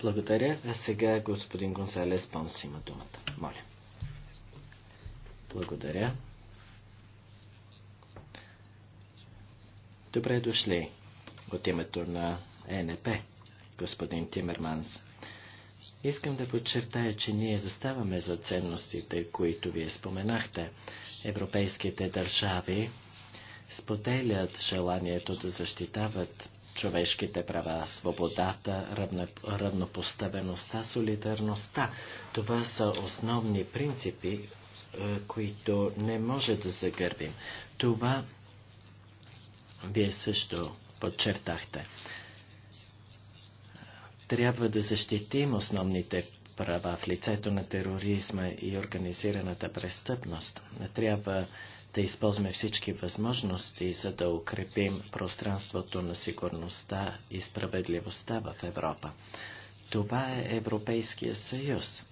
Благодаря. А сега господин Гонсалес Понс има думата. Моля. Благодаря. Добре дошли от името на ЕНП, господин Тимерманс. Искам да подчертая, че ние заставаме за ценностите, които вие споменахте. Европейските държави споделят желанието да защитават човешките права, свободата, равнопоставеността, солидарността. Това са основни принципи, е, които не може да загърбим. Това вие също подчертахте. Трябва да защитим основните права в лицето на тероризма и организираната престъпност. Трябва да използваме всички възможности, за да укрепим пространството на сигурността и справедливостта в Европа. Това е Европейския съюз.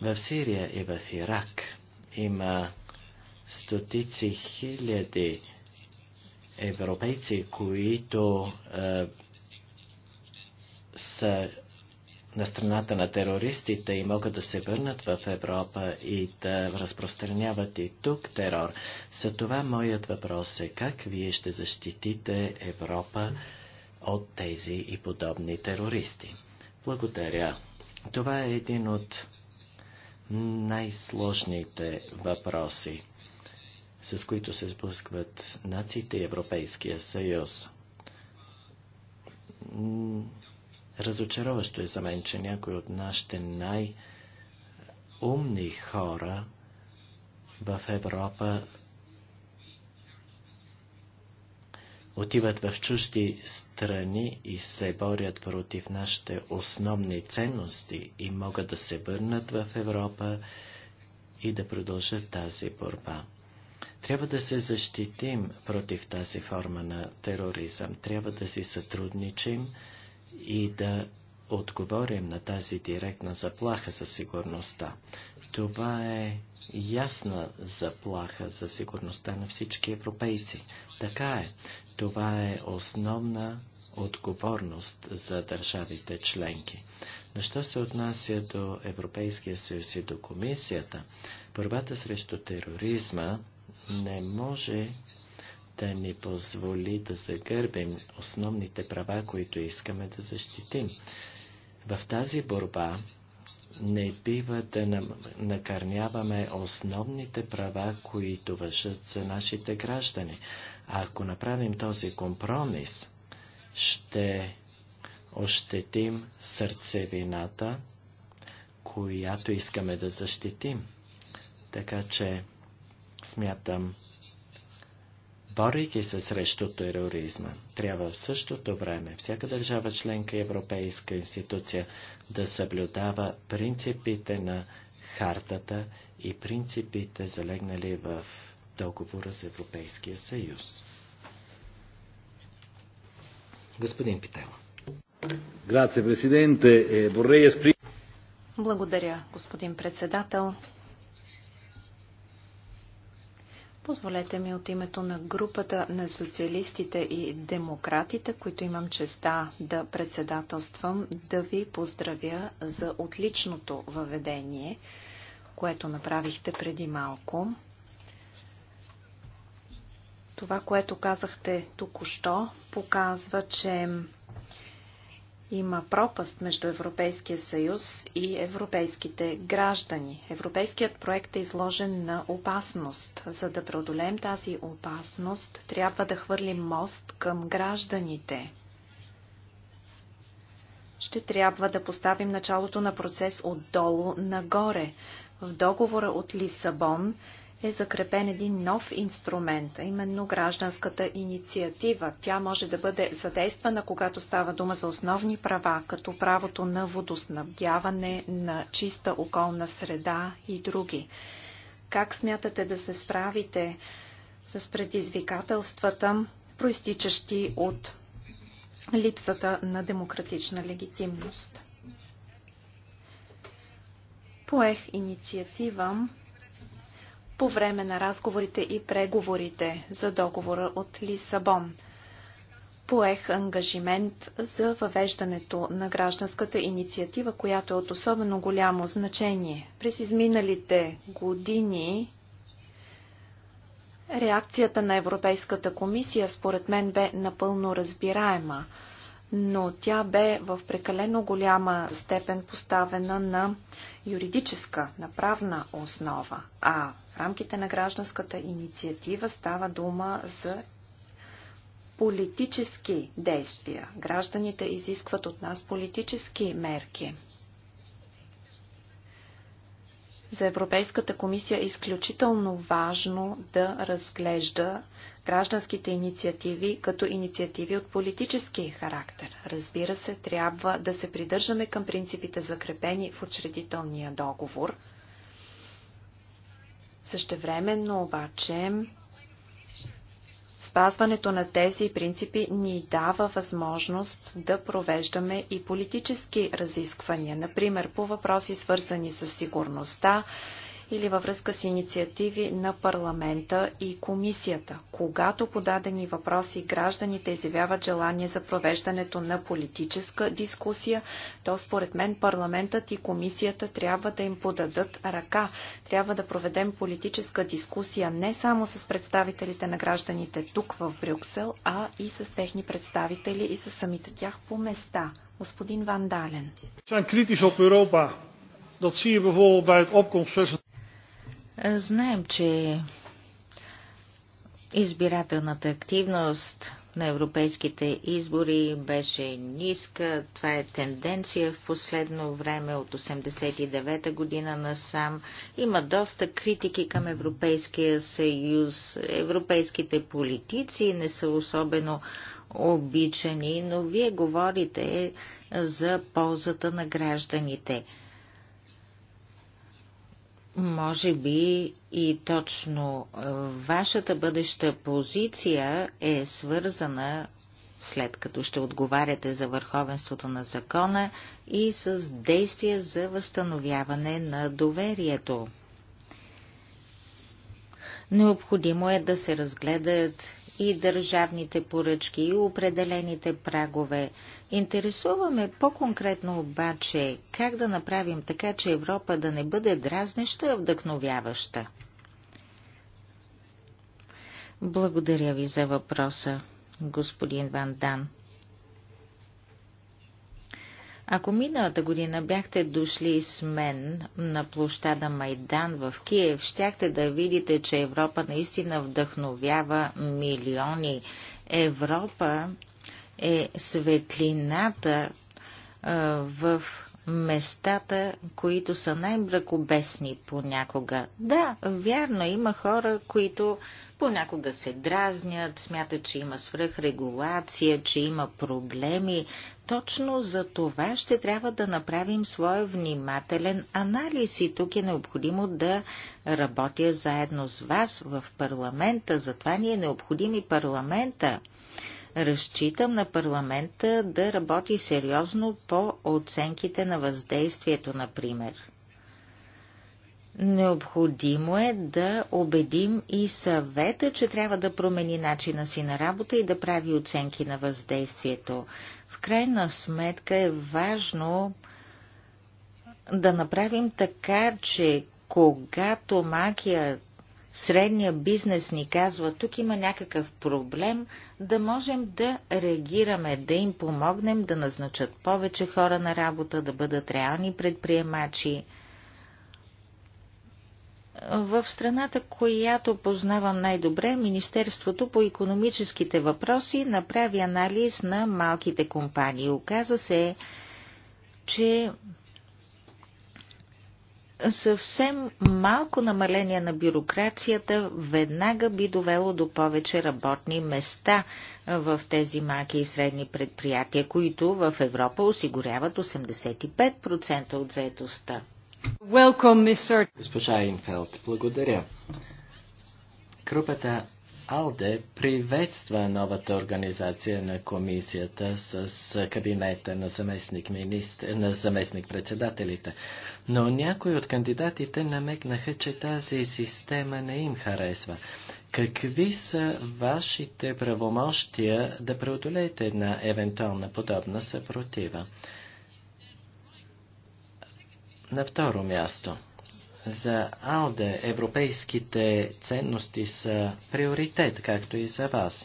В Сирия и в Ирак има стотици хиляди европейци, които е, са на страната на терористите и могат да се върнат в Европа и да разпространяват и тук терор. За това моят въпрос е как вие ще защитите Европа от тези и подобни терористи? Благодаря. Това е един от най-сложните въпроси, с които се сблъскват нациите и Европейския съюз Разочароващо е за мен, че някои от нашите най-умни хора в Европа отиват в чужди страни и се борят против нашите основни ценности и могат да се върнат в Европа и да продължат тази борба. Трябва да се защитим против тази форма на тероризъм. Трябва да си сътрудничим и да отговорим на тази директна заплаха за сигурността. Това е ясна заплаха за сигурността на всички европейци. Така е. Това е основна отговорност за държавите членки. Но що се отнася до Европейския съюз и до комисията, борбата срещу тероризма не може да ни позволи да загърбим основните права, които искаме да защитим. В тази борба не бива да накърняваме основните права, които въжат за нашите граждани. А ако направим този компромис, ще ощетим сърцевината, която искаме да защитим. Така че смятам, борейки се срещу тероризма. Трябва в същото време всяка държава членка и европейска институция да съблюдава принципите на хартата и принципите залегнали в договора за Европейския съюз. Господин Питела. Е, е Благодаря, господин председател. Позволете ми от името на групата на социалистите и демократите, които имам честа да председателствам, да ви поздравя за отличното въведение, което направихте преди малко. Това, което казахте току-що, показва, че има пропаст между Европейския съюз и европейските граждани. Европейският проект е изложен на опасност. За да преодолеем тази опасност, трябва да хвърлим мост към гражданите. Ще трябва да поставим началото на процес отдолу нагоре. В договора от Лисабон е закрепен един нов инструмент, а именно гражданската инициатива. Тя може да бъде задействана, когато става дума за основни права, като правото на водоснабдяване, на чиста околна среда и други. Как смятате да се справите с предизвикателствата, проистичащи от липсата на демократична легитимност? Поех инициатива по време на разговорите и преговорите за договора от Лисабон. Поех ангажимент за въвеждането на гражданската инициатива, която е от особено голямо значение. През изминалите години реакцията на Европейската комисия според мен бе напълно разбираема, но тя бе в прекалено голяма степен поставена на юридическа, на правна основа, а рамките на гражданската инициатива става дума за политически действия. Гражданите изискват от нас политически мерки. За Европейската комисия е изключително важно да разглежда гражданските инициативи като инициативи от политически характер. Разбира се, трябва да се придържаме към принципите закрепени в учредителния договор – Същевременно обаче Спазването на тези принципи ни дава възможност да провеждаме и политически разисквания, например по въпроси свързани с сигурността, или във връзка с инициативи на парламента и комисията. Когато подадени въпроси гражданите изявяват желание за провеждането на политическа дискусия, то според мен парламентът и комисията трябва да им подадат ръка. Трябва да проведем политическа дискусия не само с представителите на гражданите тук в Брюксел, а и с техни представители и с самите тях по места. Господин Ван Дален. Zijn kritisch op Europa. Dat zie je bijvoorbeeld bij het opkomstfestival. Знаем, че избирателната активност на европейските избори беше ниска. Това е тенденция в последно време от 89-та година насам. Има доста критики към Европейския съюз. Европейските политици не са особено обичани, но вие говорите за ползата на гражданите – може би и точно е, вашата бъдеща позиция е свързана, след като ще отговаряте за върховенството на закона и с действия за възстановяване на доверието. Необходимо е да се разгледат и държавните поръчки и определените прагове. Интересуваме по-конкретно обаче как да направим така, че Европа да не бъде дразнеща, вдъхновяваща. Благодаря ви за въпроса, господин Ван Дан. Ако миналата година бяхте дошли с мен на площада Майдан в Киев, щяхте да видите, че Европа наистина вдъхновява милиони. Европа е светлината в местата, които са най-мракобесни понякога. Да, вярно, има хора, които понякога се дразнят, смятат, че има свръхрегулация, че има проблеми, точно за това ще трябва да направим своя внимателен анализ и тук е необходимо да работя заедно с вас в парламента. Затова ни е необходим и парламента. Разчитам на парламента да работи сериозно по оценките на въздействието, например. Необходимо е да убедим и съвета, че трябва да промени начина си на работа и да прави оценки на въздействието. В крайна сметка е важно да направим така, че когато макия средния бизнес ни казва, тук има някакъв проблем, да можем да реагираме, да им помогнем да назначат повече хора на работа, да бъдат реални предприемачи – в страната, която познавам най-добре, Министерството по економическите въпроси направи анализ на малките компании. Оказа се, че съвсем малко намаление на бюрокрацията веднага би довело до повече работни места в тези малки и средни предприятия, които в Европа осигуряват 85% от заетостта. Welcome, Mr. Госпожа Инфелд, благодаря. Групата АЛДЕ приветства новата организация на комисията с кабинета на заместник, министр, на заместник председателите. Но някои от кандидатите намекнаха, че тази система не им харесва. Какви са вашите правомощия да преодолеете една евентуална подобна съпротива? На второ място. За АЛДЕ европейските ценности са приоритет, както и за вас.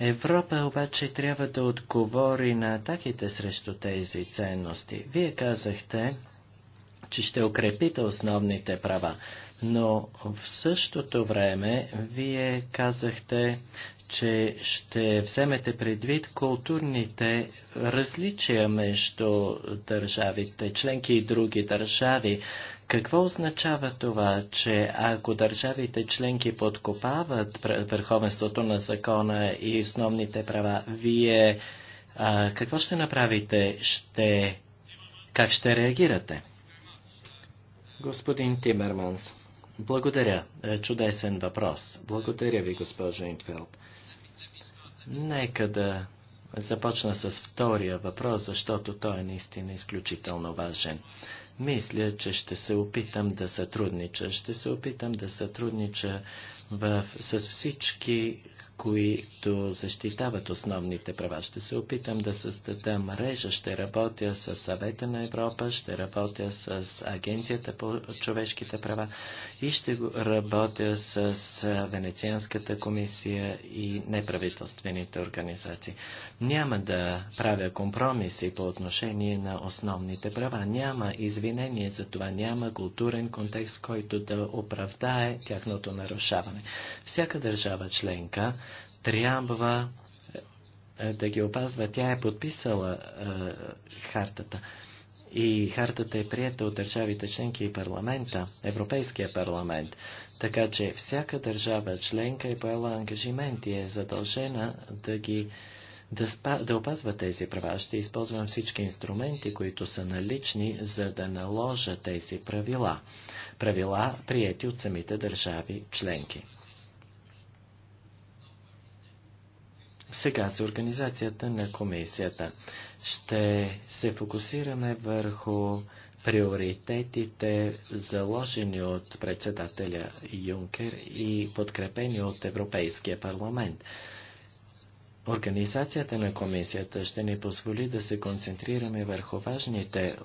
Европа обаче трябва да отговори на атаките срещу тези ценности. Вие казахте, че ще укрепите основните права, но в същото време вие казахте, че ще вземете предвид културните различия между държавите, членки и други държави. Какво означава това, че ако държавите членки подкопават върховенството на закона и основните права, вие а, какво ще направите? Ще... Как ще реагирате? Господин Тимерманс, благодаря. Е, чудесен въпрос. Благодаря ви, госпожо Интфелд. Нека да започна с втория въпрос, защото той е наистина изключително важен. Мисля, че ще се опитам да сътруднича. Ще се опитам да сътруднича в, с всички които защитават основните права. Ще се опитам да създадам мрежа, ще работя с съвета на Европа, ще работя с Агенцията по човешките права и ще работя с Венецианската комисия и неправителствените организации. Няма да правя компромиси по отношение на основните права. Няма извинение за това. Няма културен контекст, който да оправдае тяхното нарушаване. Всяка държава членка трябва е, да ги опазва. Тя е подписала е, хартата. И хартата е прията от държавите членки и парламента, Европейския парламент. Така че всяка държава членка е поела ангажимент и е задължена да ги да, спа, да опазва тези права. Ще използвам всички инструменти, които са налични, за да наложа тези правила. Правила, прияти от самите държави членки. Сега за организацията на комисията. Ще се фокусираме върху приоритетите, заложени от председателя Юнкер и подкрепени от Европейския парламент. Организацията на комисията ще ни позволи да се концентрираме върху важните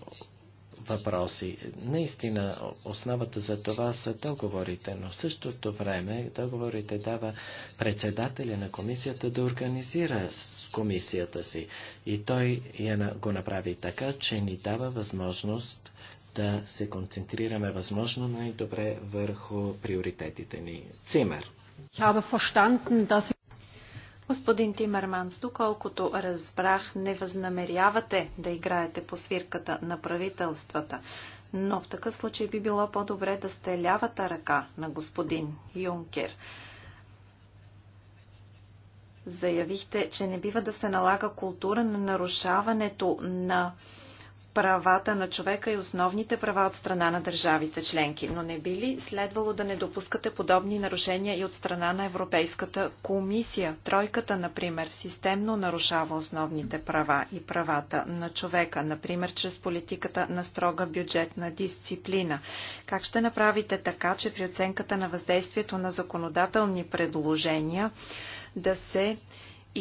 въпроси. Наистина, основата за това са договорите, но в същото време договорите дава председателя на комисията да организира комисията си. И той го направи така, че ни дава възможност да се концентрираме възможно най-добре върху приоритетите ни. Цимер. Господин Тимерманс, доколкото разбрах, не възнамерявате да играете по свирката на правителствата, но в такъв случай би било по-добре да сте лявата ръка на господин Юнкер. Заявихте, че не бива да се налага култура на нарушаването на правата на човека и основните права от страна на държавите членки, но не би ли следвало да не допускате подобни нарушения и от страна на Европейската комисия? Тройката, например, системно нарушава основните права и правата на човека, например, чрез политиката на строга бюджетна дисциплина. Как ще направите така, че при оценката на въздействието на законодателни предложения да се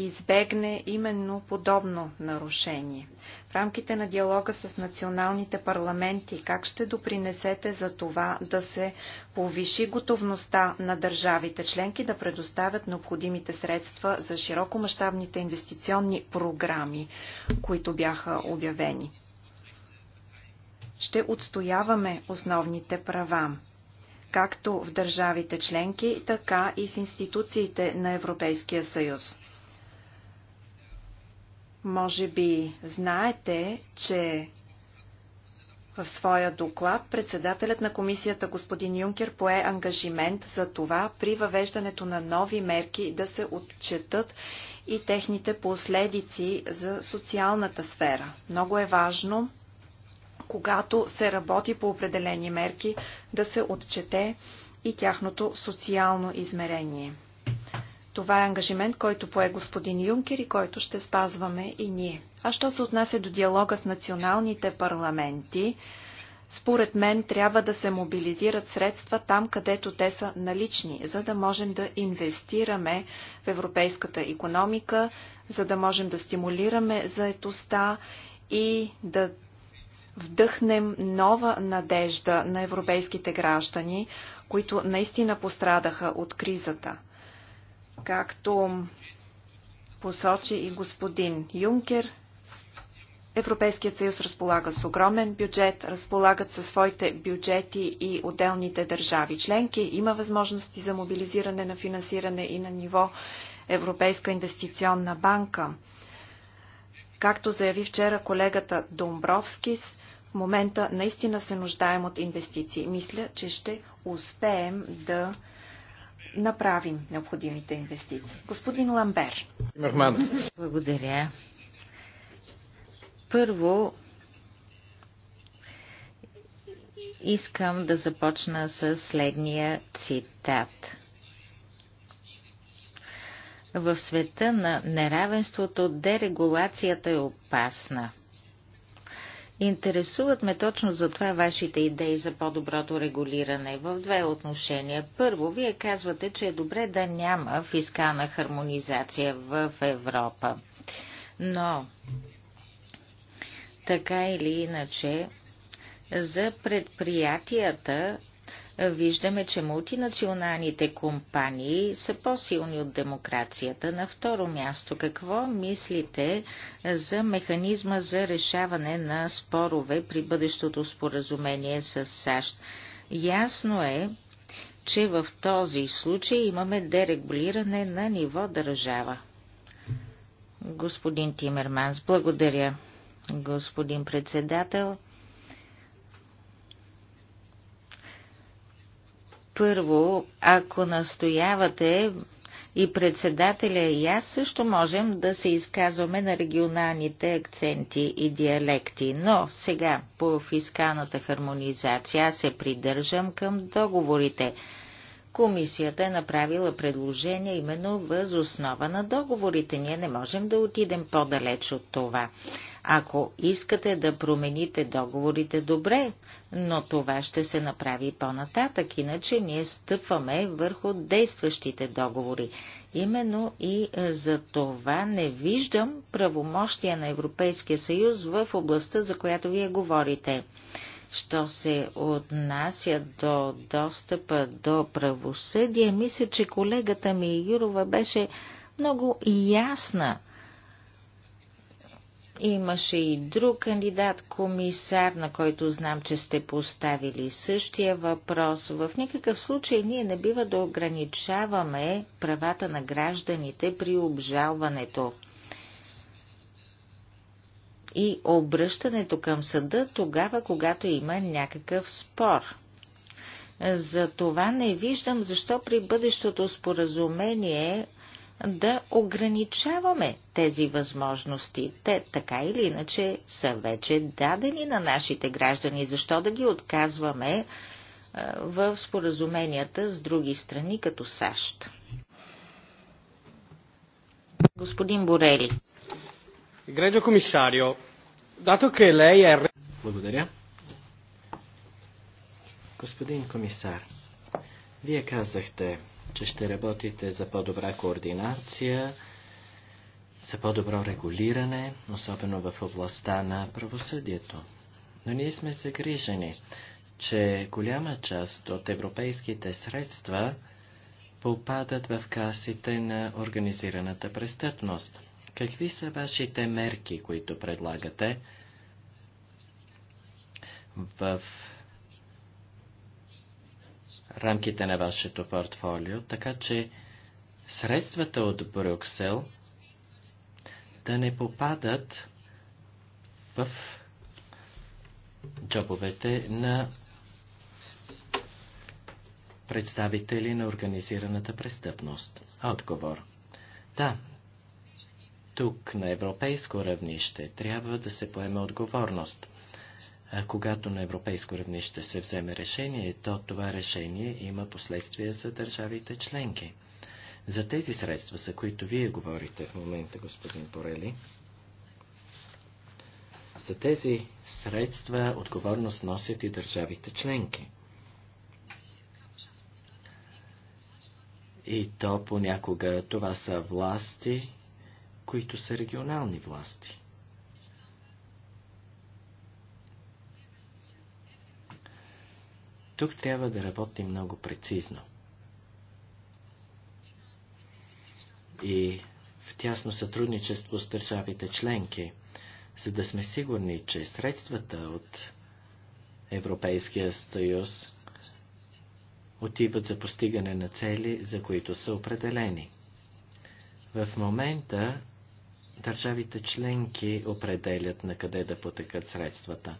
избегне именно подобно нарушение? В рамките на диалога с националните парламенти, как ще допринесете за това да се повиши готовността на държавите членки да предоставят необходимите средства за широкомащабните инвестиционни програми, които бяха обявени? Ще отстояваме основните права както в държавите членки, така и в институциите на Европейския съюз. Може би знаете, че в своя доклад председателят на комисията господин Юнкер пое ангажимент за това при въвеждането на нови мерки да се отчетат и техните последици за социалната сфера. Много е важно, когато се работи по определени мерки, да се отчете и тяхното социално измерение. Това е ангажимент, който пое господин Юнкер и който ще спазваме и ние. А що се отнася до диалога с националните парламенти, според мен трябва да се мобилизират средства там, където те са налични, за да можем да инвестираме в европейската економика, за да можем да стимулираме заетостта и да вдъхнем нова надежда на европейските граждани, които наистина пострадаха от кризата. Както посочи и господин Юнкер, Европейският съюз разполага с огромен бюджет, разполагат със своите бюджети и отделните държави членки. Има възможности за мобилизиране на финансиране и на ниво Европейска инвестиционна банка. Както заяви вчера колегата Домбровскис, в момента наистина се нуждаем от инвестиции. Мисля, че ще успеем да направим необходимите инвестиции. Господин Ламбер. Благодаря. Първо, искам да започна с следния цитат. В света на неравенството дерегулацията е опасна – Интересуват ме точно за това вашите идеи за по-доброто регулиране в две отношения. Първо, вие казвате, че е добре да няма фискална хармонизация в Европа. Но, така или иначе, за предприятията виждаме, че мултинационалните компании са по-силни от демокрацията. На второ място, какво мислите за механизма за решаване на спорове при бъдещото споразумение с САЩ? Ясно е, че в този случай имаме дерегулиране на ниво държава. Господин Тимерманс, благодаря. Господин председател, Първо, ако настоявате и председателя и аз също можем да се изказваме на регионалните акценти и диалекти, но сега по фискалната хармонизация аз се придържам към договорите. Комисията е направила предложение именно въз основа на договорите. Ние не можем да отидем по-далеч от това. Ако искате да промените договорите, добре, но това ще се направи по-нататък, иначе ние стъпваме върху действащите договори. Именно и е, за това не виждам правомощия на Европейския съюз в областта, за която вие говорите. Що се отнася до достъпа до правосъдие, мисля, че колегата ми Юрова беше много ясна. Имаше и друг кандидат комисар, на който знам, че сте поставили същия въпрос. В никакъв случай ние не бива да ограничаваме правата на гражданите при обжалването и обръщането към съда тогава, когато има някакъв спор. За това не виждам защо при бъдещото споразумение да ограничаваме тези възможности. Те така или иначе са вече дадени на нашите граждани. Защо да ги отказваме в споразуменията с други страни, като САЩ? Господин Борели. Грегио комисарио, Dato che lei è... Благодаря. Господин комисар, вие казахте, че ще работите за по-добра координация, за по-добро регулиране, особено в областта на правосъдието. Но ние сме загрижени, че голяма част от европейските средства попадат в касите на организираната престъпност. Какви са вашите мерки, които предлагате в рамките на вашето портфолио, така че средствата от Брюксел да не попадат в джобовете на представители на организираната престъпност. Отговор. Да, тук на европейско равнище трябва да се поеме отговорност. А когато на европейско равнище се вземе решение, то това решение има последствия за държавите членки. За тези средства, за които вие говорите в момента, господин Порели, за тези средства отговорност носят и държавите членки. И то понякога това са власти, които са регионални власти. Тук трябва да работим много прецизно. И в тясно сътрудничество с държавите членки, за да сме сигурни, че средствата от Европейския съюз отиват за постигане на цели, за които са определени. В момента държавите членки определят на къде да потекат средствата.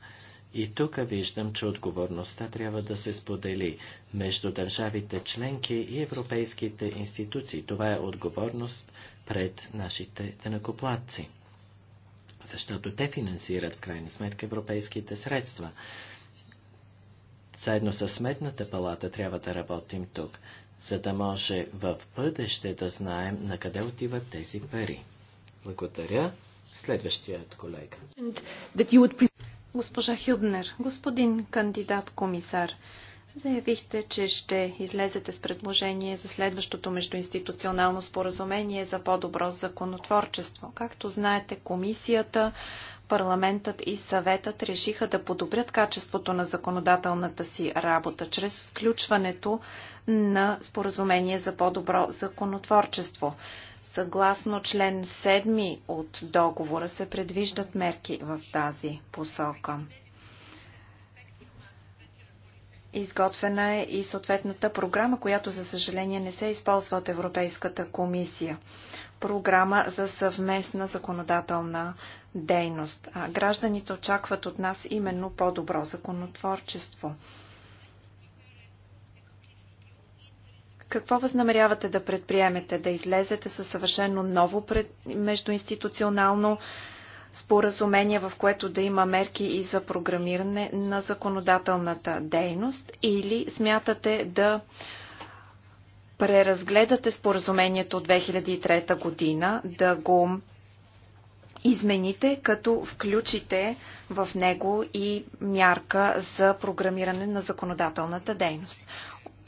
И тук виждам, че отговорността трябва да се сподели между държавите членки и европейските институции. Това е отговорност пред нашите денакоплатци. Защото те финансират в крайна сметка европейските средства. Заедно с Сметната палата трябва да работим тук, за да може в бъдеще да знаем на къде отиват тези пари. Благодаря. Следващият колега. Госпожа Хюбнер, господин кандидат комисар, заявихте, че ще излезете с предложение за следващото междуинституционално споразумение за по-добро законотворчество. Както знаете, комисията, парламентът и съветът решиха да подобрят качеството на законодателната си работа чрез сключването на споразумение за по-добро законотворчество. Съгласно член 7 от договора се предвиждат мерки в тази посока. Изготвена е и съответната програма, която за съжаление не се използва от Европейската комисия. Програма за съвместна законодателна дейност. А гражданите очакват от нас именно по-добро законотворчество. Какво възнамерявате да предприемете? Да излезете със съвършено ново пред... междуинституционално споразумение, в което да има мерки и за програмиране на законодателната дейност? Или смятате да преразгледате споразумението от 2003 година, да го измените, като включите в него и мярка за програмиране на законодателната дейност.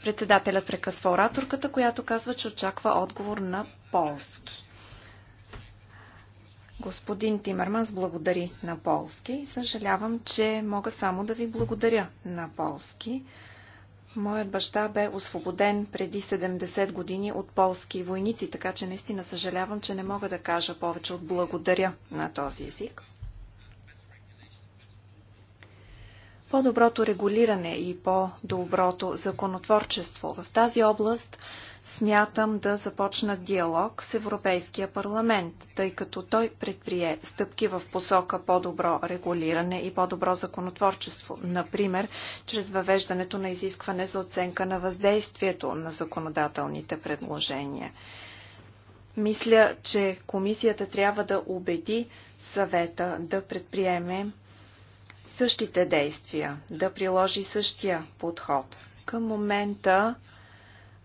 Председателят прекъсва ораторката, която казва, че очаква отговор на полски. Господин Тимерманс благодари на полски. Съжалявам, че мога само да ви благодаря на полски. Моят баща бе освободен преди 70 години от полски войници, така че наистина съжалявам, че не мога да кажа повече от благодаря на този език. по-доброто регулиране и по-доброто законотворчество. В тази област смятам да започна диалог с Европейския парламент, тъй като той предприе стъпки в посока по-добро регулиране и по-добро законотворчество, например, чрез въвеждането на изискване за оценка на въздействието на законодателните предложения. Мисля, че комисията трябва да убеди съвета да предприеме същите действия, да приложи същия подход. Към момента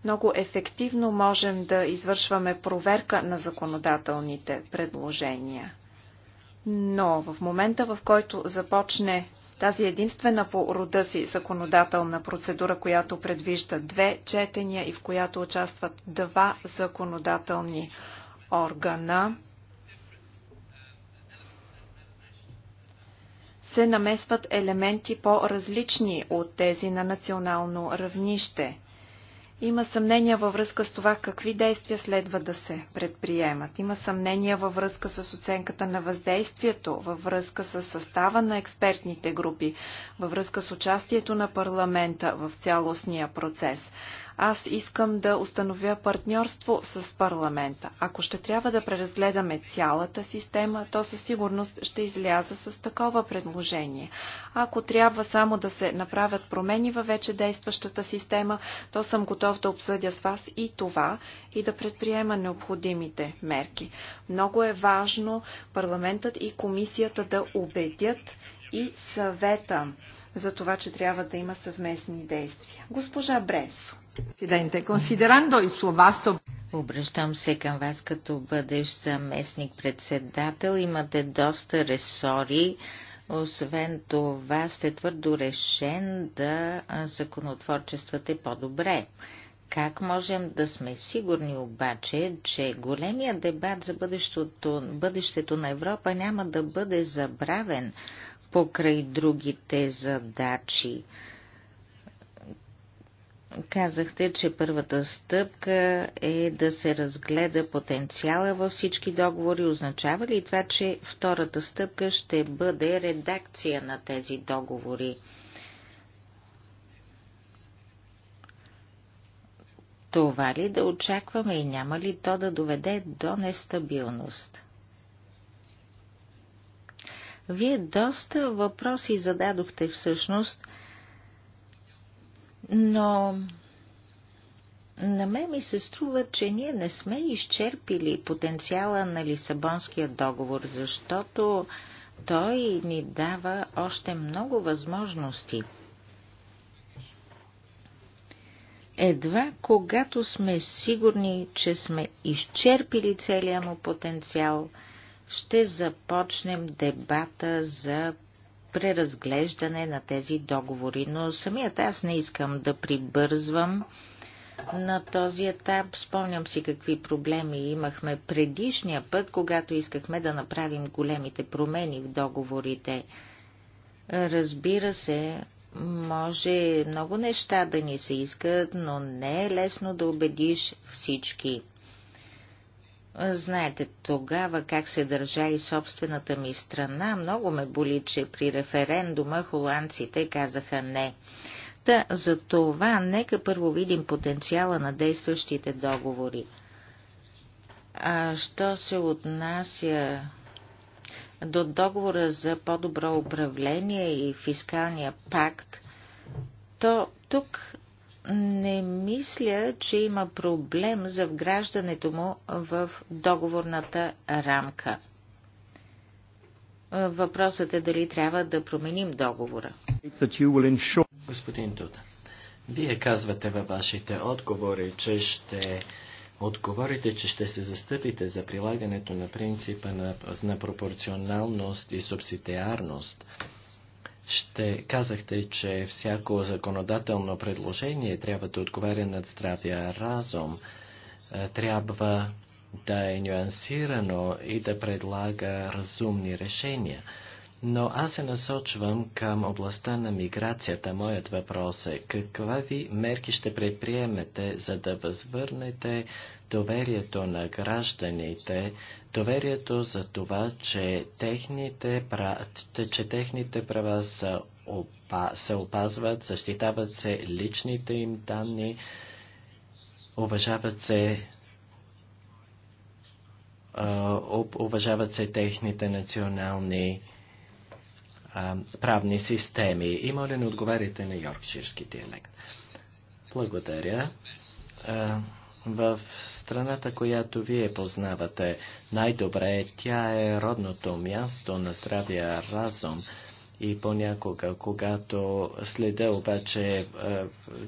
много ефективно можем да извършваме проверка на законодателните предложения. Но в момента, в който започне тази единствена по рода си законодателна процедура, която предвижда две четения и в която участват два законодателни органа, се намесват елементи по-различни от тези на национално равнище. Има съмнения във връзка с това какви действия следва да се предприемат. Има съмнения във връзка с оценката на въздействието, във връзка с състава на експертните групи, във връзка с участието на парламента в цялостния процес. Аз искам да установя партньорство с парламента. Ако ще трябва да преразгледаме цялата система, то със сигурност ще изляза с такова предложение. Ако трябва само да се направят промени във вече действащата система, то съм готов да обсъдя с вас и това и да предприема необходимите мерки. Много е важно парламентът и комисията да убедят и съвета за това, че трябва да има съвместни действия. Госпожа Бресо. Обръщам се към вас като бъдещ заместник председател. Имате доста ресори. Освен това, сте твърдо решен да законотворчествате по-добре. Как можем да сме сигурни обаче, че големия дебат за бъдещето, бъдещето на Европа няма да бъде забравен покрай другите задачи? Казахте, че първата стъпка е да се разгледа потенциала във всички договори. Означава ли това, че втората стъпка ще бъде редакция на тези договори? Това ли да очакваме и няма ли то да доведе до нестабилност? Вие доста въпроси зададохте всъщност – но на мен ми се струва, че ние не сме изчерпили потенциала на Лисабонския договор, защото той ни дава още много възможности. Едва когато сме сигурни, че сме изчерпили целия му потенциал, ще започнем дебата за преразглеждане на тези договори. Но самият аз не искам да прибързвам на този етап. Спомням си какви проблеми имахме предишния път, когато искахме да направим големите промени в договорите. Разбира се, може много неща да ни се искат, но не е лесно да убедиш всички. Знаете тогава как се държа и собствената ми страна. Много ме боли, че при референдума холандците казаха не. Та за това нека първо видим потенциала на действащите договори. А що се отнася до договора за по-добро управление и фискалния пакт, то тук не мисля, че има проблем за вграждането му в договорната рамка. Въпросът е дали трябва да променим договора. Господин Дуда, вие казвате във вашите отговори, че ще отговорите, че ще се застъпите за прилагането на принципа на, на пропорционалност и субсидиарност ще казахте, че всяко законодателно предложение трябва да отговаря над здравия разум. Е, трябва да е нюансирано и да предлага разумни решения. Но аз се насочвам към областта на миграцията. Моят въпрос е каква ви мерки ще предприемете, за да възвърнете доверието на гражданите, доверието за това, че техните, права, че техните права са опа, се опазват, защитават се личните им данни, уважават се уважават се техните национални а, правни системи. И моля не отговаряйте на йоркширски диалект. Благодаря. А, в страната, която вие познавате най-добре, тя е родното място на здравия разум и понякога, когато следя обаче е,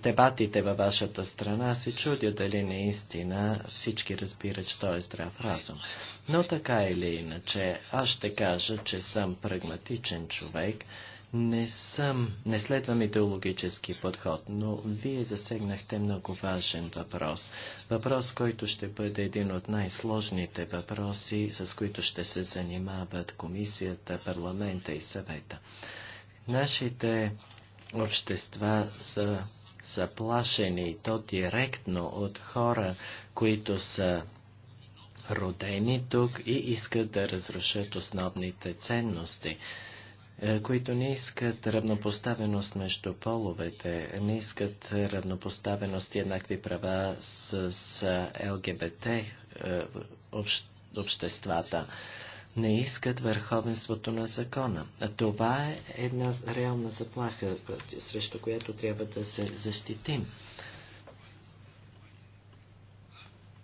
дебатите във вашата страна, се чудя дали наистина всички разбират, що е здрав разум. Но така или иначе, аз ще кажа, че съм прагматичен човек, не съм, не следвам идеологически подход, но вие засегнахте много важен въпрос. Въпрос, който ще бъде един от най-сложните въпроси, с които ще се занимават комисията, парламента и съвета. Нашите общества са заплашени и то директно от хора, които са родени тук и искат да разрушат основните ценности. Е, които не искат равнопоставеност между половете, не искат равнопоставеност и еднакви права с, с ЛГБТ е, общ, обществата, не искат върховенството на закона. Това е една реална заплаха, срещу която трябва да се защитим.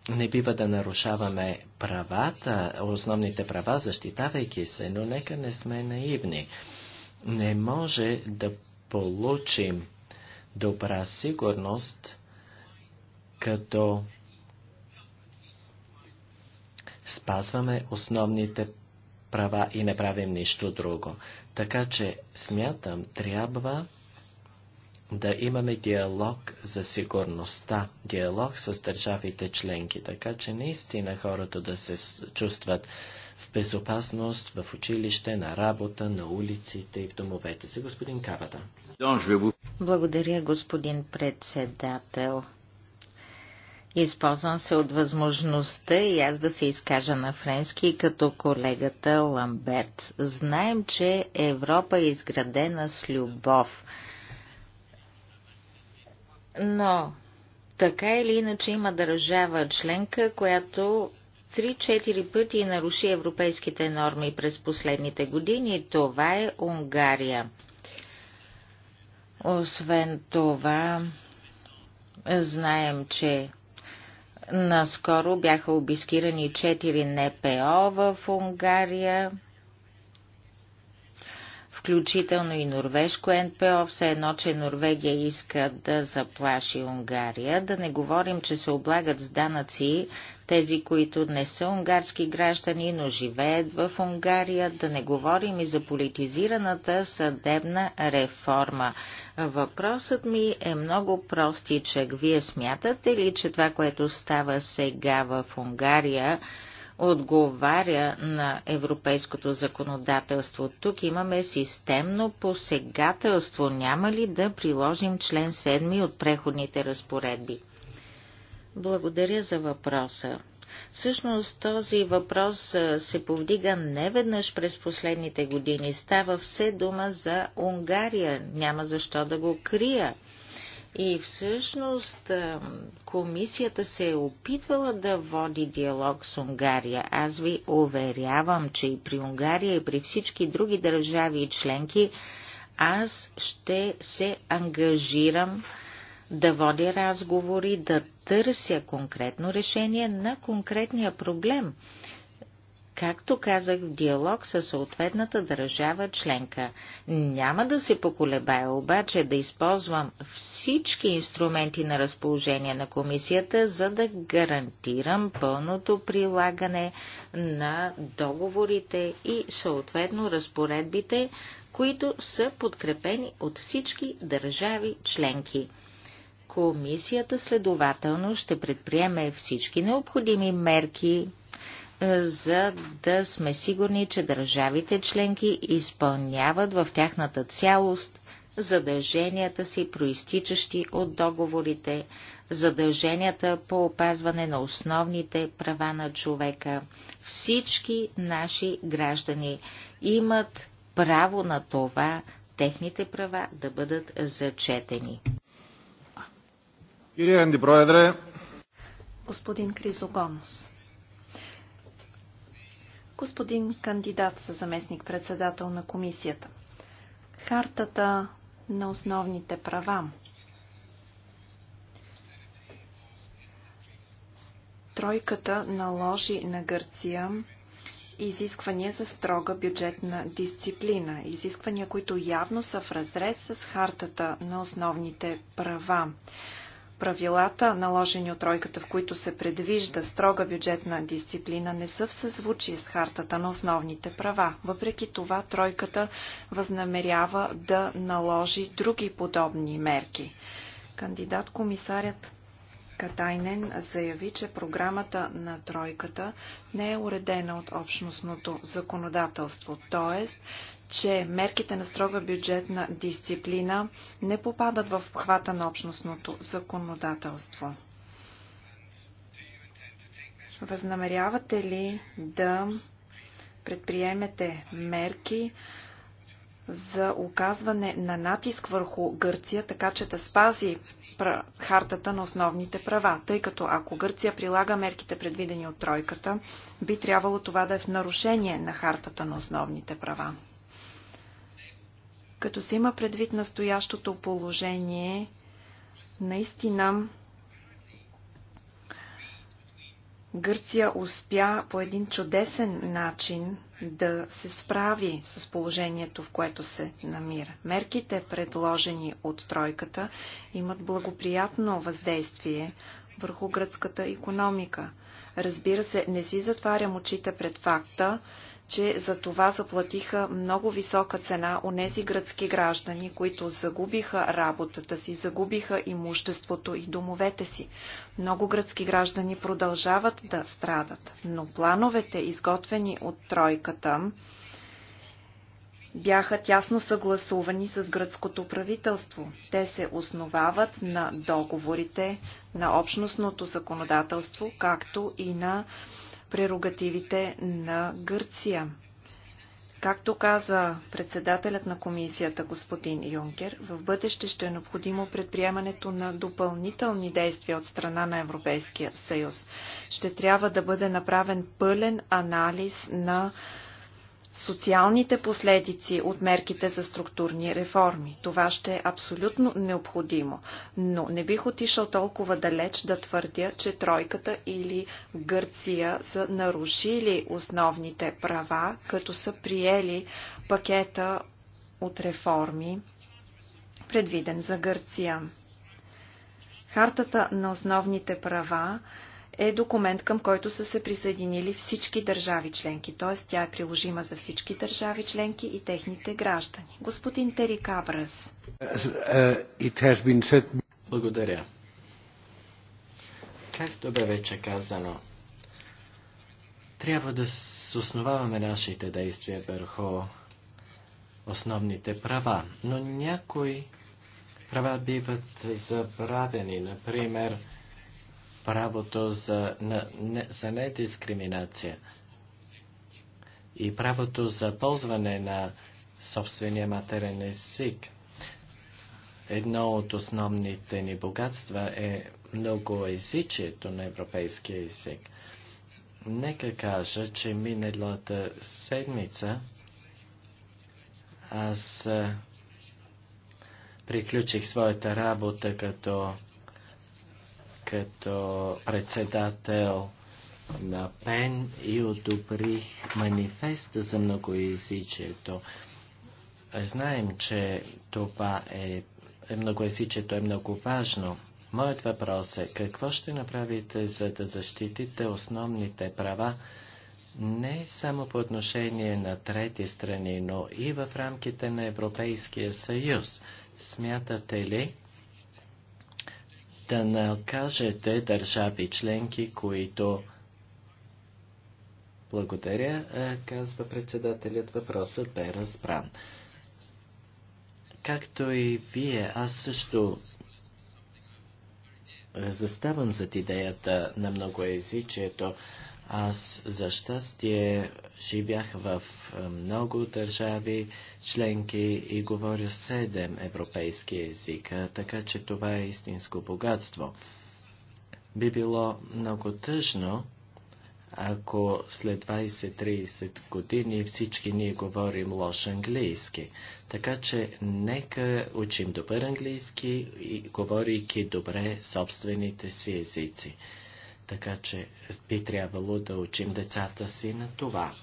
не бива да нарушаваме правата, основните права, защитавайки се, но нека не сме наивни. Не може да получим добра сигурност, като спазваме основните права и не правим нищо друго. Така че, смятам, трябва да имаме диалог за сигурността, диалог с държавите членки, така че наистина хората да се чувстват в безопасност, в училище, на работа, на улиците и в домовете си. Господин Кавата. Благодаря, господин председател. Използвам се от възможността и аз да се изкажа на френски като колегата Ламберт. Знаем, че Европа е изградена с любов – но така или иначе има държава членка, която 3-4 пъти наруши европейските норми през последните години. Това е Унгария. Освен това, знаем, че наскоро бяха обискирани 4 НПО в Унгария включително и норвежко НПО, все едно, че Норвегия иска да заплаши Унгария. Да не говорим, че се облагат с данъци тези, които не са унгарски граждани, но живеят в Унгария. Да не говорим и за политизираната съдебна реформа. Въпросът ми е много простичък. Вие смятате ли, че това, което става сега в Унгария, отговаря на европейското законодателство. Тук имаме системно посегателство. Няма ли да приложим член 7 от преходните разпоредби? Благодаря за въпроса. Всъщност този въпрос се повдига неведнъж през последните години. Става все дума за Унгария. Няма защо да го крия. И всъщност комисията се е опитвала да води диалог с Унгария. Аз ви уверявам, че и при Унгария, и при всички други държави и членки, аз ще се ангажирам да водя разговори, да търся конкретно решение на конкретния проблем – както казах, в диалог със съответната държава членка. Няма да се поколебая обаче да използвам всички инструменти на разположение на комисията, за да гарантирам пълното прилагане на договорите и съответно разпоредбите, които са подкрепени от всички държави членки. Комисията следователно ще предприеме всички необходими мерки за да сме сигурни, че държавите членки изпълняват в тяхната цялост задълженията си, проистичащи от договорите, задълженията по опазване на основните права на човека. Всички наши граждани имат право на това, техните права да бъдат зачетени. Господин Кризогонос. Господин кандидат за заместник-председател на комисията. Хартата на основните права. Тройката наложи на Гърция изисквания за строга бюджетна дисциплина, изисквания, които явно са в разрез с хартата на основните права правилата, наложени от тройката, в които се предвижда строга бюджетна дисциплина, не са в съзвучие с хартата на основните права. Въпреки това, тройката възнамерява да наложи други подобни мерки. Кандидат комисарят Катайнен заяви, че програмата на тройката не е уредена от общностното законодателство, т.е че мерките на строга бюджетна дисциплина не попадат в обхвата на общностното законодателство. Възнамерявате ли да предприемете мерки за оказване на натиск върху Гърция, така че да спази хартата на основните права, тъй като ако Гърция прилага мерките предвидени от тройката, би трябвало това да е в нарушение на хартата на основните права. Като се има предвид настоящото положение, наистина Гърция успя по един чудесен начин да се справи с положението, в което се намира. Мерките, предложени от тройката, имат благоприятно въздействие върху гръцката економика. Разбира се, не си затварям очите пред факта, че за това заплатиха много висока цена онези гръцки граждани, които загубиха работата си, загубиха имуществото и домовете си. Много гръцки граждани продължават да страдат, но плановете, изготвени от тройката, бяха тясно съгласувани с гръцкото правителство. Те се основават на договорите, на общностното законодателство, както и на прерогативите на Гърция. Както каза председателят на комисията господин Юнкер, в бъдеще ще е необходимо предприемането на допълнителни действия от страна на Европейския съюз. Ще трябва да бъде направен пълен анализ на социалните последици от мерките за структурни реформи. Това ще е абсолютно необходимо, но не бих отишъл толкова далеч да твърдя, че Тройката или Гърция са нарушили основните права, като са приели пакета от реформи, предвиден за Гърция. Хартата на основните права е документ, към който са се присъединили всички държави членки, т.е. тя е приложима за всички държави членки и техните граждани. Господин Тери Кабрас. Е, е, Благодаря. Както бе вече казано, трябва да основаваме нашите действия върху основните права, но някои права биват забравени, например, правото за, на, не, за недискриминация и правото за ползване на собствения матерен език. Едно от основните ни богатства е многоезичието на европейския език. Нека кажа, че миналата седмица аз приключих своята работа като като председател на ПЕН и одобрих манифеста за многоязичието. Знаем, че това е, е, многоязичието е много важно. Моят въпрос е, какво ще направите, за да защитите основните права не само по отношение на трети страни, но и в рамките на Европейския съюз? Смятате ли, да накажете държави членки, които... Благодаря, казва председателят. Въпросът бе разбран. Както и вие, аз също заставам зад идеята на многоязичието. Аз за щастие живях в е, много държави членки и говоря седем европейски езика, така че това е истинско богатство. Би било много тъжно, ако след 20-30 години всички ние говорим лош английски. Така че нека учим добър английски, и говорейки добре собствените си езици. Така че би трябвало да учим децата си на това.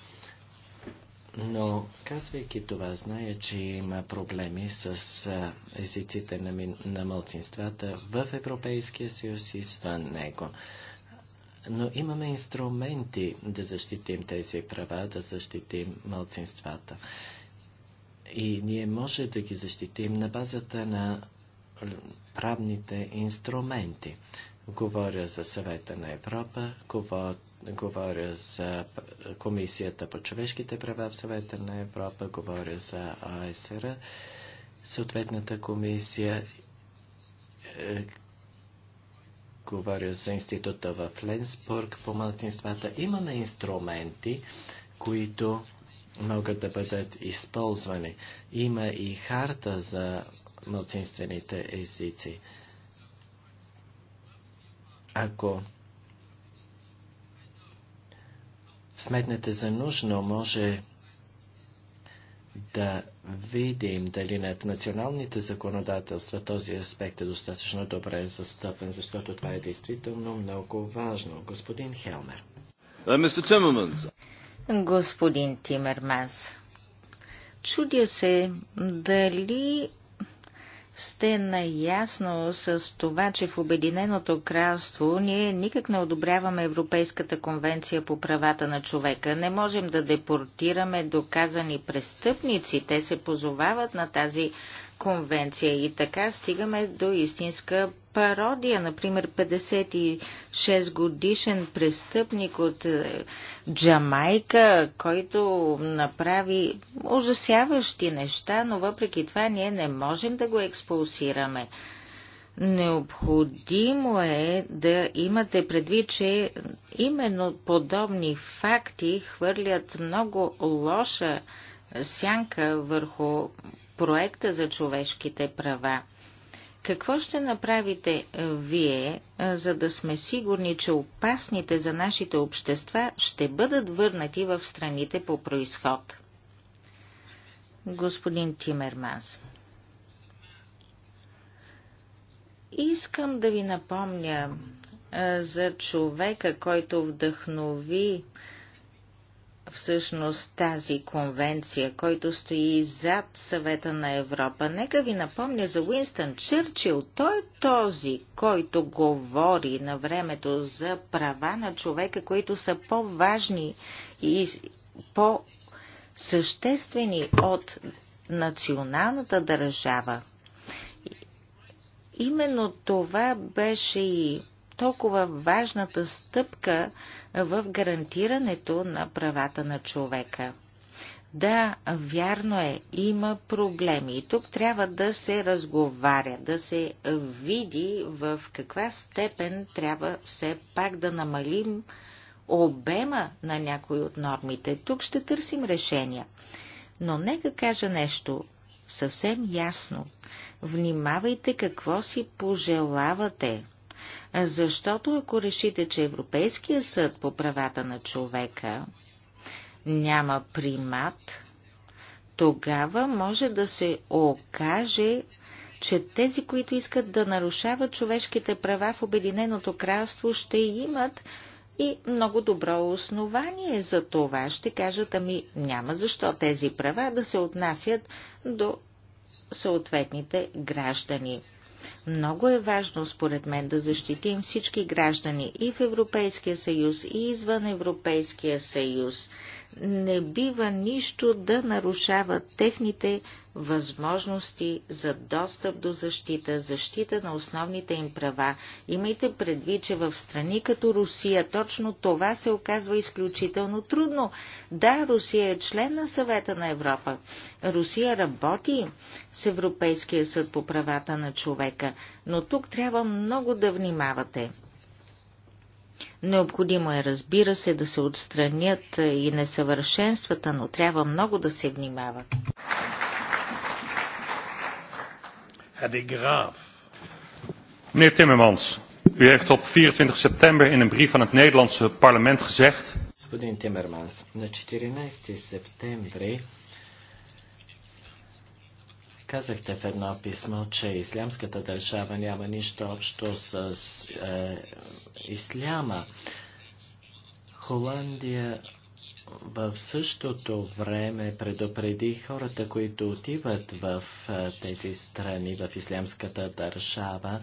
Но, казвайки това, зная, че има проблеми с езиците на, ми, на мълцинствата в Европейския съюз и извън него. Но имаме инструменти да защитим тези права, да защитим мълцинствата. И ние може да ги защитим на базата на правните инструменти. Говоря за съвета на Европа, говоря за Комисията по човешките права в съвета на Европа, говоря за АСР, съответната комисия, е, говоря за института в Ленсбург по младсинствата. Имаме инструменти, които могат да бъдат използвани. Има и харта за младсинствените езици. Ако сметнете за нужно, може да видим дали над националните законодателства този аспект е достатъчно добре застъпен, защото това е действително много важно. Господин Хелмер. Uh, Господин Тимерманс, чудя се дали сте наясно с това, че в Обединеното кралство ние никак не одобряваме Европейската конвенция по правата на човека. Не можем да депортираме доказани престъпници. Те се позовават на тази конвенция. И така стигаме до истинска пародия. Например, 56 годишен престъпник от е, Джамайка, който направи ужасяващи неща, но въпреки това ние не можем да го експулсираме. Необходимо е да имате предвид, че именно подобни факти хвърлят много лоша сянка върху проекта за човешките права. Какво ще направите вие, за да сме сигурни, че опасните за нашите общества ще бъдат върнати в страните по происход? Господин Тимерманс. Искам да ви напомня за човека, който вдъхнови всъщност тази конвенция, който стои зад съвета на Европа. Нека ви напомня за Уинстън Чърчил. Той е този, който говори на времето за права на човека, които са по-важни и по-съществени от националната държава. Именно това беше и толкова важната стъпка, в гарантирането на правата на човека. Да, вярно е, има проблеми и тук трябва да се разговаря, да се види в каква степен трябва все пак да намалим обема на някои от нормите. Тук ще търсим решения. Но нека кажа нещо съвсем ясно. Внимавайте какво си пожелавате. Защото ако решите, че Европейския съд по правата на човека няма примат, тогава може да се окаже, че тези, които искат да нарушават човешките права в Обединеното кралство, ще имат и много добро основание за това. Ще кажат, ами няма защо тези права да се отнасят до съответните граждани. Много е важно, според мен, да защитим всички граждани и в Европейския съюз, и извън Европейския съюз. Не бива нищо да нарушава техните възможности за достъп до защита, защита на основните им права. Имайте предвид, че в страни като Русия точно това се оказва изключително трудно. Да, Русия е член на съвета на Европа. Русия работи с Европейския съд по правата на човека, но тук трябва много да внимавате. Необходимо е, разбира се, да се отстранят и несъвършенствата, но трябва много да се внимава. Meneer Timmermans, u heeft op vierentwintig september in een brief aan het Nederlandse parlement gezegd. казахте в едно писмо, че ислямската държава няма нищо общо с е, исляма. Холандия в същото време предупреди хората, които отиват в тези страни, в ислямската държава,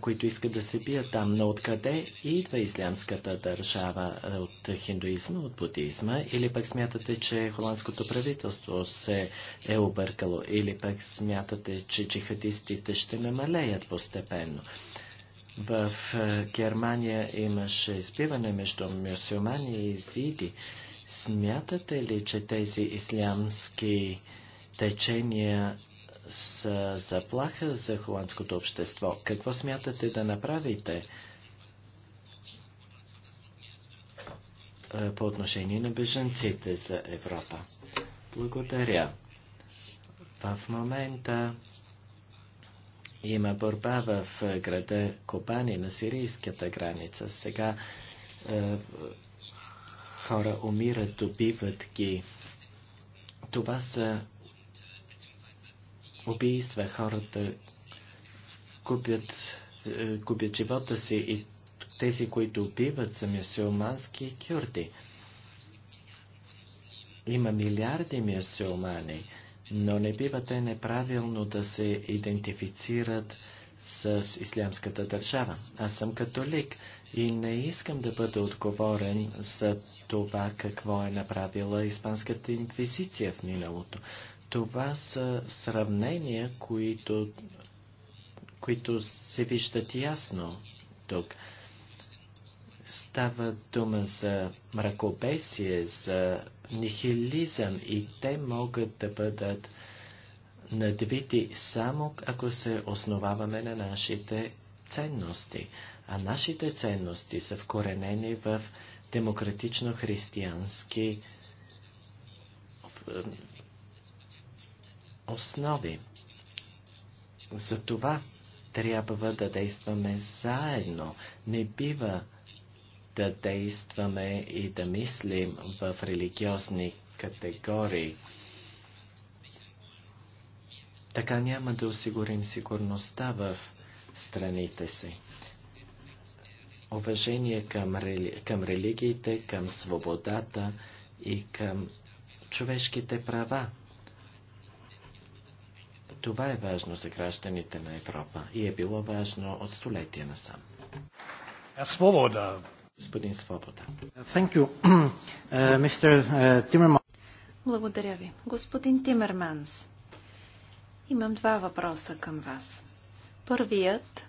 които искат да се бият там. Но откъде идва ислямската държава? От хиндуизма, от будизма? Или пък смятате, че холандското правителство се е объркало? Или пък смятате, че джихадистите ще намалеят постепенно? В е, Германия имаше избиване между мюсюлмани и зиди. Смятате ли, че тези ислямски течения са заплаха за холандското общество? Какво смятате да направите е, по отношение на беженците за Европа? Благодаря. В момента има борба в е, града Кобани на сирийската граница. Сега е, хора умират, убиват ги. Това са убийства. Хората губят, е, губят живота си и тези, които убиват, са мюсюлмански кюрди. Има милиарди мюсюлмани но не бива те неправилно да се идентифицират с ислямската държава. Аз съм католик и не искам да бъда отговорен за това какво е направила Испанската инквизиция в миналото. Това са сравнения, които, които се виждат ясно тук. Става дума за мракобесие, за нихилизъм и те могат да бъдат надвити само ако се основаваме на нашите ценности. А нашите ценности са вкоренени в демократично-християнски основи. За това трябва да действаме заедно. Не бива да действаме и да мислим в религиозни категории. Така няма да осигурим сигурността в страните си. Уважение към, рели... към религиите, към свободата и към човешките права. Това е важно за гражданите на Европа и е било важно от столетия насам. Е, свобода. Господин Свобода. Uh, uh, Благодаря ви. Господин Тимерманс, имам два въпроса към вас. Първият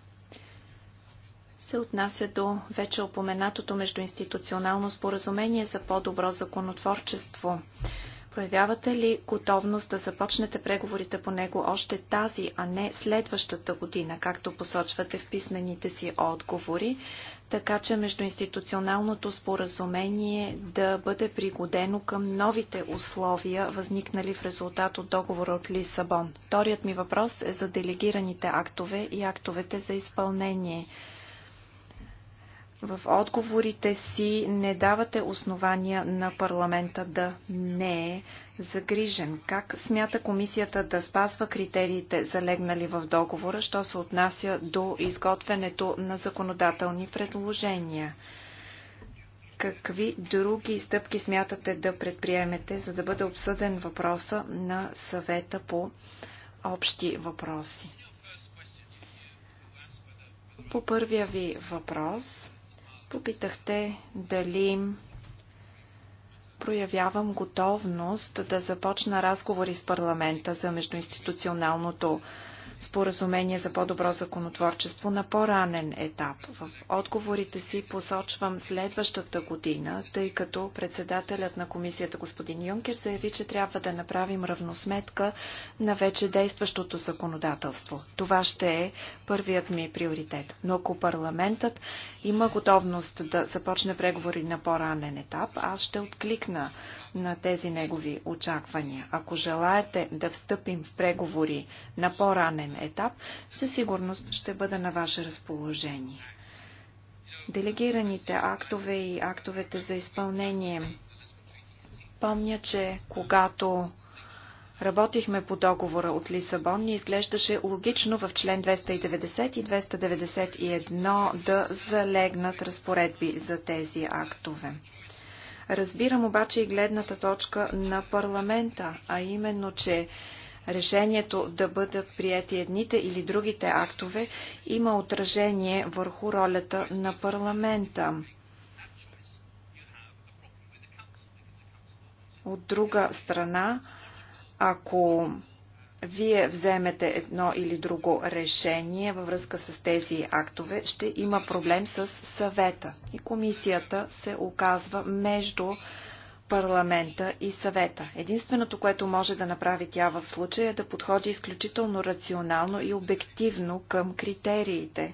се отнася до вече опоменатото междуинституционално споразумение за по-добро законотворчество. Проявявате ли готовност да започнете преговорите по него още тази, а не следващата година, както посочвате в писмените си отговори? така че междуинституционалното споразумение да бъде пригодено към новите условия, възникнали в резултат от договора от Лисабон. Вторият ми въпрос е за делегираните актове и актовете за изпълнение. В отговорите си не давате основания на парламента да не е загрижен. Как смята комисията да спазва критериите, залегнали в договора, що се отнася до изготвянето на законодателни предложения? Какви други стъпки смятате да предприемете, за да бъде обсъден въпроса на съвета по общи въпроси? По първия ви въпрос, Попитахте дали проявявам готовност да започна разговори с парламента за междуинституционалното споразумение за по-добро законотворчество на по-ранен етап. В отговорите си посочвам следващата година, тъй като председателят на комисията господин Юнкер заяви, че трябва да направим равносметка на вече действащото законодателство. Това ще е първият ми приоритет. Но ако парламентът има готовност да започне преговори на по-ранен етап, аз ще откликна на тези негови очаквания. Ако желаете да встъпим в преговори на по-ранен определен етап, със сигурност ще бъда на ваше разположение. Делегираните актове и актовете за изпълнение. Помня, че когато Работихме по договора от Лисабон ни изглеждаше логично в член 290 и 291 да залегнат разпоредби за тези актове. Разбирам обаче и гледната точка на парламента, а именно, че решението да бъдат прияти едните или другите актове има отражение върху ролята на парламента. От друга страна, ако вие вземете едно или друго решение във връзка с тези актове, ще има проблем с съвета. И комисията се оказва между парламента и съвета. Единственото, което може да направи тя в случая е да подходи изключително рационално и обективно към критериите.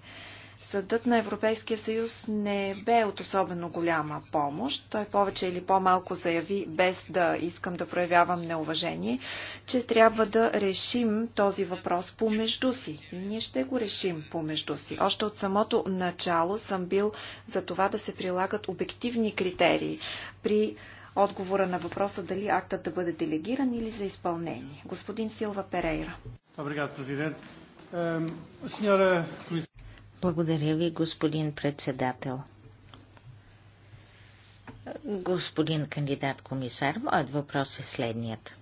Съдът на Европейския съюз не бе от особено голяма помощ. Той повече или по-малко заяви, без да искам да проявявам неуважение, че трябва да решим този въпрос помежду си. И ние ще го решим помежду си. Още от самото начало съм бил за това да се прилагат обективни критерии при отговора на въпроса дали актът да бъде делегиран или за изпълнение. Господин Силва Перейра. Благодаря ви, господин председател. Господин кандидат комисар, моят въпрос е следният.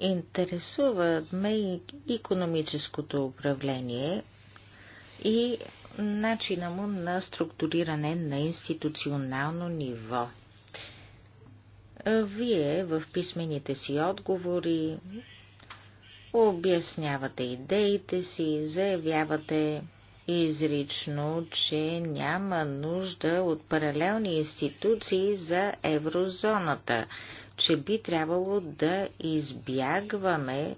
Интересува ме и економическото управление и начина му на структуриране на институционално ниво. Вие в писмените си отговори обяснявате идеите си, заявявате изрично, че няма нужда от паралелни институции за еврозоната, че би трябвало да избягваме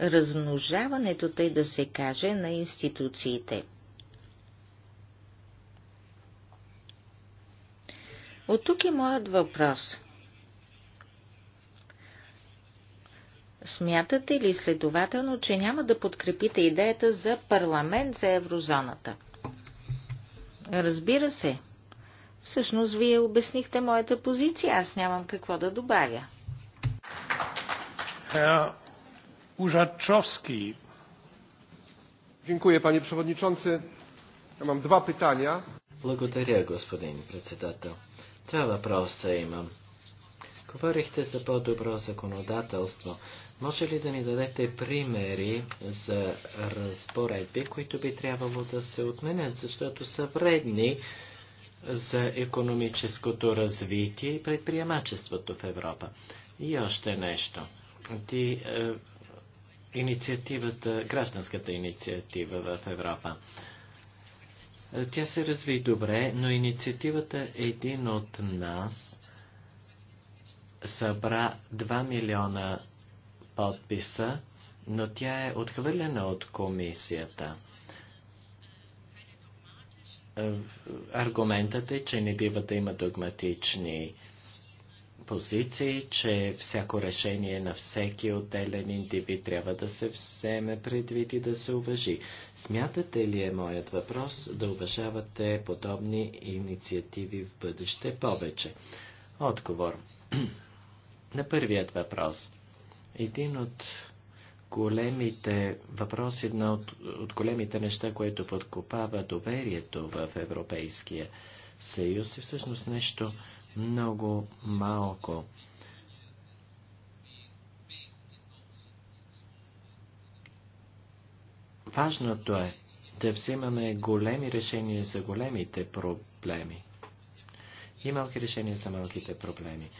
размножаването, тъй да се каже, на институциите. От тук е моят въпрос. Смятате ли следователно, че няма да подкрепите идеята за парламент за еврозоната? Разбира се. Всъщност, вие обяснихте моята позиция, аз нямам какво да добавя. Ужачовски. Дякую, пане przewodniczący. Имам два питания. Благодаря, господин председател. Два въпроса имам. Говорихте за по-добро законодателство. Може ли да ни дадете примери за разпоредби, които би трябвало да се отменят, защото са вредни за економическото развитие и предприемачеството в Европа? И още нещо. Ти, е, инициативата, гражданската инициатива в Европа. Е, е, тя се разви добре, но инициативата Един от нас събра 2 милиона подписа, но тя е отхвърлена от комисията. Е, аргументът е, че не бива да има догматични позиции, че всяко решение на всеки отделен индивид трябва да се вземе предвид и да се уважи. Смятате ли е моят въпрос да уважавате подобни инициативи в бъдеще повече? Отговор. на първият въпрос. Един от големите въпроси, една от, от големите неща, което подкопава доверието в Европейския съюз е всъщност нещо, много малко. Важното е да взимаме големи решения за големите проблеми и малки решения за малките проблеми.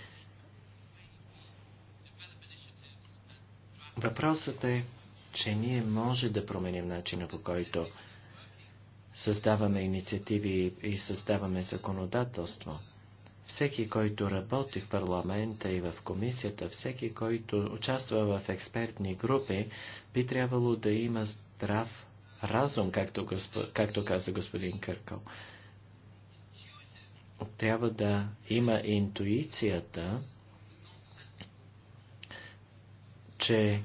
Въпросът е, че ние може да променим начина по който създаваме инициативи и създаваме законодателство. Всеки, който работи в парламента и в комисията, всеки, който участва в експертни групи, би трябвало да има здрав разум, както, госпо, както каза господин Къркъл. Трябва да има интуицията, че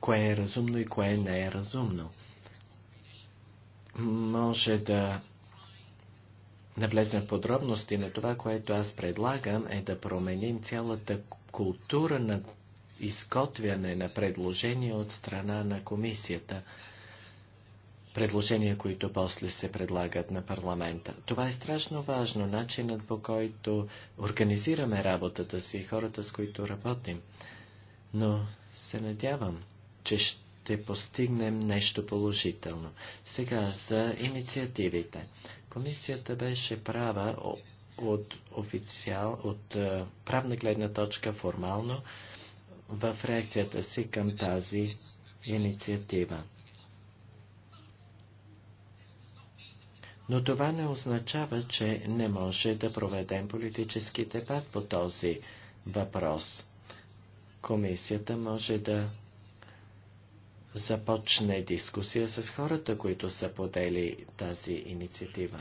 кое е разумно и кое не е разумно. Може да навлезем в подробности, на това, което аз предлагам е да променим цялата култура на изготвяне на предложения от страна на комисията. Предложения, които после се предлагат на парламента. Това е страшно важно, начинът по който организираме работата си и хората, с които работим. Но се надявам, че ще постигнем нещо положително. Сега за инициативите. Комисията беше права от, официал, от е, правна гледна точка формално в реакцията си към тази инициатива. Но това не означава, че не може да проведем политически дебат по този въпрос. Комисията може да започне дискусия с хората, които са подели тази инициатива.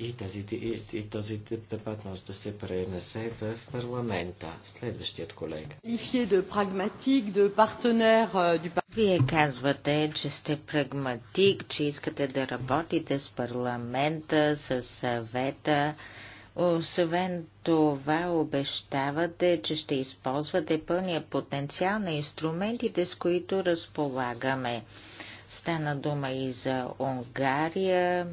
И, тази, и, и този дебат може да се пренесе в парламента. Следващият колега. Euh, Вие казвате, че сте прагматик, че искате да работите с парламента, с съвета. Освен това, обещавате, че ще използвате пълния потенциал на инструментите, с които разполагаме. Стана дума и за Унгария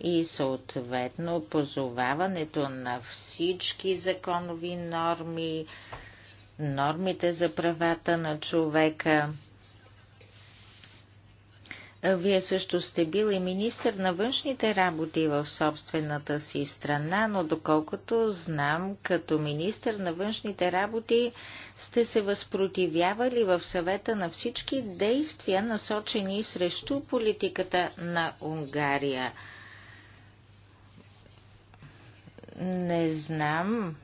и съответно позоваването на всички законови норми, нормите за правата на човека. Вие също сте бил и министр на външните работи в собствената си страна, но доколкото знам, като министр на външните работи сте се възпротивявали в съвета на всички действия, насочени срещу политиката на Унгария. Не знам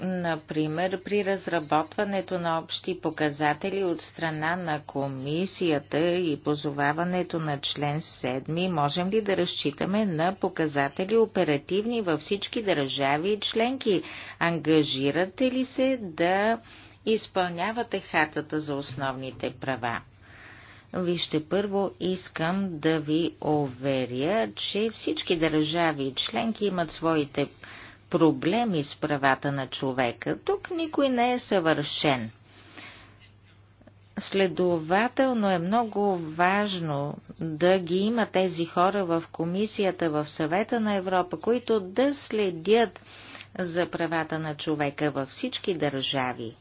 Например, при разработването на общи показатели от страна на комисията и позоваването на член 7, можем ли да разчитаме на показатели оперативни във всички държави и членки? Ангажирате ли се да изпълнявате хартата за основните права? Вижте, първо искам да ви уверя, че всички държави и членки имат своите права проблеми с правата на човека. Тук никой не е съвършен. Следователно е много важно да ги има тези хора в комисията, в съвета на Европа, които да следят за правата на човека във всички държави.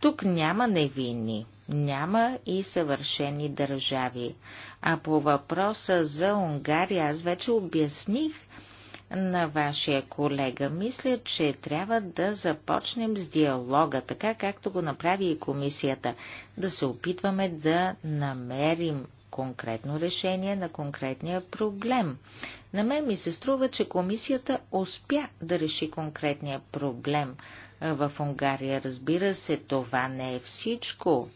Тук няма невинни, няма и съвършени държави. А по въпроса за Унгария аз вече обясних на вашия колега. Мисля, че трябва да започнем с диалога, така както го направи и комисията. Да се опитваме да намерим конкретно решение на конкретния проблем. На мен ми се струва, че комисията успя да реши конкретния проблем в Унгария. Разбира се, това не е всичко.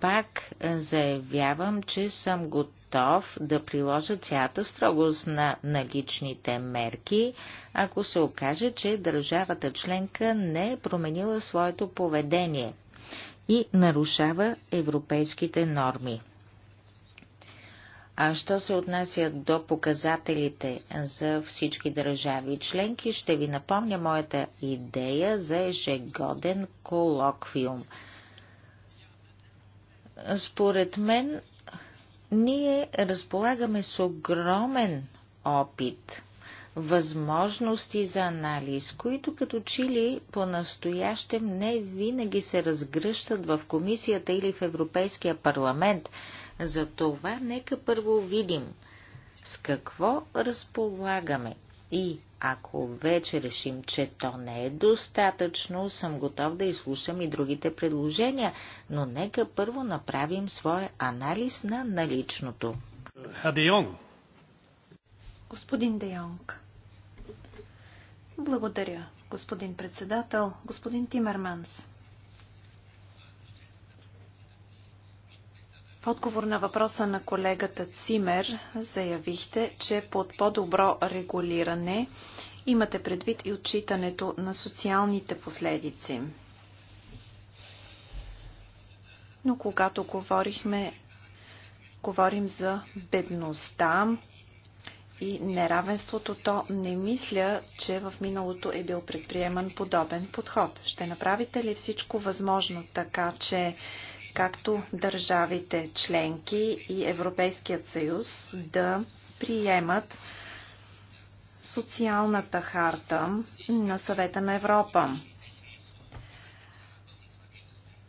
Пак заявявам, че съм готов готов да приложа цялата строгост на наличните мерки, ако се окаже, че държавата членка не е променила своето поведение и нарушава европейските норми. А що се отнася до показателите за всички държави членки, ще ви напомня моята идея за ежегоден колоквиум. Според мен ние разполагаме с огромен опит, възможности за анализ, които като чили по-настоящем не винаги се разгръщат в комисията или в Европейския парламент. Затова нека първо видим с какво разполагаме и ако вече решим, че то не е достатъчно, съм готов да изслушам и другите предложения, но нека първо направим своя анализ на наличното. Господин Дейонг. Благодаря, господин председател, господин Тимерманс. В отговор на въпроса на колегата Цимер заявихте, че под по-добро регулиране имате предвид и отчитането на социалните последици. Но когато говорихме, говорим за бедността и неравенството, то не мисля, че в миналото е бил предприеман подобен подход. Ще направите ли всичко възможно така, че както държавите членки и Европейският съюз да приемат социалната харта на съвета на Европа.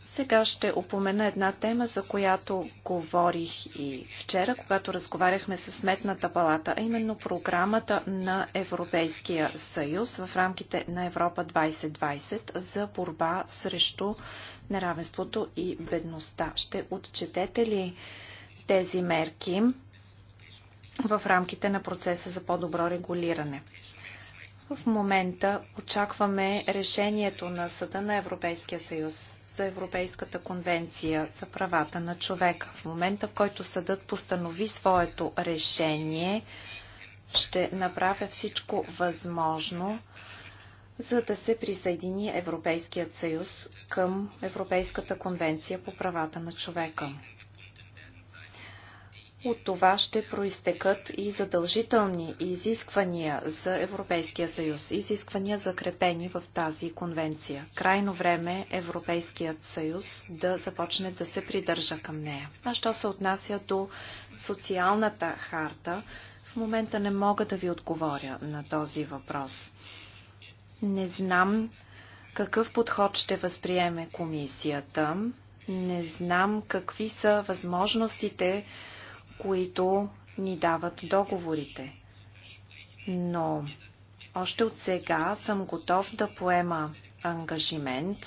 Сега ще упомена една тема, за която говорих и вчера, когато разговаряхме с Сметната палата, а именно програмата на Европейския съюз в рамките на Европа 2020 за борба срещу неравенството и бедността. Ще отчетете ли тези мерки в рамките на процеса за по-добро регулиране? В момента очакваме решението на Съда на Европейския съюз за Европейската конвенция за правата на човека. В момента, в който съдът постанови своето решение, ще направя всичко възможно, за да се присъедини Европейският съюз към Европейската конвенция по правата на човека. От това ще проистекат и задължителни изисквания за Европейския съюз, изисквания закрепени в тази конвенция. Крайно време е Европейският съюз да започне да се придържа към нея. А що се отнася до социалната харта, в момента не мога да ви отговоря на този въпрос. Не знам какъв подход ще възприеме комисията. Не знам какви са възможностите, които ни дават договорите. Но още от сега съм готов да поема ангажимент,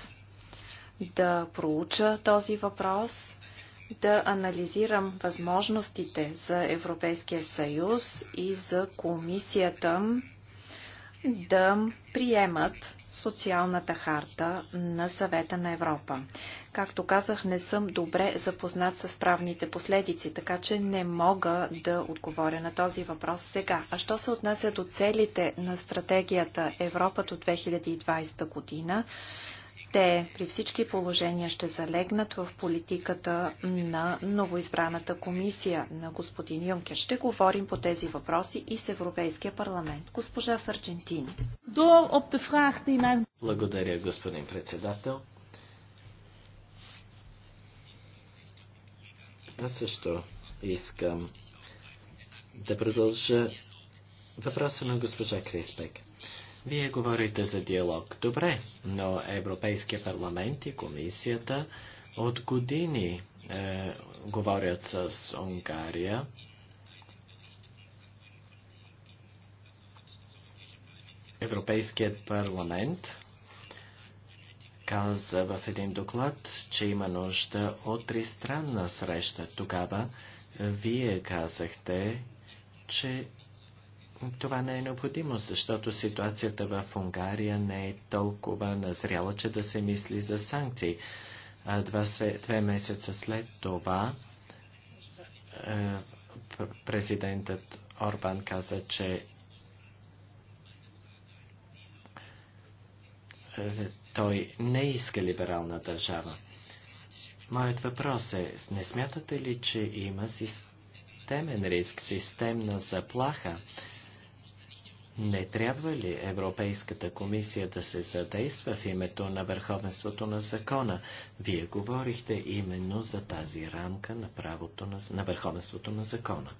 да проуча този въпрос, да анализирам възможностите за Европейския съюз и за комисията да приемат социалната харта на съвета на Европа. Както казах, не съм добре запознат с правните последици, така че не мога да отговоря на този въпрос сега. А що се отнася до целите на стратегията Европа до 2020 година, те при всички положения ще залегнат в политиката на новоизбраната комисия на господин Юнкер. Ще говорим по тези въпроси и с Европейския парламент. Госпожа Сарчентини. Благодаря, господин председател. Аз също искам да продължа въпроса на госпожа Криспек. Вие говорите за диалог. Добре, но Европейския парламент и комисията от години е, говорят с Унгария. Европейският парламент каза в един доклад, че има нужда от тристранна среща. Тогава вие казахте, че това не е необходимо, защото ситуацията в Унгария не е толкова назряла, че да се мисли за санкции. Два, две месеца след това е, президентът Орбан каза, че е, той не иска либерална държава. Моят въпрос е, не смятате ли, че има системен риск, системна заплаха? Не трябва ли Европейската комисия да се задейства в името на върховенството на закона? Вие говорихте именно за тази рамка на, правото на, на върховенството на закона.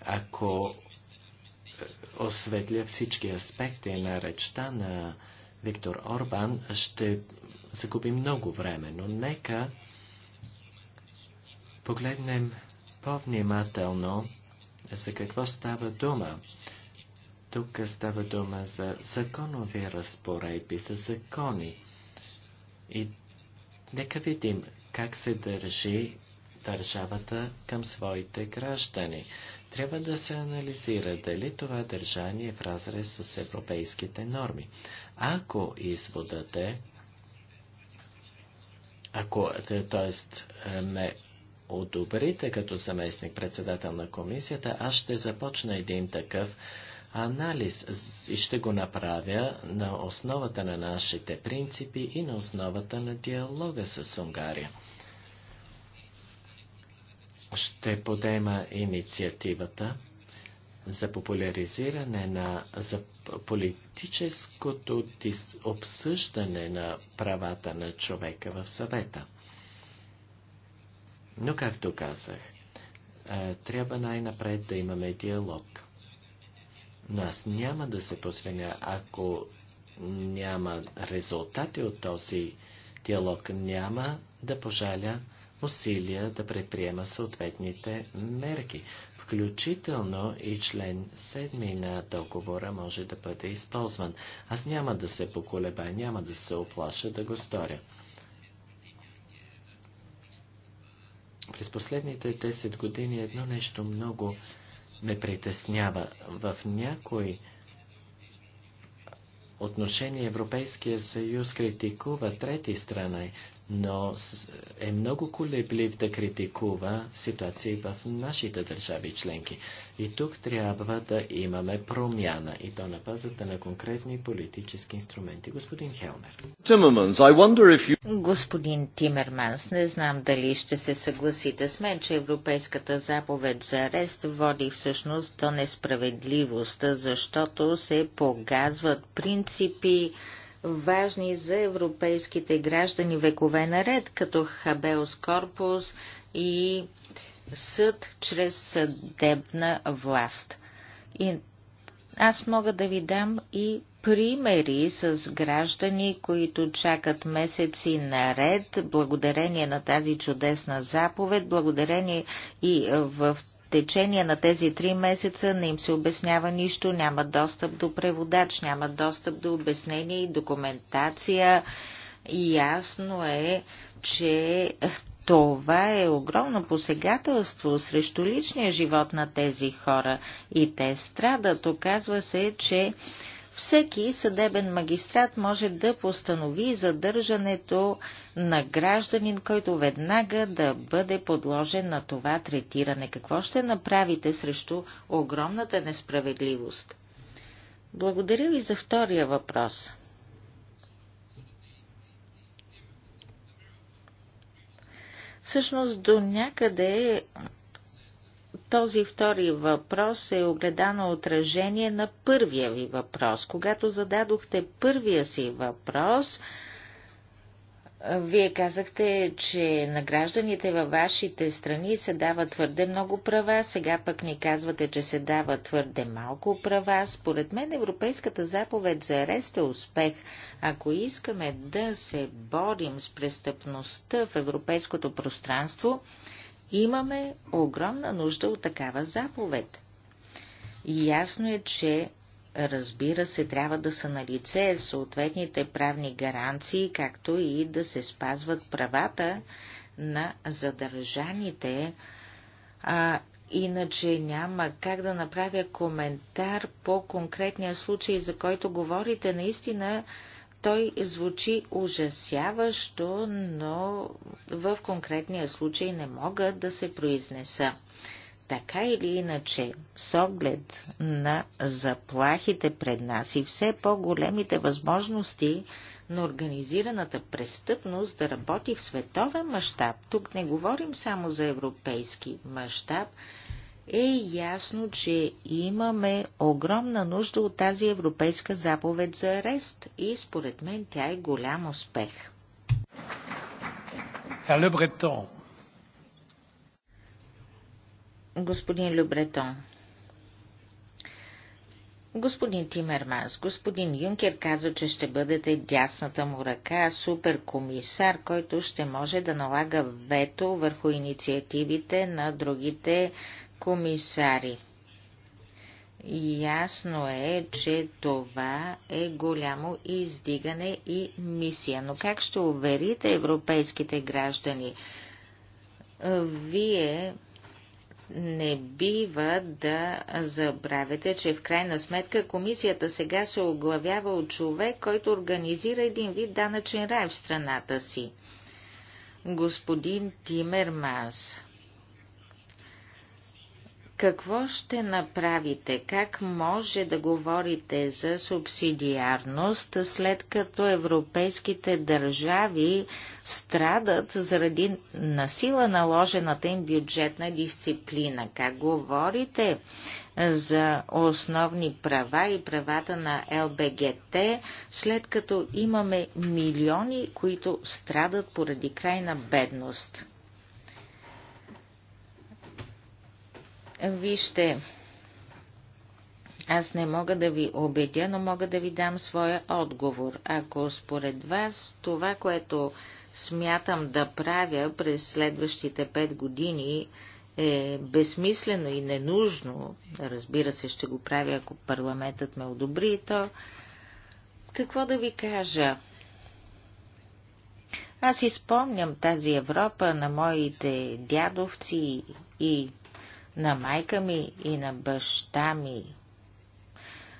Ако е, осветля всички аспекти на речта на Виктор Орбан, ще загуби много време, но нека погледнем по-внимателно за какво става дума. Тук става дума за законови разпоредби, за закони. И нека видим как се държи държавата към своите граждани. Трябва да се анализира дали това държание е в разрез с европейските норми. Ако изводът е, ако, т.е одобрите като заместник председател на комисията, аз ще започна един такъв анализ и ще го направя на основата на нашите принципи и на основата на диалога с Унгария. Ще подема инициативата за популяризиране на за политическото обсъждане на правата на човека в съвета. Но, както казах, трябва най-напред да имаме диалог. Но аз няма да се посвеня, ако няма резултати от този диалог, няма да пожаля усилия да предприема съответните мерки. Включително и член 7 на договора може да бъде използван. Аз няма да се поколеба, няма да се оплаша да го сторя. През последните 10 години едно нещо много ме притеснява. В някои отношение Европейския съюз критикува трети страна, но е много колеблив да критикува ситуации в нашите държави членки. И тук трябва да имаме промяна и то на базата на конкретни политически инструменти. Господин Хелмер. Господин Тимерманс, не знам дали ще се съгласите с мен, че Европейската заповед за арест води всъщност до несправедливост, защото се погазват принципи, важни за европейските граждани векове наред, като Хабеос Корпус и съд чрез съдебна власт. И аз мога да ви дам и примери с граждани, които чакат месеци наред, благодарение на тази чудесна заповед, благодарение и в течение на тези три месеца не им се обяснява нищо, няма достъп до преводач, няма достъп до обяснение и документация. Ясно е, че това е огромно посегателство срещу личния живот на тези хора и те страдат. Оказва се, че всеки съдебен магистрат може да постанови задържането на гражданин, който веднага да бъде подложен на това третиране. Какво ще направите срещу огромната несправедливост? Благодаря ви за втория въпрос. Всъщност до някъде този втори въпрос е огледано отражение на първия ви въпрос. Когато зададохте първия си въпрос, вие казахте, че на гражданите във вашите страни се дава твърде много права, сега пък ни казвате, че се дава твърде малко права. Според мен Европейската заповед за арест е успех. Ако искаме да се борим с престъпността в европейското пространство, Имаме огромна нужда от такава заповед. Ясно е, че разбира се, трябва да са на лице съответните правни гаранции, както и да се спазват правата на задържаните. А, иначе няма как да направя коментар по конкретния случай, за който говорите. Наистина той звучи ужасяващо, но в конкретния случай не мога да се произнеса. Така или иначе, с оглед на заплахите пред нас и все по-големите възможности на организираната престъпност да работи в световен мащаб, тук не говорим само за европейски мащаб, е ясно, че имаме огромна нужда от тази европейска заповед за арест и според мен тя е голям успех. Господин Любретон, Господин Тимерманс, господин Юнкер каза, че ще бъдете дясната му ръка, суперкомисар, който ще може да налага вето върху инициативите на другите комисари. Ясно е, че това е голямо издигане и мисия. Но как ще уверите европейските граждани? Вие не бива да забравяте, че в крайна сметка комисията сега се оглавява от човек, който организира един вид данъчен рай в страната си. Господин Тимерманс, какво ще направите? Как може да говорите за субсидиарност, след като европейските държави страдат заради насила наложената им бюджетна дисциплина? Как говорите за основни права и правата на ЛБГТ, след като имаме милиони, които страдат поради крайна бедност? Вижте, аз не мога да ви убедя, но мога да ви дам своя отговор. Ако според вас това, което смятам да правя през следващите пет години е безсмислено и ненужно, разбира се, ще го правя, ако парламентът ме одобри, то какво да ви кажа? Аз изпомням тази Европа на моите дядовци и на майка ми и на баща ми.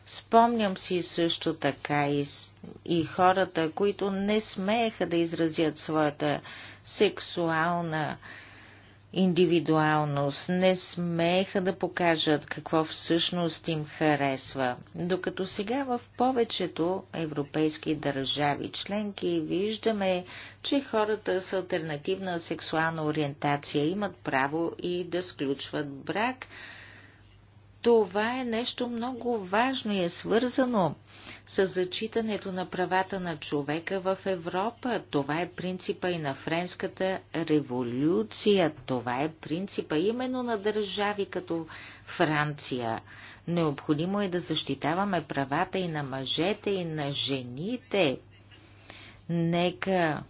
Спомням си също така и, и хората, които не смееха да изразят своята сексуална индивидуалност, не смееха да покажат какво всъщност им харесва. Докато сега в повечето европейски държави членки виждаме, че хората с альтернативна сексуална ориентация имат право и да сключват брак. Това е нещо много важно и е свързано с зачитането на правата на човека в Европа. Това е принципа и на Френската революция. Това е принципа именно на държави като Франция. Необходимо е да защитаваме правата и на мъжете, и на жените. Нека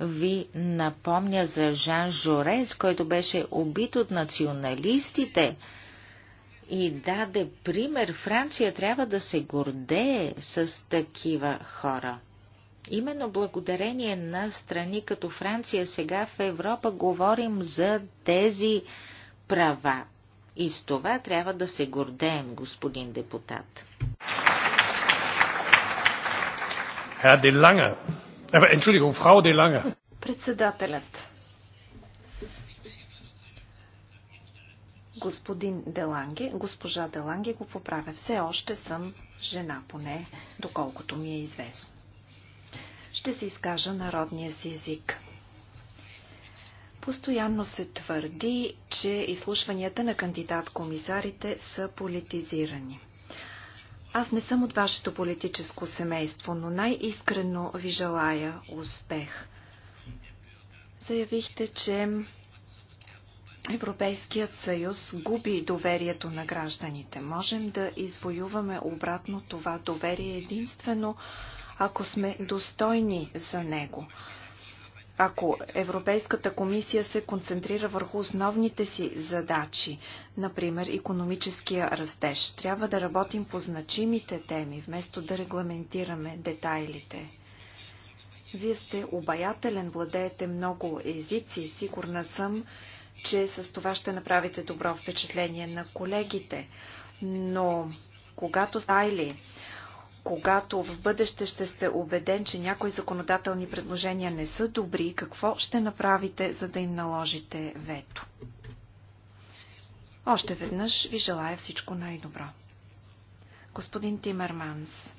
ви напомня за Жан Жорес, който беше убит от националистите – и даде пример, Франция трябва да се гордее с такива хора. Именно благодарение на страни като Франция сега в Европа говорим за тези права. И с това трябва да се гордеем, господин депутат. Herr De äh, Entschuldigung, Frau De Председателят. господин Деланге. Госпожа Деланге го поправя. Все още съм жена, поне доколкото ми е известно. Ще се изкажа народния си език. Постоянно се твърди, че изслушванията на кандидат-комисарите са политизирани. Аз не съм от вашето политическо семейство, но най-искрено ви желая успех. Заявихте, че Европейският съюз губи доверието на гражданите. Можем да извоюваме обратно това доверие единствено, ако сме достойни за него. Ако Европейската комисия се концентрира върху основните си задачи, например економическия растеж, трябва да работим по значимите теми, вместо да регламентираме детайлите. Вие сте обаятелен, владеете много езици, сигурна съм, че с това ще направите добро впечатление на колегите. Но когато стайли, когато в бъдеще ще сте убеден, че някои законодателни предложения не са добри, какво ще направите, за да им наложите вето? Още веднъж ви желая всичко най-добро. Господин Тимерманс,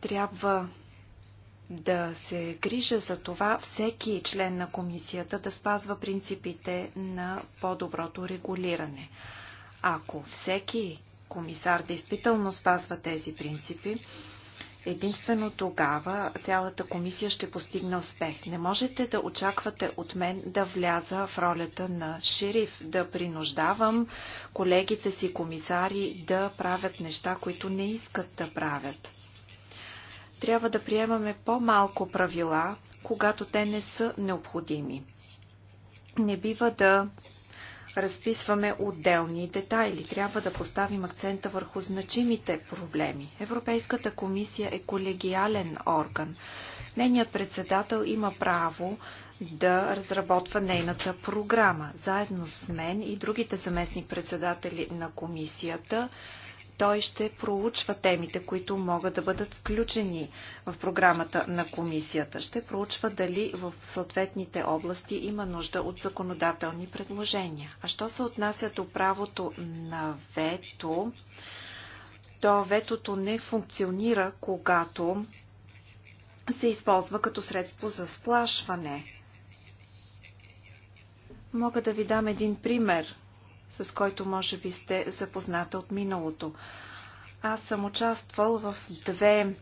трябва да се грижа за това всеки член на комисията да спазва принципите на по-доброто регулиране. Ако всеки комисар действително спазва тези принципи, единствено тогава цялата комисия ще постигне успех. Не можете да очаквате от мен да вляза в ролята на шериф, да принуждавам колегите си комисари да правят неща, които не искат да правят трябва да приемаме по-малко правила, когато те не са необходими. Не бива да разписваме отделни детайли. Трябва да поставим акцента върху значимите проблеми. Европейската комисия е колегиален орган. Нейният председател има право да разработва нейната програма. Заедно с мен и другите заместник председатели на комисията той ще проучва темите, които могат да бъдат включени в програмата на комисията. Ще проучва дали в съответните области има нужда от законодателни предложения. А що се отнася до правото на вето, то ветото не функционира, когато се използва като средство за сплашване. Мога да ви дам един пример с който може би сте запозната от миналото. Аз съм участвал в две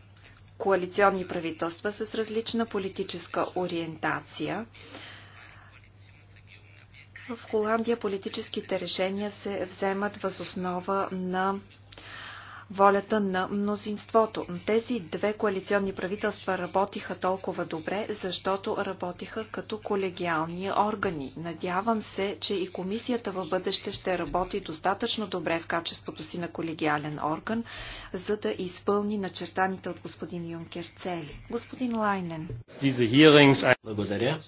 коалиционни правителства с различна политическа ориентация. В Холандия политическите решения се вземат възоснова на волята на мнозинството. Тези две коалиционни правителства работиха толкова добре, защото работиха като колегиални органи. Надявам се, че и комисията в бъдеще ще работи достатъчно добре в качеството си на колегиален орган, за да изпълни начертаните от господин Юнкер цели. Господин Лайнен. Благодаря.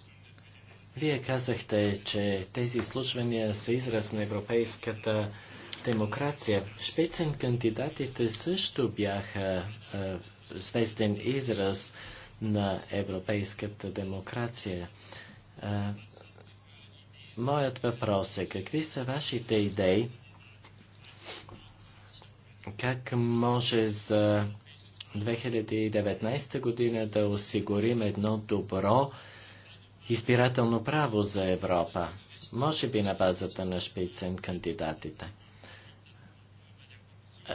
Вие казахте, че тези изслушвания са израз на европейската демокрация. Шпицен кандидатите също бяха е, звезден израз на европейската демокрация. Е, моят въпрос е, какви са вашите идеи? Как може за 2019 година да осигурим едно добро избирателно право за Европа? Може би на базата на шпицен кандидатите. Е,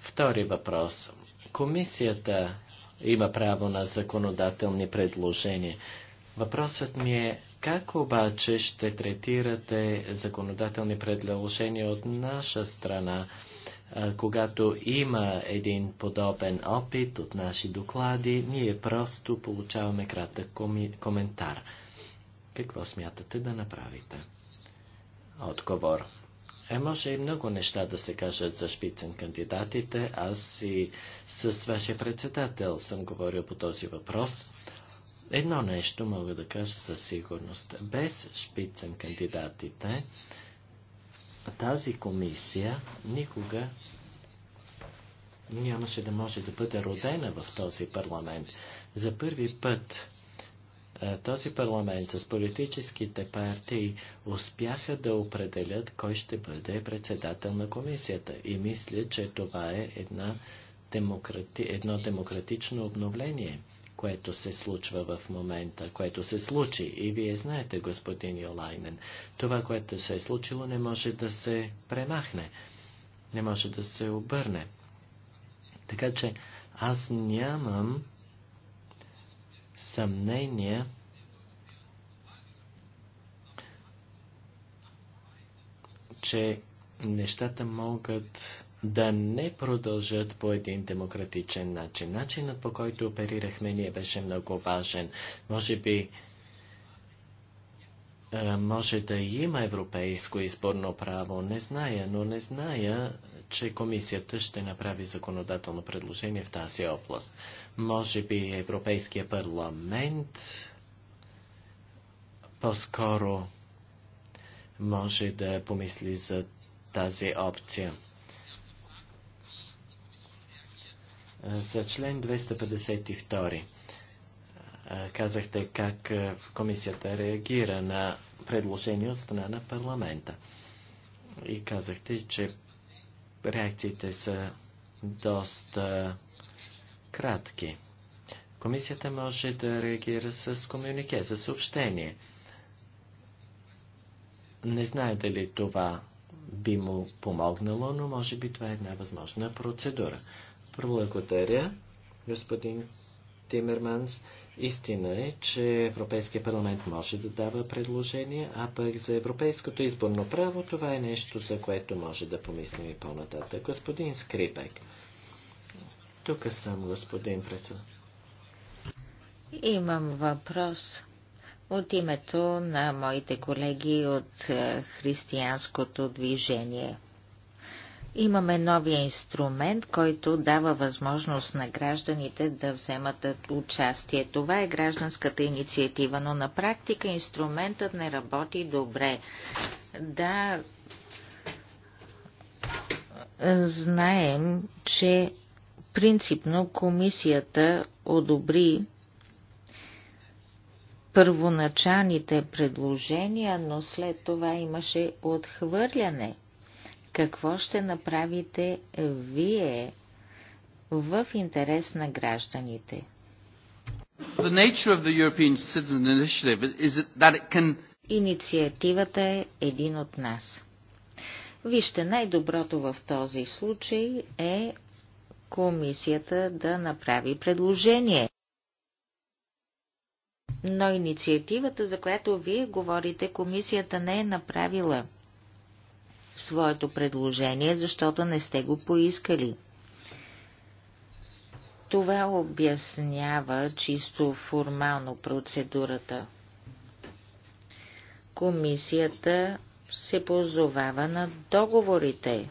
втори въпрос. Комисията има право на законодателни предложения. Въпросът ми е как обаче ще третирате законодателни предложения от наша страна, е, когато има един подобен опит от наши доклади, ние просто получаваме кратък коментар. Какво смятате да направите? Отговор. Е, може и много неща да се кажат за шпицен кандидатите. Аз и с вашия председател съм говорил по този въпрос. Едно нещо мога да кажа със сигурност. Без шпицен кандидатите тази комисия никога нямаше да може да бъде родена в този парламент. За първи път е, този парламент с политическите партии успяха да определят кой ще бъде председател на комисията. И мисля, че това е една демократи... едно демократично обновление, което се случва в момента, което се случи. И вие знаете, господин Йолайнен, това, което се е случило, не може да се премахне, не може да се обърне. Така че аз нямам съмнения че нещата могат да не продължат по един демократичен начин. Начинът по който оперирахме ние беше много важен. Може би може да има европейско изборно право, не зная, но не зная че комисията ще направи законодателно предложение в тази област. Може би Европейския парламент по-скоро може да помисли за тази опция. За член 252 казахте как комисията реагира на предложение от страна на парламента. И казахте, че реакциите са доста кратки. Комисията може да реагира с комюнике, с съобщение. Не знае дали това би му помогнало, но може би това е една възможна процедура. Благодаря, господин Тимерманс. Истина е, че Европейския парламент може да дава предложения, а пък за европейското изборно право това е нещо, за което може да помислим и по-нататък. Господин Скрипек. Тук съм, господин председател. Имам въпрос от името на моите колеги от е, християнското движение. Имаме новия инструмент, който дава възможност на гражданите да вземат участие. Това е гражданската инициатива, но на практика инструментът не работи добре. Да, знаем, че принципно комисията одобри първоначалните предложения, но след това имаше отхвърляне – какво ще направите вие в интерес на гражданите? Can... Инициативата е един от нас. Вижте, най-доброто в този случай е комисията да направи предложение. Но инициативата, за която вие говорите, комисията не е направила своето предложение, защото не сте го поискали. Това обяснява чисто формално процедурата. Комисията се позовава на договорите.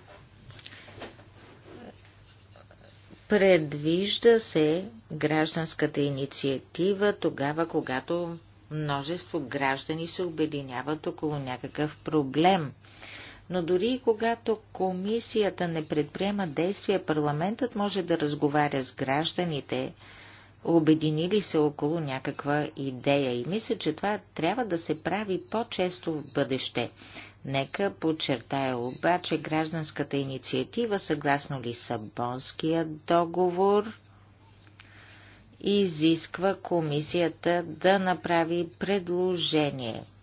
Предвижда се гражданската инициатива тогава, когато множество граждани се обединяват около някакъв проблем. Но дори и когато комисията не предприема действия, парламентът може да разговаря с гражданите, обединили се около някаква идея. И мисля, че това трябва да се прави по-често в бъдеще. Нека подчертая обаче гражданската инициатива съгласно Лисабонския договор изисква комисията да направи предложение –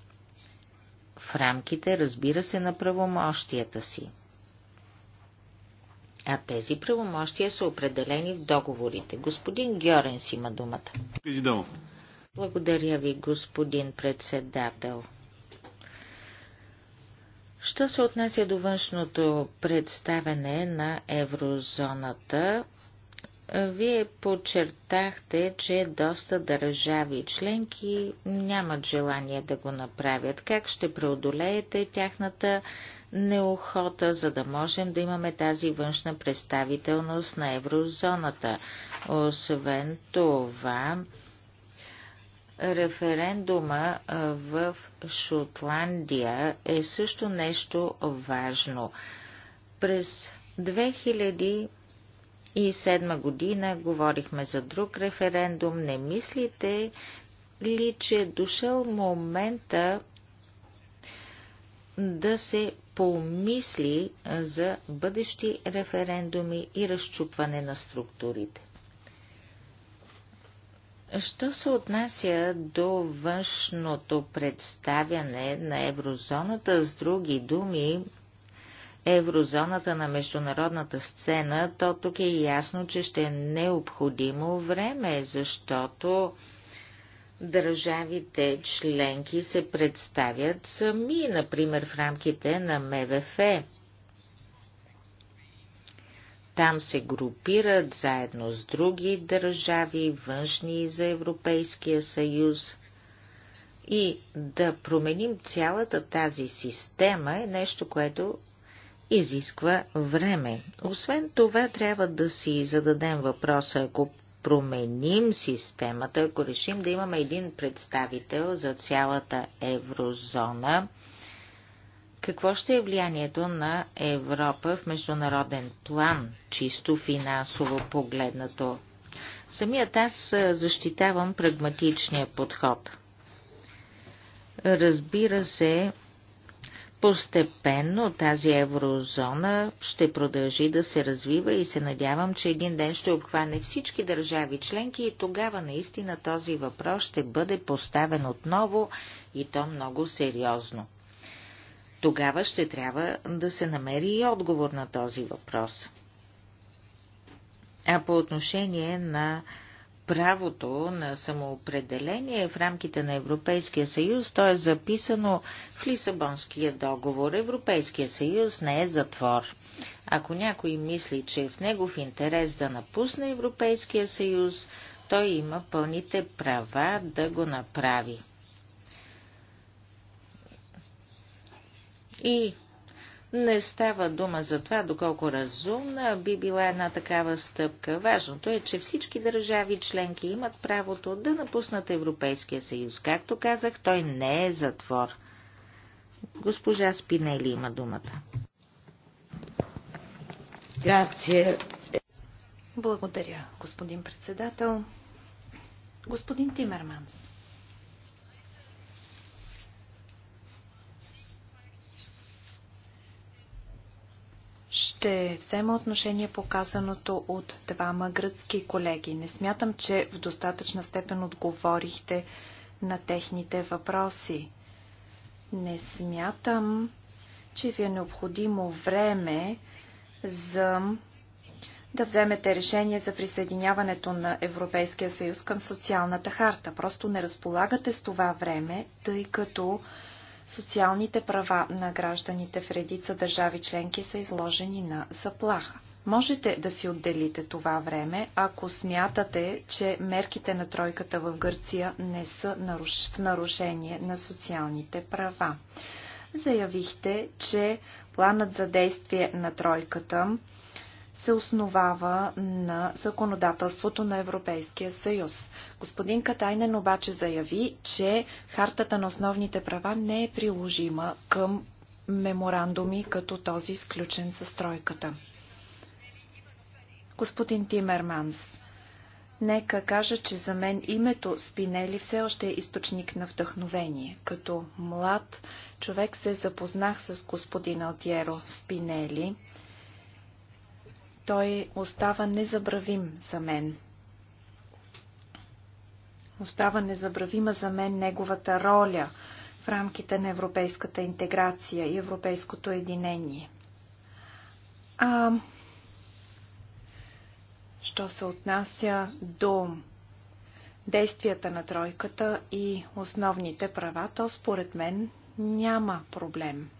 в рамките, разбира се, на правомощията си. А тези правомощия са определени в договорите. Господин Гьоренс има думата. Благодаря ви, господин председател. Що се отнася до външното представяне на еврозоната, вие подчертахте, че доста държави членки нямат желание да го направят. Как ще преодолеете тяхната неохота, за да можем да имаме тази външна представителност на еврозоната? Освен това, референдума в Шотландия е също нещо важно. През 2000 2007 година говорихме за друг референдум. Не мислите ли, че е дошъл момента да се помисли за бъдещи референдуми и разчупване на структурите? Що се отнася до външното представяне на еврозоната, с други думи, еврозоната на международната сцена, то тук е ясно, че ще е необходимо време, защото държавите членки се представят сами, например в рамките на МВФ. Там се групират заедно с други държави, външни за Европейския съюз. И да променим цялата тази система е нещо, което изисква време. Освен това, трябва да си зададем въпроса, ако променим системата, ако решим да имаме един представител за цялата еврозона, какво ще е влиянието на Европа в международен план, чисто финансово погледнато? Самият аз защитавам прагматичния подход. Разбира се, Постепенно тази еврозона ще продължи да се развива и се надявам, че един ден ще обхване всички държави членки и тогава наистина този въпрос ще бъде поставен отново и то много сериозно. Тогава ще трябва да се намери и отговор на този въпрос. А по отношение на правото на самоопределение в рамките на Европейския съюз, то е записано в Лисабонския договор. Европейския съюз не е затвор. Ако някой мисли, че е в негов интерес да напусне Европейския съюз, той има пълните права да го направи. И не става дума за това, доколко разумна би била една такава стъпка. Важното е, че всички държави членки имат правото да напуснат Европейския съюз. Както казах, той не е затвор. Госпожа Спинели има думата. Грация. Благодаря, господин председател. Господин Тимерманс. ще взема отношение по казаното от двама гръцки колеги. Не смятам, че в достатъчна степен отговорихте на техните въпроси. Не смятам, че ви е необходимо време за да вземете решение за присъединяването на Европейския съюз към социалната харта. Просто не разполагате с това време, тъй като социалните права на гражданите в редица държави членки са изложени на заплаха. Можете да си отделите това време, ако смятате, че мерките на тройката в Гърция не са в нарушение на социалните права. Заявихте, че планът за действие на тройката се основава на законодателството на Европейския съюз. Господин Катайнен обаче заяви, че хартата на основните права не е приложима към меморандуми като този изключен с тройката. Господин Тимерманс, нека кажа, че за мен името Спинели все още е източник на вдъхновение. Като млад човек се запознах с господин Алтиеро Спинели – той остава незабравим за мен. Остава незабравима за мен неговата роля в рамките на европейската интеграция и европейското единение. А, що се отнася до действията на тройката и основните права, то според мен няма проблем.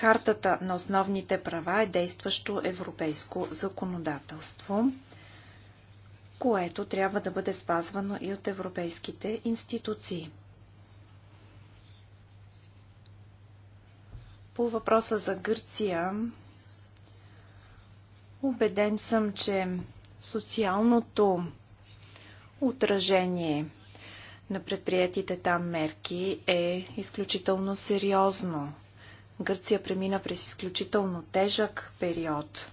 Хартата на основните права е действащо европейско законодателство, което трябва да бъде спазвано и от европейските институции. По въпроса за Гърция, убеден съм, че социалното отражение на предприятите там мерки е изключително сериозно. Гърция премина през изключително тежък период.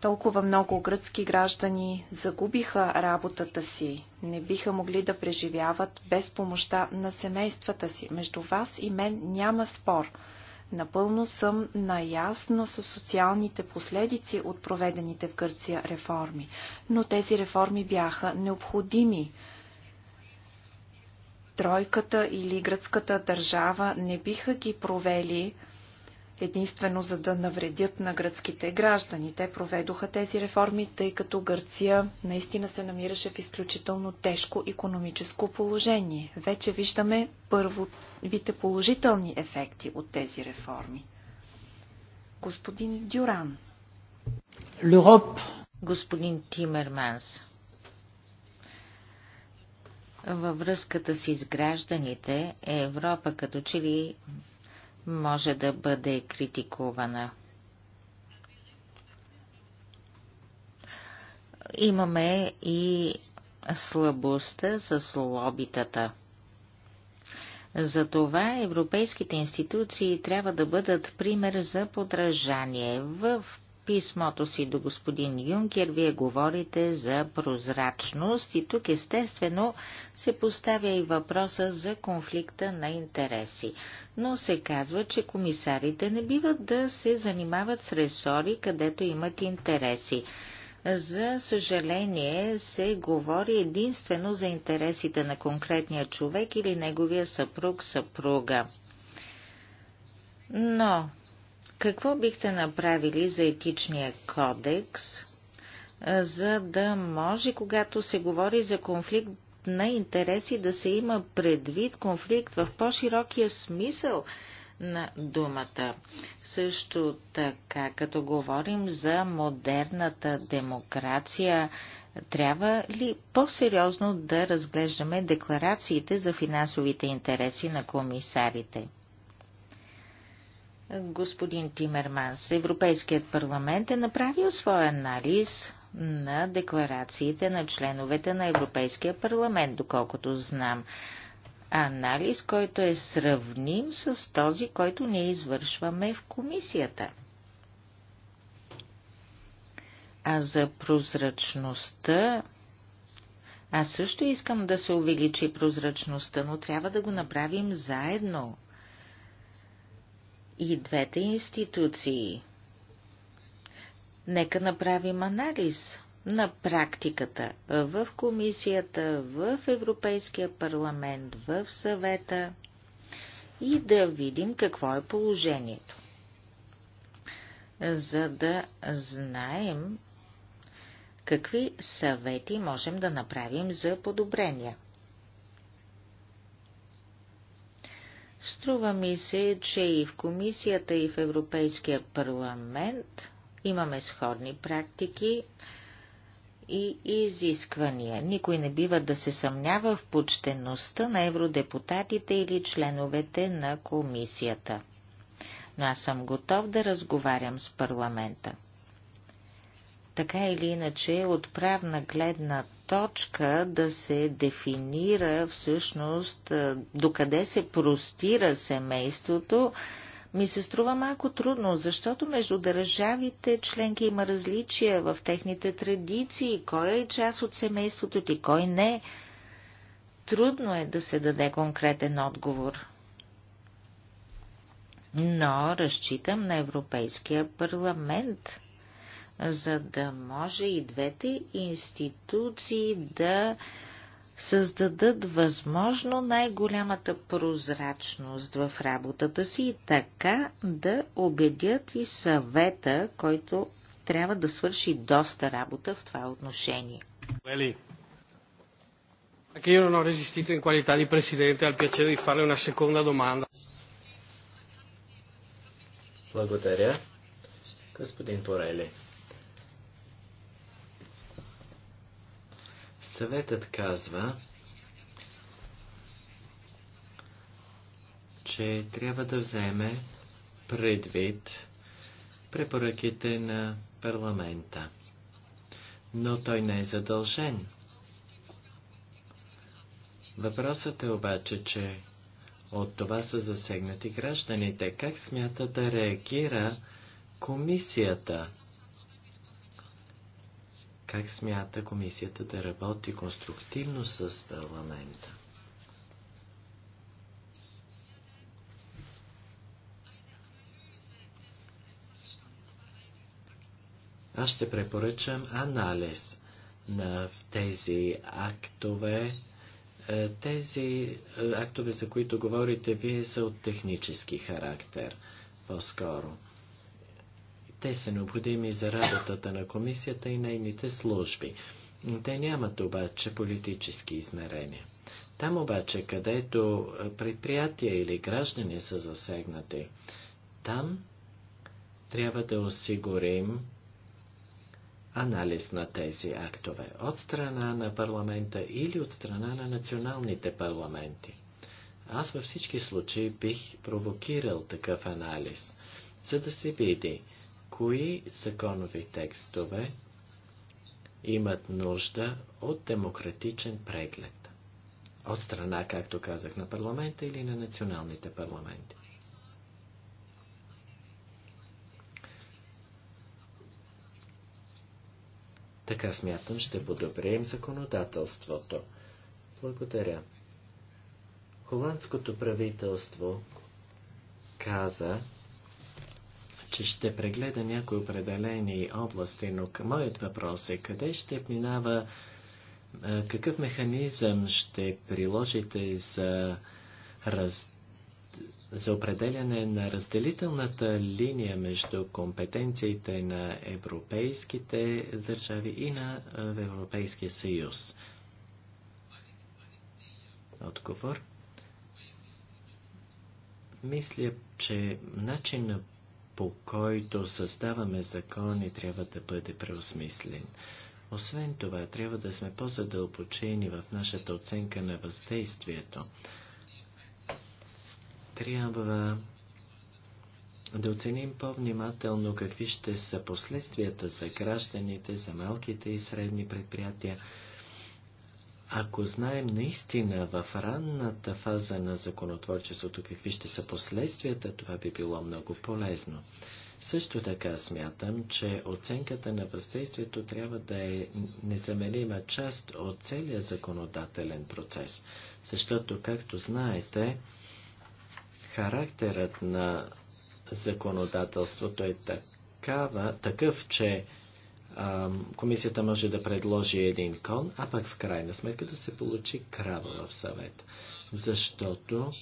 Толкова много гръцки граждани загубиха работата си, не биха могли да преживяват без помощта на семействата си. Между вас и мен няма спор. Напълно съм наясно с социалните последици от проведените в Гърция реформи, но тези реформи бяха необходими тройката или гръцката държава не биха ги провели единствено за да навредят на гръцките граждани. Те проведоха тези реформи, тъй като Гърция наистина се намираше в изключително тежко економическо положение. Вече виждаме първовите положителни ефекти от тези реформи. Господин Дюран. Л'Europe. Господин Тимерманс. Във връзката си с гражданите, Европа като че ли може да бъде критикувана. Имаме и слабостта с лобитата. Затова европейските институции трябва да бъдат пример за подражание. В писмото си до господин Юнкер вие говорите за прозрачност и тук естествено се поставя и въпроса за конфликта на интереси. Но се казва, че комисарите не биват да се занимават с ресори, където имат интереси. За съжаление се говори единствено за интересите на конкретния човек или неговия съпруг-съпруга. Но какво бихте направили за етичния кодекс, за да може, когато се говори за конфликт на интереси, да се има предвид конфликт в по-широкия смисъл на думата? Също така, като говорим за модерната демокрация, трябва ли по-сериозно да разглеждаме декларациите за финансовите интереси на комисарите? господин Тимерманс. Европейският парламент е направил своя анализ на декларациите на членовете на Европейския парламент, доколкото знам. Анализ, който е сравним с този, който ние извършваме в комисията. А за прозрачността аз също искам да се увеличи прозрачността, но трябва да го направим заедно и двете институции. Нека направим анализ на практиката в комисията, в Европейския парламент, в съвета и да видим какво е положението. За да знаем какви съвети можем да направим за подобрения – Струва ми се, че и в комисията, и в Европейския парламент имаме сходни практики и изисквания. Никой не бива да се съмнява в почтеността на евродепутатите или членовете на комисията. Но аз съм готов да разговарям с парламента така или иначе от правна гледна точка да се дефинира всъщност докъде се простира семейството, ми се струва малко трудно, защото между държавите членки има различия в техните традиции, кой е част от семейството ти, кой не. Трудно е да се даде конкретен отговор. Но разчитам на Европейския парламент – за да може и двете институции да създадат възможно най-голямата прозрачност в работата си и така да убедят и съвета, който трябва да свърши доста работа в това отношение. anche io non ho resistito in qualità di Presidente al piacere di una seconda domanda. Благодаря. Господин Порели. Съветът казва, че трябва да вземе предвид препоръките на парламента. Но той не е задължен. Въпросът е обаче, че от това са засегнати гражданите. Как смята да реагира комисията? Как смята комисията да работи конструктивно с парламента? Аз ще препоръчам анализ на тези актове. Е, тези е, актове, за които говорите вие, са от технически характер по-скоро. Те са необходими за работата на комисията и нейните служби. Те нямат обаче политически измерения. Там обаче, където предприятия или граждани са засегнати, там трябва да осигурим анализ на тези актове от страна на парламента или от страна на националните парламенти. Аз във всички случаи бих провокирал такъв анализ, за да се види кои законови текстове имат нужда от демократичен преглед. От страна, както казах, на парламента или на националните парламенти. Така смятам, ще подобрим законодателството. Благодаря. Холандското правителство каза, че ще прегледа някои определени области, но моят въпрос е къде ще минава, какъв механизъм ще приложите за, раз, за определяне на разделителната линия между компетенциите на европейските държави и на Европейския съюз? Отговор. Мисля, че начинът по който създаваме закони, трябва да бъде преосмислен. Освен това, трябва да сме по-задълбочени в нашата оценка на въздействието. Трябва да оценим по-внимателно какви ще са последствията за гражданите, за малките и средни предприятия, ако знаем наистина в ранната фаза на законотворчеството какви ще са последствията, това би било много полезно. Също така смятам, че оценката на въздействието трябва да е незаменима част от целия законодателен процес, защото, както знаете, характерът на законодателството е такава, такъв, че комисията може да предложи един кон, а пък в крайна сметка да се получи крава в съвет. Защото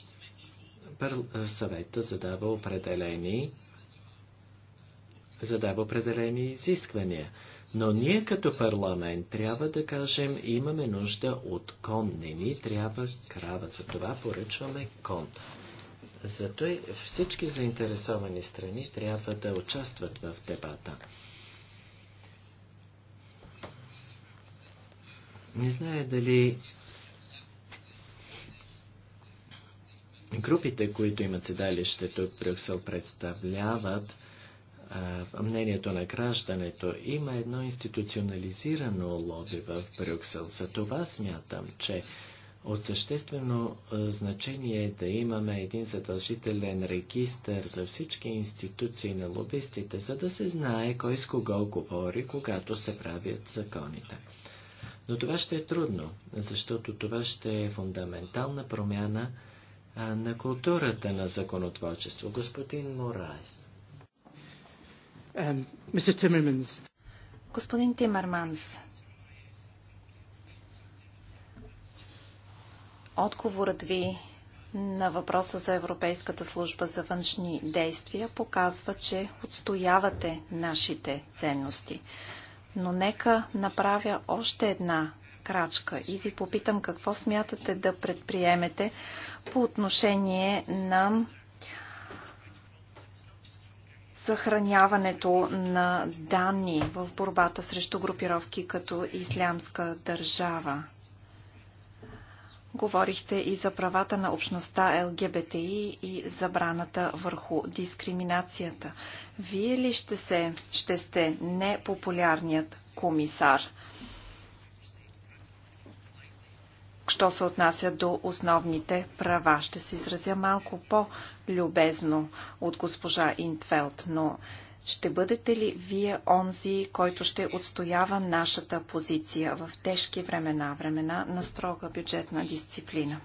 съвета задава определени задава определени изисквания. Но ние като парламент трябва да кажем, имаме нужда от кон, не ни трябва крава, За това поръчваме кон. Зато всички заинтересовани страни трябва да участват в дебата. Не знае дали групите, които имат седалището в Брюксел, представляват мнението на граждането. Има едно институционализирано лоби в Брюксел. За това смятам, че от съществено значение е да имаме един задължителен регистр за всички институции на лобистите, за да се знае кой с кого говори, когато се правят законите. Но това ще е трудно, защото това ще е фундаментална промяна а, на културата на законотворчество. Господин Морайс. Um, Господин Тимерманс, отговорът ви на въпроса за Европейската служба за външни действия показва, че отстоявате нашите ценности. Но нека направя още една крачка и ви попитам какво смятате да предприемете по отношение на съхраняването на данни в борбата срещу групировки като Ислямска държава. Говорихте и за правата на общността ЛГБТИ и забраната върху дискриминацията. Вие ли ще, се, ще сте непопулярният комисар? Що се отнася до основните права, ще се изразя малко по-любезно от госпожа Интфелд, но ще бъдете ли вие онзи, който ще отстоява нашата позиция в тежки времена, времена на строга бюджетна дисциплина?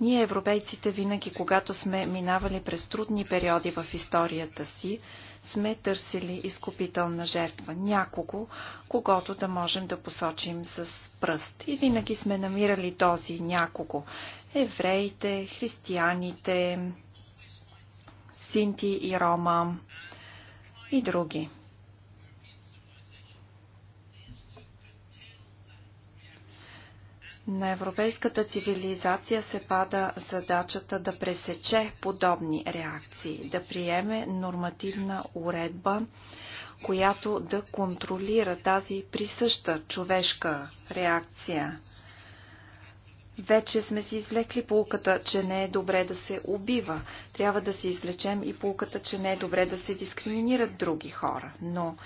Ние, европейците, винаги, когато сме минавали през трудни периоди в историята си, сме търсили изкупителна жертва, някого, когато да можем да посочим с пръст. И винаги сме намирали този някого. Евреите, християните, синти и рома и други. На европейската цивилизация се пада задачата да пресече подобни реакции, да приеме нормативна уредба, която да контролира тази присъща човешка реакция. Вече сме си извлекли полката, че не е добре да се убива. Трябва да си извлечем и полката, че не е добре да се дискриминират други хора. Но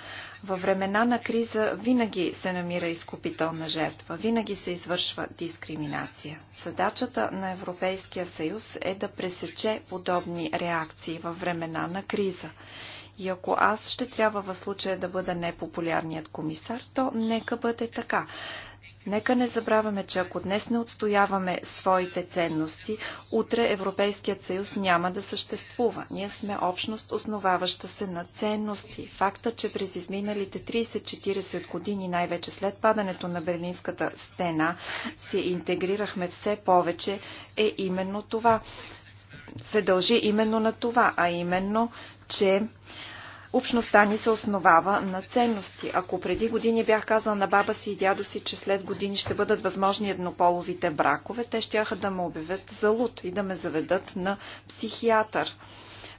във времена на криза винаги се намира изкупителна жертва, винаги се извършва дискриминация. Задачата на Европейския съюз е да пресече подобни реакции във времена на криза. И ако аз ще трябва в случая да бъда непопулярният комисар, то нека бъде така. Нека не забравяме, че ако днес не отстояваме своите ценности, утре Европейският съюз няма да съществува. Ние сме общност, основаваща се на ценности. Факта, че през изминалите 30-40 години, най-вече след падането на Берлинската стена, се интегрирахме все повече, е именно това. Се дължи именно на това, а именно, че Общността ни се основава на ценности. Ако преди години бях казал на баба си и дядо си, че след години ще бъдат възможни еднополовите бракове, те ще да ме обявят за луд и да ме заведат на психиатър.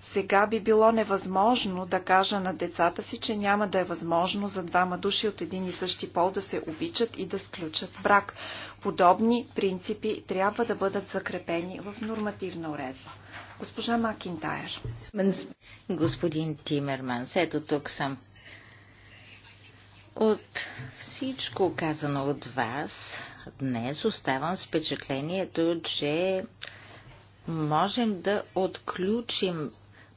Сега би било невъзможно да кажа на децата си, че няма да е възможно за двама души от един и същи пол да се обичат и да сключат брак. Подобни принципи трябва да бъдат закрепени в нормативна уредба. Госпожа Макинтайр. Господин Тимерманс, ето тук съм. От всичко казано от вас, днес оставам с впечатлението, че можем да отключим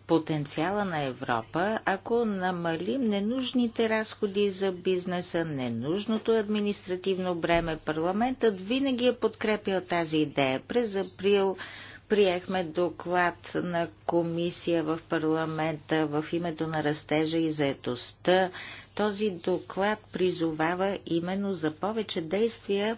потенциала на Европа, ако намалим ненужните разходи за бизнеса, ненужното административно бреме. Парламентът винаги е подкрепил тази идея. През април Приехме доклад на комисия в парламента в името на растежа и заетостта. Този доклад призовава именно за повече действия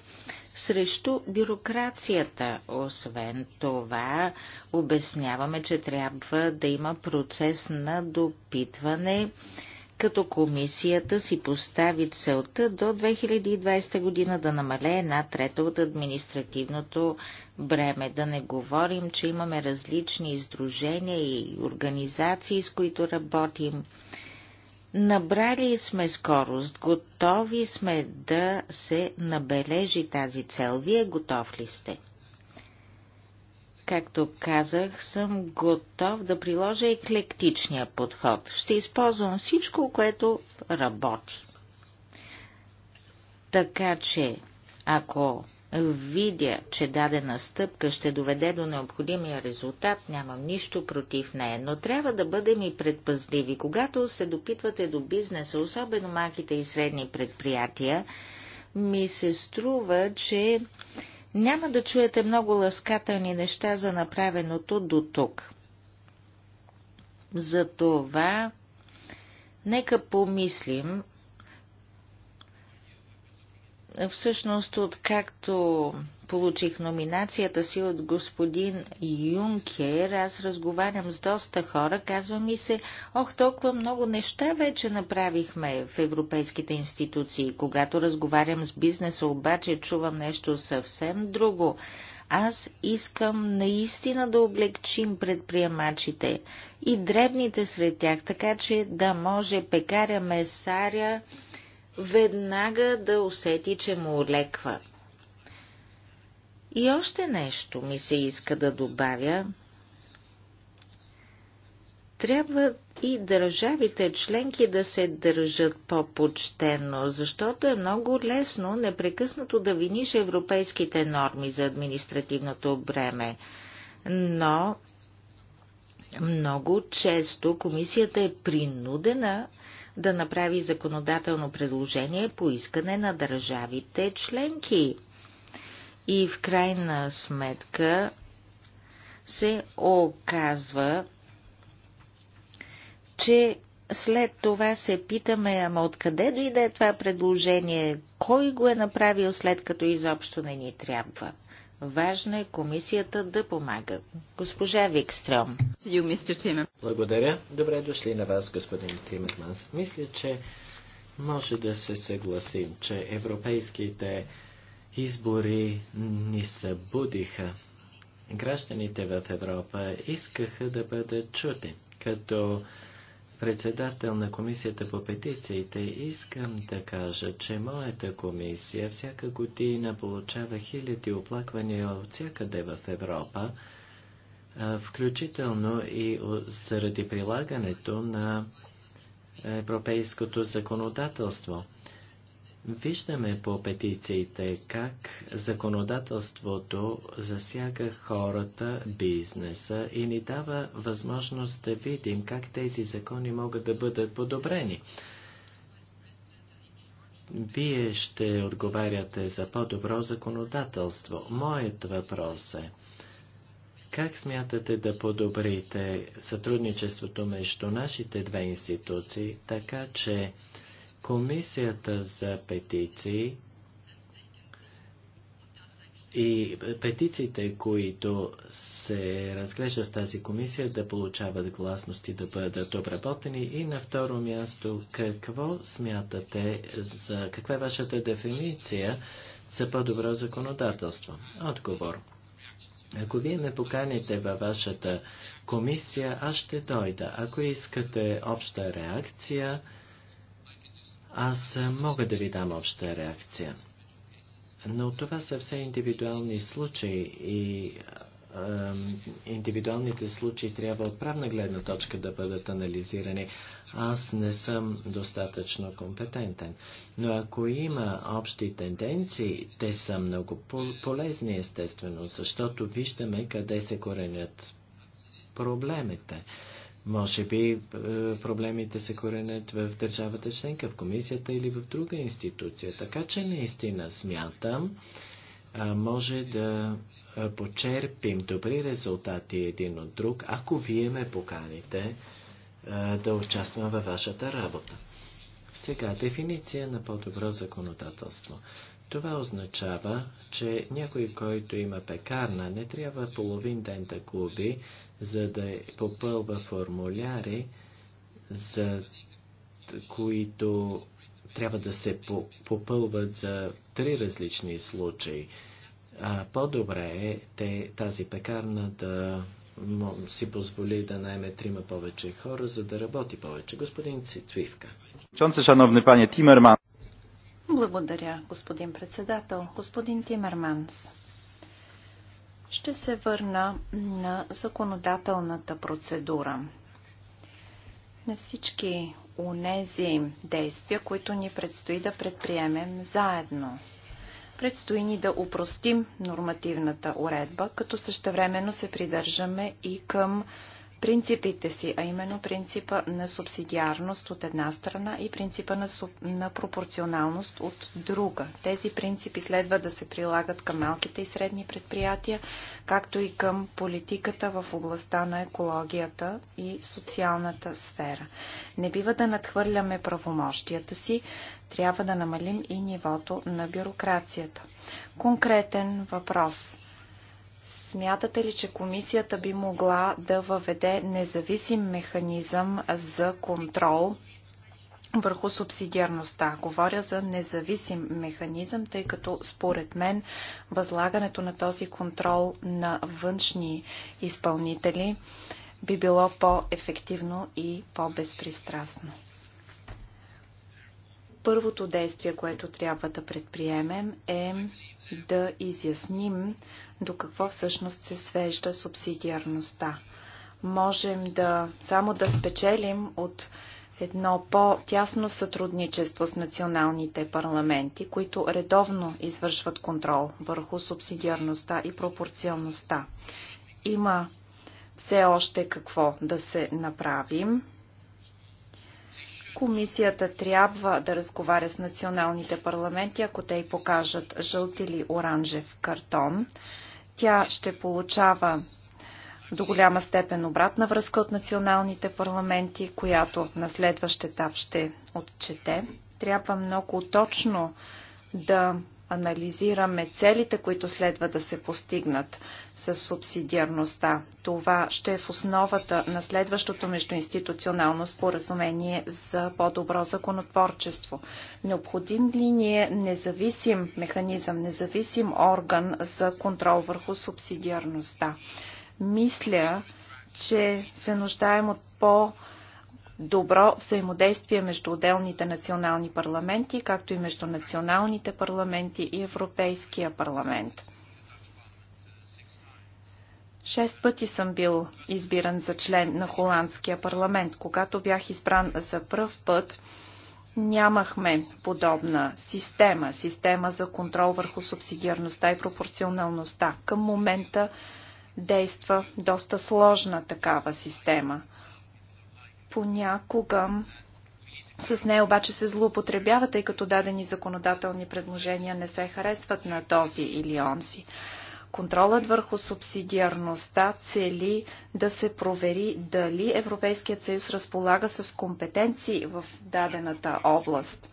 срещу бюрокрацията. Освен това, обясняваме, че трябва да има процес на допитване като комисията си постави целта до 2020 година да намалее една трета от административното бреме. Да не говорим, че имаме различни издружения и организации, с които работим. Набрали сме скорост, готови сме да се набележи тази цел. Вие готов ли сте? Както казах, съм готов да приложа еклектичния подход. Ще използвам всичко, което работи. Така че, ако видя, че дадена стъпка ще доведе до необходимия резултат, нямам нищо против нея, но трябва да бъдем и предпазливи. Когато се допитвате до бизнеса, особено малките и средни предприятия, ми се струва, че няма да чуете много ласкателни неща за направеното до тук. Затова нека помислим, всъщност откакто получих номинацията си от господин Юнкер, аз разговарям с доста хора, казва ми се, ох, толкова много неща вече направихме в европейските институции. Когато разговарям с бизнеса, обаче чувам нещо съвсем друго. Аз искам наистина да облегчим предприемачите и дребните сред тях, така че да може пекаря месаря веднага да усети, че му олеква. И още нещо ми се иска да добавя. Трябва и държавите членки да се държат по-почтенно, защото е много лесно непрекъснато да виниш европейските норми за административното бреме. Но много често комисията е принудена да направи законодателно предложение по искане на държавите членки и в крайна сметка се оказва, че след това се питаме, ама откъде дойде това предложение, кой го е направил след като изобщо не ни трябва. Важно е комисията да помага. Госпожа Викстрем. Благодаря. Добре дошли на вас, господин Тимерманс. Мисля, че може да се съгласим, че европейските избори ни събудиха. Гражданите в Европа искаха да бъдат чути. Като председател на комисията по петициите искам да кажа, че моята комисия всяка година получава хиляди оплаквания от всякъде в Европа, включително и заради прилагането на европейското законодателство. Виждаме по петициите как законодателството засяга хората, бизнеса и ни дава възможност да видим как тези закони могат да бъдат подобрени. Вие ще отговаряте за по-добро законодателство. Моят въпрос е, как смятате да подобрите сътрудничеството между нашите две институции, така че Комисията за петиции и петициите, които се разглеждат в тази комисия, да получават гласности, да бъдат обработени. И на второ място, какво смятате, за, каква е вашата дефиниция за по-добро законодателство? Отговор. Ако вие ме поканите във вашата комисия, аз ще дойда. Ако искате обща реакция, аз мога да ви дам обща реакция. Но това са все индивидуални случаи и индивидуалните случаи трябва от правна гледна точка да бъдат анализирани. Аз не съм достатъчно компетентен. Но ако има общи тенденции, те са много полезни, естествено, защото виждаме къде се коренят проблемите. Може би е, проблемите се коренят в държавата членка, в комисията или в друга институция. Така че наистина смятам, е, може да е, почерпим добри резултати един от друг, ако вие ме поканите да участвам във вашата работа. Сега дефиниция на по-добро законодателство. Това означава, че някой, който има пекарна, не трябва половин ден да губи, за да е попълва формуляри, за които трябва да се попълват за три различни случаи. по-добре е те, тази пекарна да си позволи да найме трима повече хора, за да работи повече. Господин Цитвивка. Шановни пане Тимерман. Благодаря, господин председател. Господин Тимерманс, ще се върна на законодателната процедура. На всички унези действия, които ни предстои да предприемем заедно. Предстои ни да упростим нормативната уредба, като същевременно се придържаме и към принципите си, а именно принципа на субсидиарност от една страна и принципа на, суб... на пропорционалност от друга. Тези принципи следва да се прилагат към малките и средни предприятия, както и към политиката в областта на екологията и социалната сфера. Не бива да надхвърляме правомощията си, трябва да намалим и нивото на бюрокрацията. Конкретен въпрос – Смятате ли, че комисията би могла да въведе независим механизъм за контрол върху субсидиарността? Говоря за независим механизъм, тъй като според мен възлагането на този контрол на външни изпълнители би било по-ефективно и по-безпристрастно. Първото действие, което трябва да предприемем е да изясним до какво всъщност се свежда субсидиарността. Можем да само да спечелим от едно по-тясно сътрудничество с националните парламенти, които редовно извършват контрол върху субсидиарността и пропорционността. Има все още какво да се направим. Комисията трябва да разговаря с националните парламенти, ако те й покажат жълт или оранжев картон. Тя ще получава до голяма степен обратна връзка от националните парламенти, която на следващ етап ще отчете. Трябва много точно да анализираме целите, които следва да се постигнат с субсидиарността. Това ще е в основата на следващото междуинституционално споразумение за по-добро законотворчество. Необходим ли ни е независим механизъм, независим орган за контрол върху субсидиарността? Мисля, че се нуждаем от по- добро взаимодействие между отделните национални парламенти, както и между националните парламенти и Европейския парламент. Шест пъти съм бил избиран за член на Холандския парламент. Когато бях избран за пръв път, нямахме подобна система, система за контрол върху субсидиарността и пропорционалността. Към момента действа доста сложна такава система. Понякога с нея обаче се злоупотребява, тъй като дадени законодателни предложения не се харесват на този или онзи. Контролът върху субсидиарността цели да се провери дали Европейският съюз разполага с компетенции в дадената област.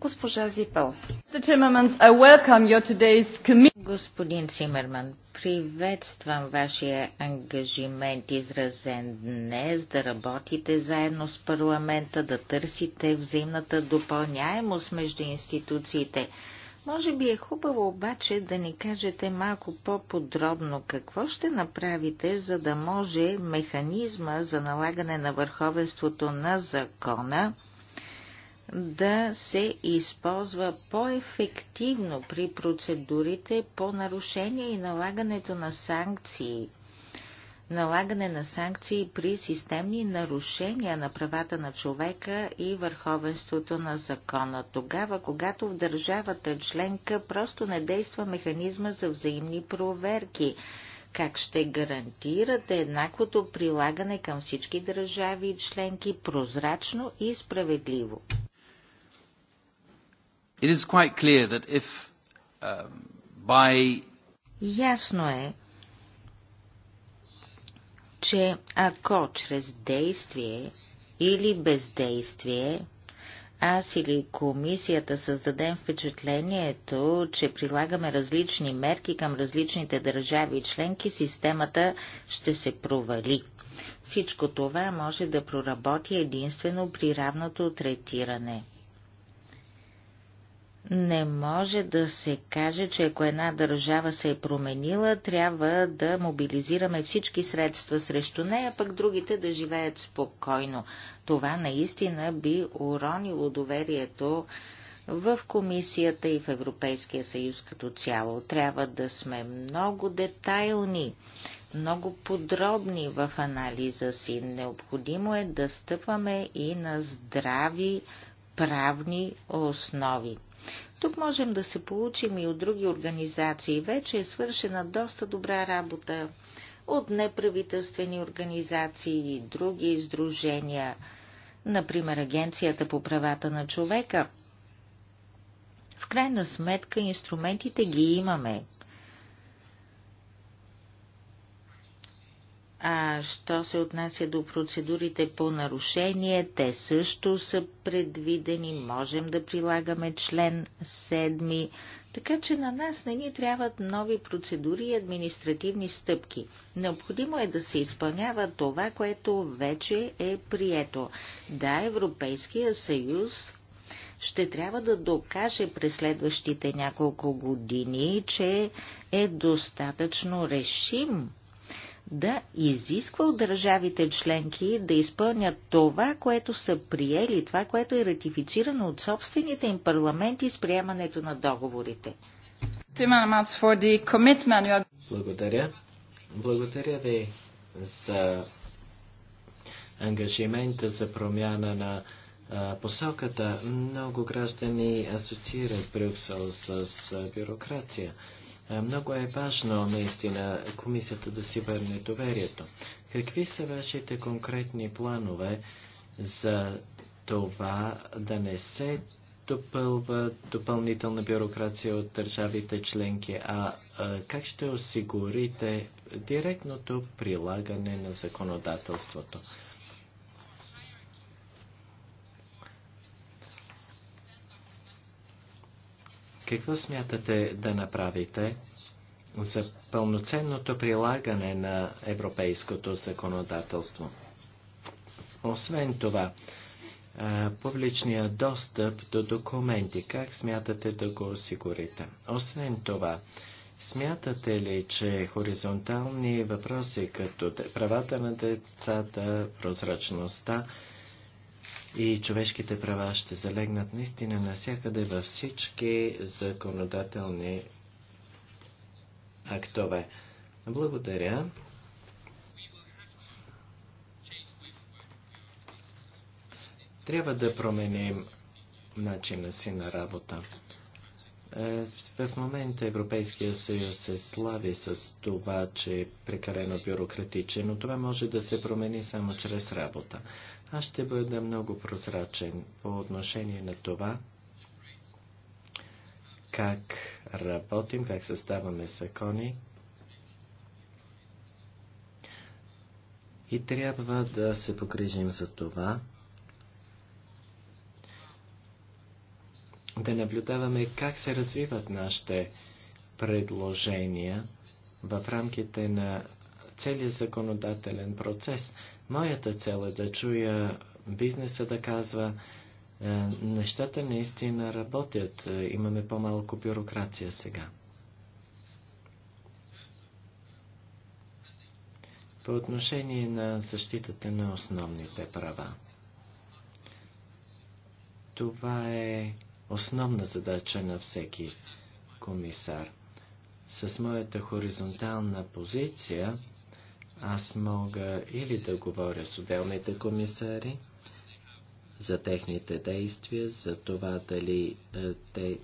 Госпожа Зипел. Господин Симерман, Приветствам вашия ангажимент, изразен днес, да работите заедно с парламента, да търсите взаимната допълняемост между институциите. Може би е хубаво обаче да ни кажете малко по-подробно какво ще направите, за да може механизма за налагане на върховенството на закона да се използва по-ефективно при процедурите по нарушение и налагането на санкции. Налагане на санкции при системни нарушения на правата на човека и върховенството на закона. Тогава, когато в държавата членка просто не действа механизма за взаимни проверки, как ще гарантирате еднаквото прилагане към всички държави и членки прозрачно и справедливо? It is quite clear that if um, by... Ясно е, че ако чрез действие или бездействие аз или комисията създадем впечатлението, че прилагаме различни мерки към различните държави и членки, системата ще се провали. Всичко това може да проработи единствено при равното третиране. Не може да се каже, че ако една държава се е променила, трябва да мобилизираме всички средства срещу нея, пък другите да живеят спокойно. Това наистина би уронило доверието в комисията и в Европейския съюз като цяло. Трябва да сме много детайлни, много подробни в анализа си. Необходимо е да стъпваме и на здрави правни основи. Тук можем да се получим и от други организации. Вече е свършена доста добра работа от неправителствени организации и други издружения, например Агенцията по правата на човека. В крайна сметка инструментите ги имаме. А що се отнася до процедурите по нарушение, те също са предвидени, можем да прилагаме член 7, така че на нас не ни трябват нови процедури и административни стъпки. Необходимо е да се изпълнява това, което вече е прието. Да, Европейския съюз ще трябва да докаже през следващите няколко години, че е достатъчно решим да изисква от държавите членки да изпълнят това, което са приели, това, което е ратифицирано от собствените им парламенти с приемането на договорите. Благодаря. Благодаря ви за ангажимента за промяна на посоката. Много граждани асоциират Брюксел с бюрокрация. Е, много е важно наистина комисията да си върне доверието. Какви са вашите конкретни планове за това да не се допълва допълнителна бюрокрация от държавите членки, а, а как ще осигурите директното прилагане на законодателството? Какво смятате да направите за пълноценното прилагане на европейското законодателство? Освен това, публичният достъп до документи, как смятате да го осигурите? Освен това, смятате ли, че хоризонтални въпроси като правата на децата, прозрачността, и човешките права ще залегнат наистина навсякъде във всички законодателни актове. Благодаря. Трябва да променим начина си на работа. Е, в момента Европейския съюз се слави с това, че е прекалено бюрократичен, но това може да се промени само чрез работа. Аз ще бъда много прозрачен по отношение на това, как работим, как създаваме закони. И трябва да се погрижим за това, да наблюдаваме как се развиват нашите предложения в рамките на целият законодателен процес. Моята цел е да чуя бизнеса да казва, е, нещата наистина работят, е, имаме по-малко бюрокрация сега. По отношение на защитата на основните права. Това е основна задача на всеки комисар. С моята хоризонтална позиция аз мога или да говоря с отделните комисари за техните действия, за това дали е, те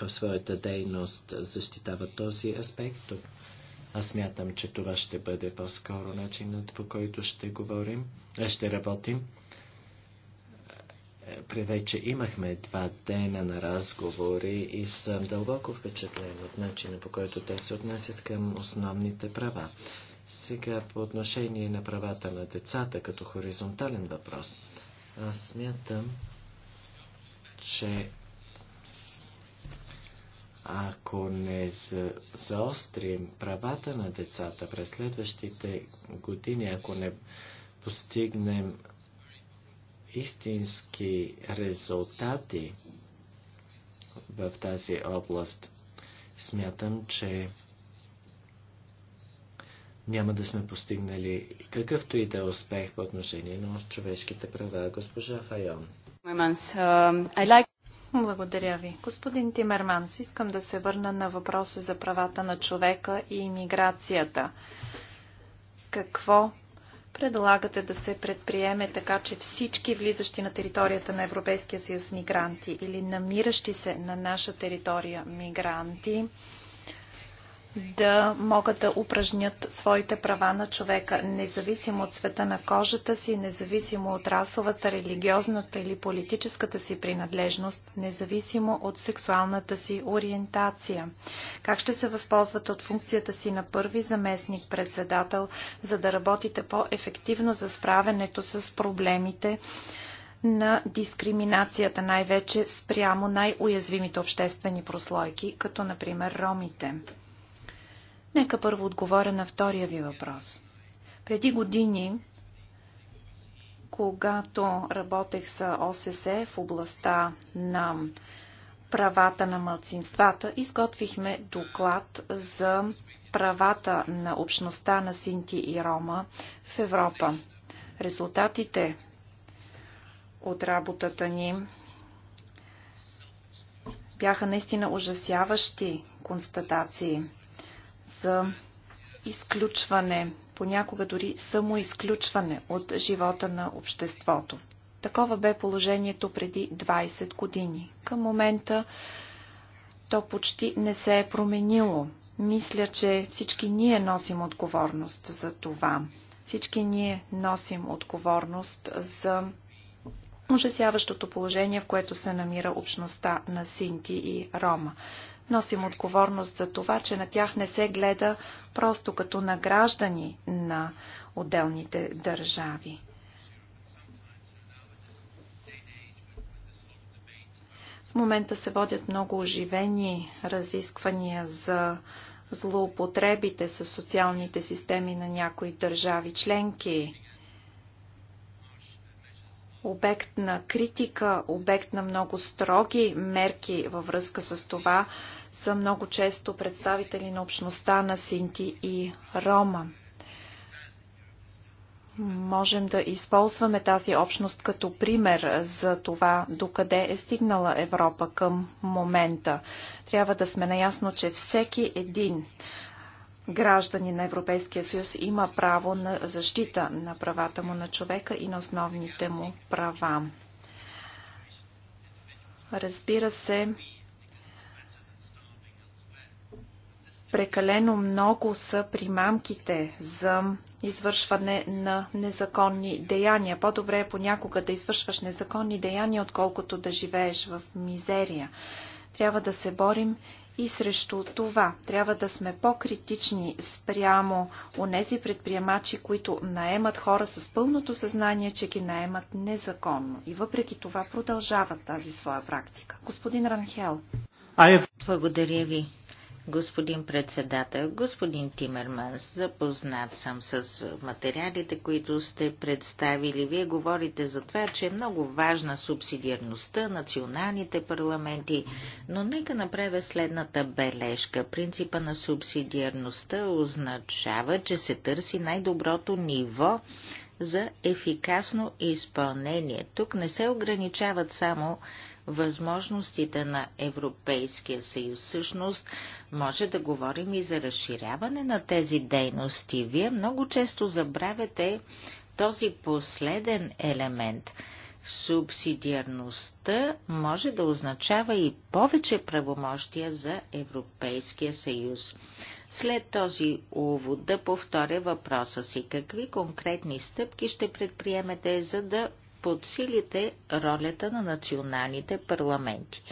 в своята дейност защитават този аспект. Аз смятам, че това ще бъде по-скоро начинът, по който ще говорим, е, ще работим. Превече имахме два дена на разговори и съм дълбоко впечатлен от начина по който те се отнасят към основните права. Сега по отношение на правата на децата като хоризонтален въпрос. Аз смятам, че ако не заострим правата на децата през следващите години, ако не постигнем истински резултати в тази област, смятам, че няма да сме постигнали какъвто и да е успех по отношение на човешките права. Госпожа Файон. Um, Благодаря ви. Господин Тимерманс, искам да се върна на въпроса за правата на човека и иммиграцията. Какво предлагате да се предприеме така, че всички влизащи на територията на Европейския съюз мигранти или намиращи се на наша територия мигранти да могат да упражнят своите права на човека, независимо от цвета на кожата си, независимо от расовата, религиозната или политическата си принадлежност, независимо от сексуалната си ориентация. Как ще се възползвате от функцията си на първи заместник-председател, за да работите по-ефективно за справянето с проблемите, на дискриминацията, най-вече спрямо най-уязвимите обществени прослойки, като например ромите. Нека първо отговоря на втория ви въпрос. Преди години, когато работех с ОСС в областта на правата на мълцинствата, изготвихме доклад за правата на общността на синти и рома в Европа. Резултатите от работата ни бяха наистина ужасяващи констатации – за изключване, понякога дори самоизключване от живота на обществото. Такова бе положението преди 20 години. Към момента то почти не се е променило. Мисля, че всички ние носим отговорност за това. Всички ние носим отговорност за ужасяващото положение, в което се намира общността на Синти и Рома. Носим отговорност за това, че на тях не се гледа просто като на граждани на отделните държави. В момента се водят много оживени разисквания за злоупотребите с социалните системи на някои държави членки. Обект на критика, обект на много строги мерки във връзка с това, са много често представители на общността на синти и рома. Можем да използваме тази общност като пример за това докъде е стигнала Европа към момента. Трябва да сме наясно, че всеки един граждани на Европейския съюз има право на защита на правата му на човека и на основните му права. Разбира се, Прекалено много са примамките за извършване на незаконни деяния. По-добре е понякога да извършваш незаконни деяния, отколкото да живееш в мизерия. Трябва да се борим и срещу това. Трябва да сме по-критични спрямо онези предприемачи, които наемат хора с пълното съзнание, че ги наемат незаконно. И въпреки това продължават тази своя практика. Господин Ранхел. Е- Благодаря ви господин председател, господин Тимерманс, запознат съм с материалите, които сте представили. Вие говорите за това, че е много важна субсидиарността, националните парламенти, но нека направя следната бележка. Принципа на субсидиарността означава, че се търси най-доброто ниво за ефикасно изпълнение. Тук не се ограничават само възможностите на Европейския съюз. Всъщност, може да говорим и за разширяване на тези дейности. Вие много често забравяте този последен елемент. Субсидиарността може да означава и повече правомощия за Европейския съюз. След този увод да повторя въпроса си. Какви конкретни стъпки ще предприемете, за да подсилите ролята на националните парламенти.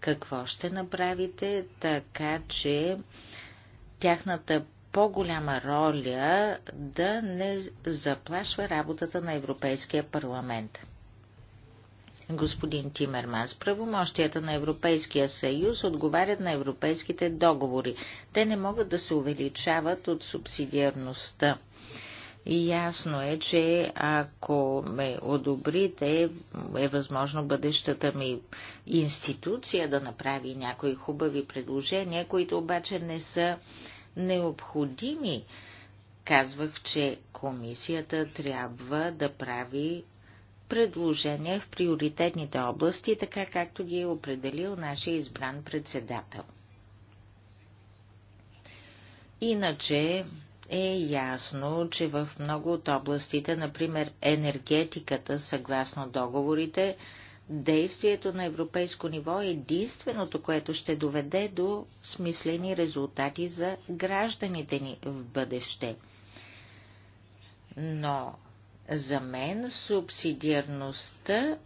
Какво ще направите така, че тяхната по-голяма роля да не заплашва работата на Европейския парламент? Господин Тимерманс, правомощията на Европейския съюз отговарят на европейските договори. Те не могат да се увеличават от субсидиарността. Ясно е, че ако ме одобрите, е възможно бъдещата ми институция да направи някои хубави предложения, които обаче не са необходими. Казвах, че комисията трябва да прави предложения в приоритетните области, така както ги е определил нашия избран председател. Иначе е ясно, че в много от областите, например енергетиката, съгласно договорите, действието на европейско ниво е единственото, което ще доведе до смислени резултати за гражданите ни в бъдеще. Но за мен субсидиарността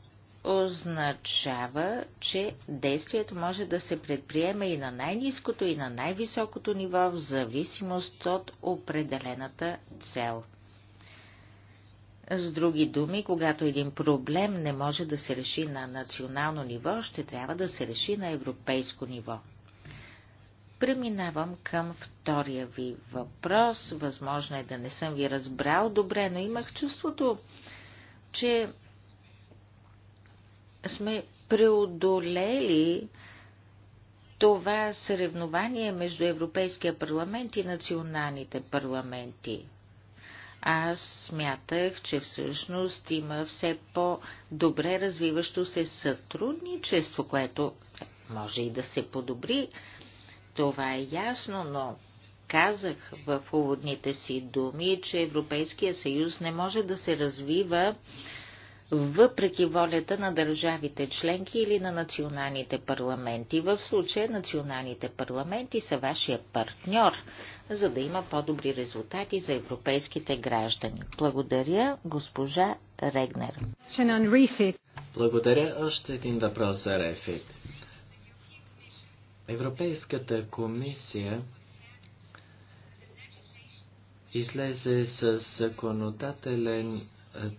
означава, че действието може да се предприеме и на най-низкото, и на най-високото ниво, в зависимост от определената цел. С други думи, когато един проблем не може да се реши на национално ниво, ще трябва да се реши на европейско ниво. Преминавам към втория ви въпрос. Възможно е да не съм ви разбрал добре, но имах чувството, че сме преодолели това съревнование между Европейския парламент и националните парламенти. Аз смятах, че всъщност има все по-добре развиващо се сътрудничество, което може и да се подобри. Това е ясно, но казах в уводните си думи, че Европейския съюз не може да се развива въпреки волята на държавите членки или на националните парламенти. В случая националните парламенти са вашия партньор, за да има по-добри резултати за европейските граждани. Благодаря, госпожа Регнер. Благодаря. Още един въпрос за Рефит. Европейската комисия излезе с законодателен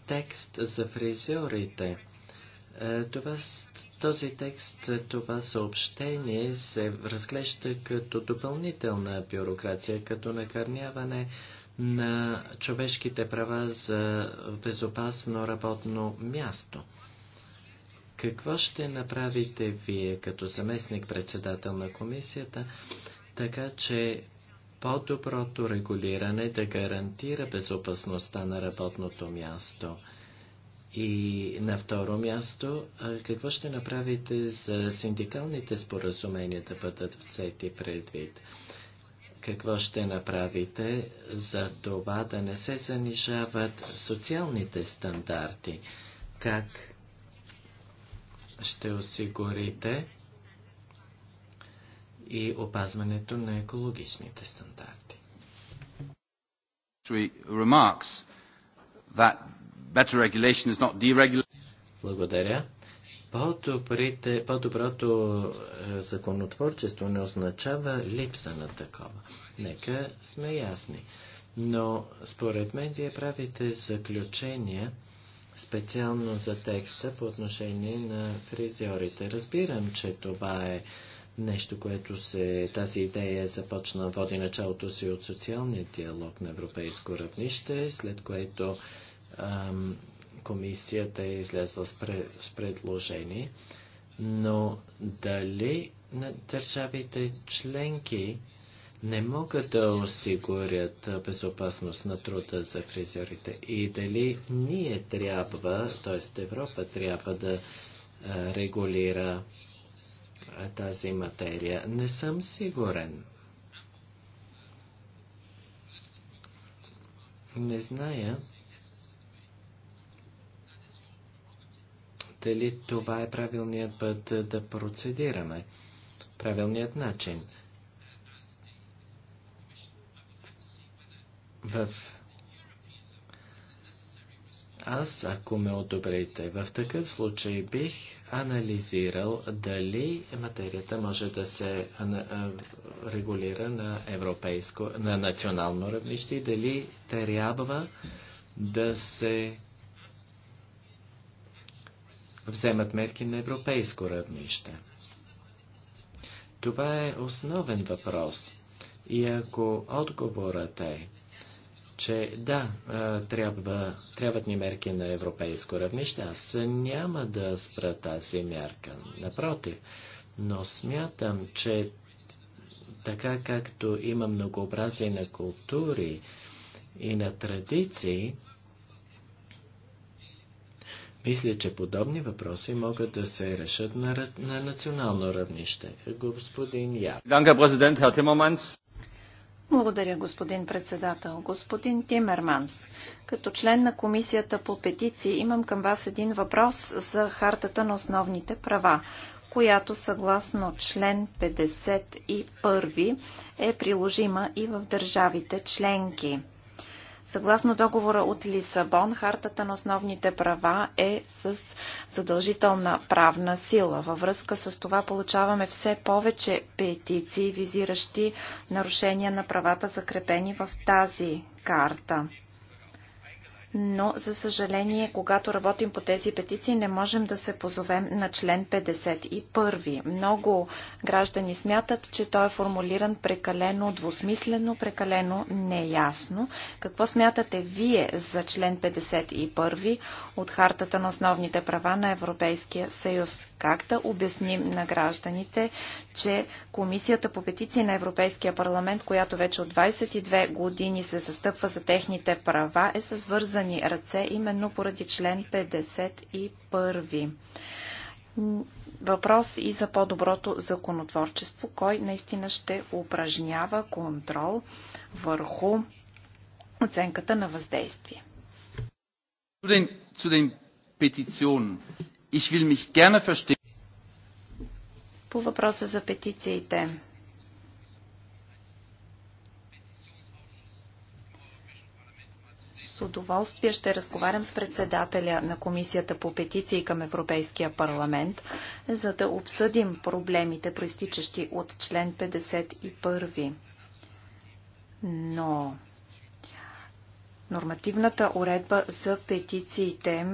текст за фризьорите. Е, това, този текст, това съобщение се разглежда като допълнителна бюрокрация, като накърняване на човешките права за безопасно работно място. Какво ще направите вие като заместник председател на комисията, така че по-доброто регулиране да гарантира безопасността на работното място. И на второ място, какво ще направите за синдикалните споразумения да бъдат взети предвид? Какво ще направите за това да не се занижават социалните стандарти? Как ще осигурите и опазването на екологичните стандарти. Благодаря. По-доброто е, законотворчество не означава липса на такова. Нека сме ясни. Но според мен вие правите заключения специално за текста по отношение на фризьорите. Разбирам, че това е нещо, което се, тази идея започна, води началото си от социалния диалог на европейско равнище, след което ам, комисията е излязла с, пред, с предложение, но дали на държавите членки не могат да осигурят безопасност на труда за фризерите и дали ние трябва, т.е. Европа трябва да регулира тази материя. Не съм сигурен. Не зная дали това е правилният път да процедираме, правилният начин. В аз, ако ме одобрите, в такъв случай бих анализирал дали материята може да се регулира на европейско, на национално равнище и дали трябва да се вземат мерки на европейско равнище. Това е основен въпрос. И ако отговорът е че да, е, трябва, трябват ни мерки на европейско равнище. Аз няма да спра тази мярка. Напротив, но смятам, че така както има многообразие на култури и на традиции, мисля, че подобни въпроси могат да се решат на, на национално равнище. Господин Я. Данка, президент Хер благодаря, господин председател. Господин Тимерманс, като член на Комисията по петиции имам към вас един въпрос за Хартата на основните права, която съгласно член 51 е приложима и в държавите членки. Съгласно договора от Лисабон, хартата на основните права е с задължителна правна сила. Във връзка с това получаваме все повече петиции, визиращи нарушения на правата, закрепени в тази карта но за съжаление, когато работим по тези петиции, не можем да се позовем на член 51. Много граждани смятат, че той е формулиран прекалено двусмислено, прекалено неясно. Какво смятате вие за член 51 от Хартата на основните права на Европейския съюз? Как да обясним на гражданите, че Комисията по петиции на Европейския парламент, която вече от 22 години се застъпва за техните права, е с ни ръце, именно поради член 51. Въпрос и за по-доброто законотворчество. Кой наистина ще упражнява контрол върху оценката на въздействие? По въпроса за петициите. С удоволствие ще разговарям с председателя на Комисията по петиции към Европейския парламент, за да обсъдим проблемите, проистичащи от член 51. Но нормативната уредба за петициите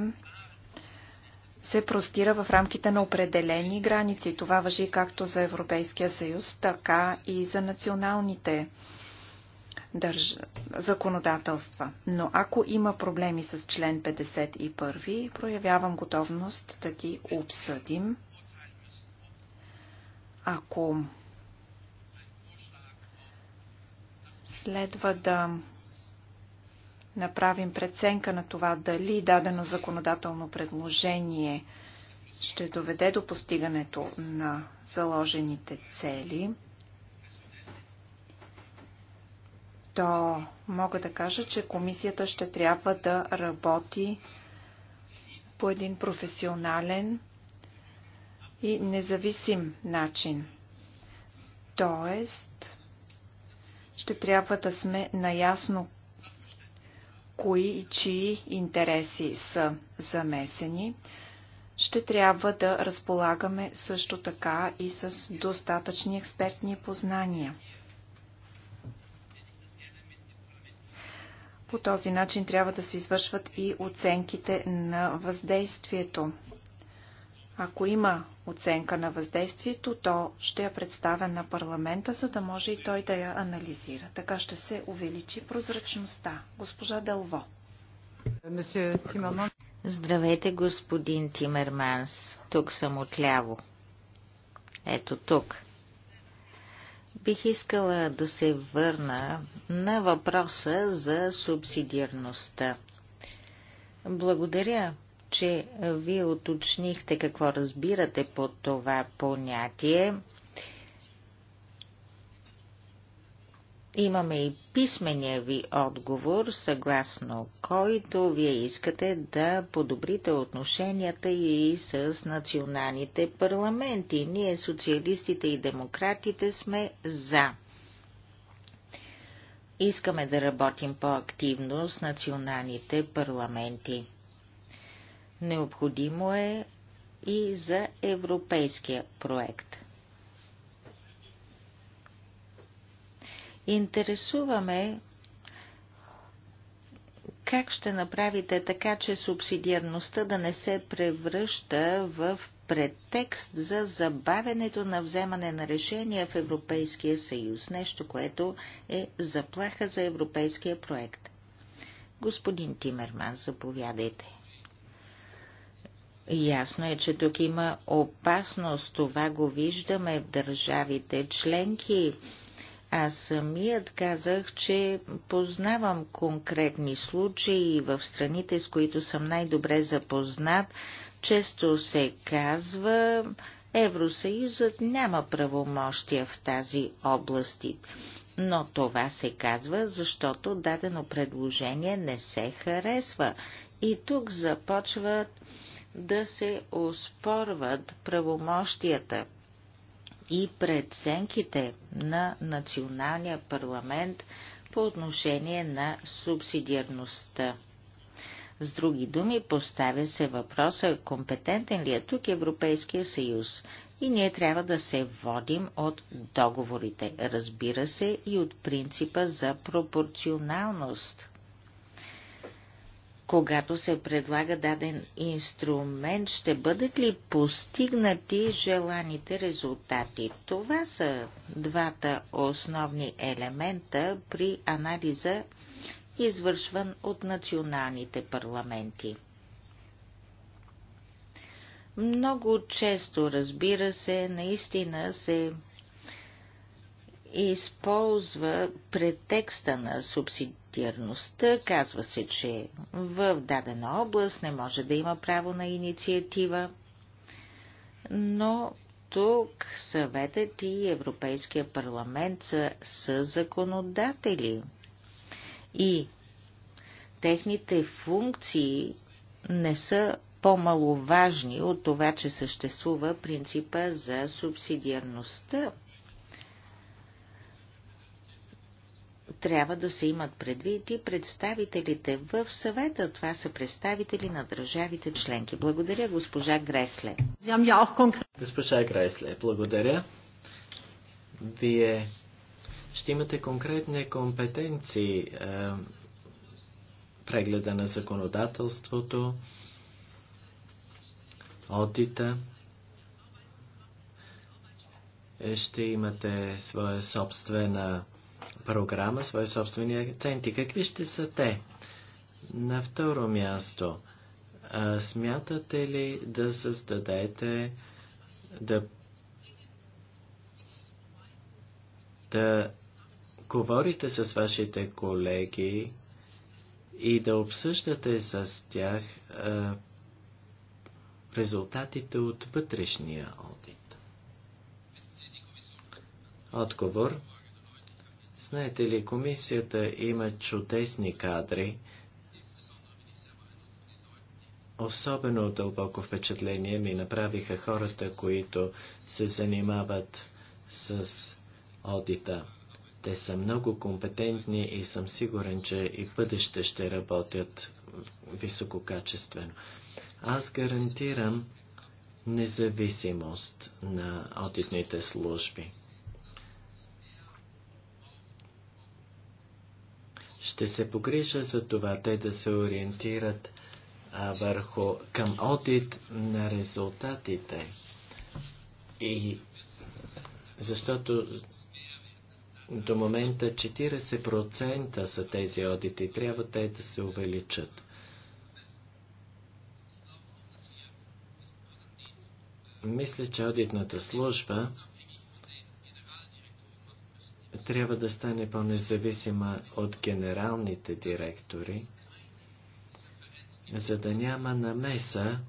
се простира в рамките на определени граници. Това въжи както за Европейския съюз, така и за националните държ... законодателства. Но ако има проблеми с член 51, проявявам готовност да ги обсъдим. Ако следва да направим преценка на това дали дадено законодателно предложение ще доведе до постигането на заложените цели – то мога да кажа, че комисията ще трябва да работи по един професионален и независим начин. Тоест, ще трябва да сме наясно кои и чии интереси са замесени. Ще трябва да разполагаме също така и с достатъчни експертни познания – По този начин трябва да се извършват и оценките на въздействието. Ако има оценка на въздействието, то ще я представя на парламента, за да може и той да я анализира. Така ще се увеличи прозрачността. Госпожа Дълво. Здравейте, господин Тимерманс. Тук съм отляво. Ето тук. Бих искала да се върна на въпроса за субсидиарността. Благодаря, че вие уточнихте какво разбирате под това понятие. Имаме и писмения ви отговор, съгласно който вие искате да подобрите отношенията и с националните парламенти. Ние, социалистите и демократите, сме за. Искаме да работим по-активно с националните парламенти. Необходимо е и за европейския проект – Интересуваме как ще направите така, че субсидиарността да не се превръща в претекст за забавенето на вземане на решения в Европейския съюз, нещо, което е заплаха за европейския проект. Господин Тимерман, заповядайте. Ясно е, че тук има опасност. Това го виждаме в държавите членки. Аз самият казах, че познавам конкретни случаи в страните, с които съм най-добре запознат. Често се казва, Евросъюзът няма правомощия в тази област. Но това се казва, защото дадено предложение не се харесва. И тук започват да се оспорват правомощията и преценките на националния парламент по отношение на субсидиарността. С други думи, поставя се въпроса, компетентен ли е тук Европейския съюз и ние трябва да се водим от договорите, разбира се и от принципа за пропорционалност когато се предлага даден инструмент, ще бъдат ли постигнати желаните резултати? Това са двата основни елемента при анализа, извършван от националните парламенти. Много често, разбира се, наистина се използва претекста на субсидиарността. Казва се, че в дадена област не може да има право на инициатива, но тук съветът и Европейския парламент са, са законодатели и техните функции не са по-маловажни от това, че съществува принципа за субсидиарността. трябва да се имат предвид и представителите в съвета. Това са представители на държавите членки. Благодаря, госпожа Гресле. Госпожа Гресле, благодаря. Вие ще имате конкретни компетенции. Е, прегледа на законодателството, одита. Е, ще имате своя собствена програма, свои собствени акценти. Какви ще са те? На второ място, а, смятате ли да създадете, да, да говорите с вашите колеги и да обсъждате с тях а, резултатите от вътрешния одит? Отговор Знаете ли, комисията има чудесни кадри, Особено дълбоко впечатление ми направиха хората, които се занимават с одита. Те са много компетентни и съм сигурен, че и бъдеще ще работят висококачествено. Аз гарантирам независимост на одитните служби. Ще се погрижа за това те да се ориентират а, върху към одит на резултатите. И защото до момента 40% са тези одити. Трябва те да се увеличат. Мисля, че одитната служба трябва да стане по-независима от генералните директори, за да няма намеса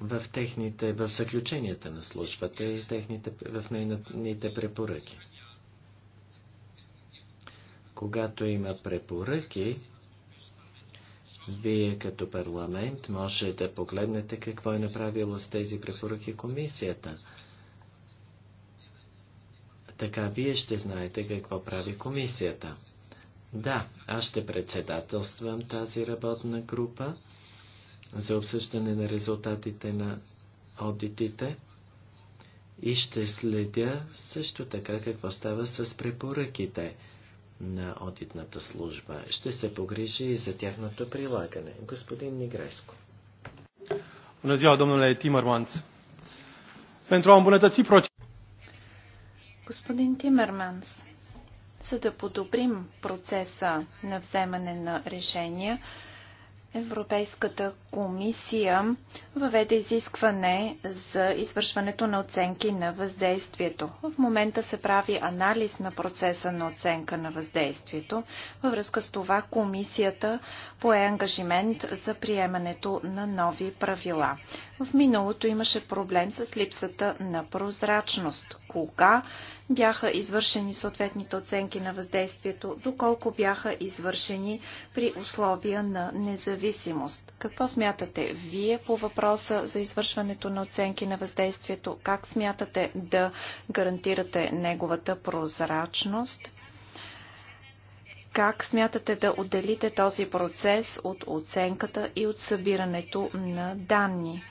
в, техните, в заключенията на службата и техните, в нейните препоръки. Когато има препоръки, вие като парламент може да погледнете какво е направила с тези препоръки комисията – така вие ще знаете какво прави комисията. Да, аз ще председателствам тази работна група за обсъждане на резултатите на одитите и ще следя също така какво става с препоръките на одитната служба. Ще се погрижи и за тяхното прилагане. Господин Нигреско. Bună ziua, domnule Timmermans. Pentru a îmbunătăți procesul Господин Тимерманс, за да подобрим процеса на вземане на решения, Европейската комисия въведе изискване за извършването на оценки на въздействието. В момента се прави анализ на процеса на оценка на въздействието. Във връзка с това комисията пое ангажимент за приемането на нови правила. В миналото имаше проблем с липсата на прозрачност кога бяха извършени съответните оценки на въздействието, доколко бяха извършени при условия на независимост. Какво смятате вие по въпроса за извършването на оценки на въздействието? Как смятате да гарантирате неговата прозрачност? Как смятате да отделите този процес от оценката и от събирането на данни?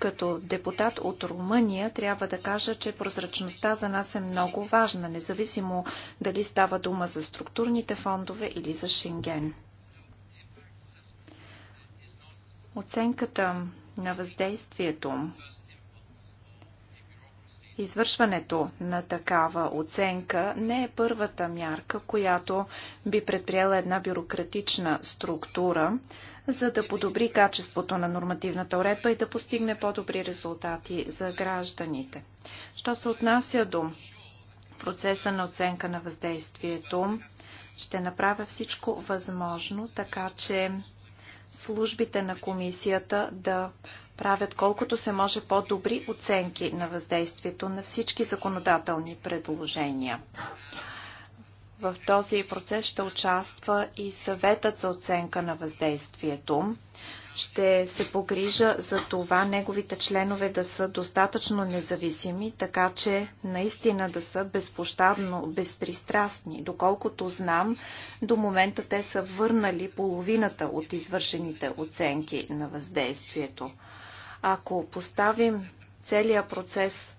Като депутат от Румъния трябва да кажа, че прозрачността за нас е много важна, независимо дали става дума за структурните фондове или за Шенген. Оценката на въздействието Извършването на такава оценка не е първата мярка, която би предприела една бюрократична структура, за да подобри качеството на нормативната уредба и да постигне по-добри резултати за гражданите. Що се отнася до процеса на оценка на въздействието, ще направя всичко възможно, така че службите на комисията да правят колкото се може по-добри оценки на въздействието на всички законодателни предложения. В този процес ще участва и съветът за оценка на въздействието. Ще се погрижа за това неговите членове да са достатъчно независими, така че наистина да са безпощадно, безпристрастни. Доколкото знам, до момента те са върнали половината от извършените оценки на въздействието. Ако поставим целия процес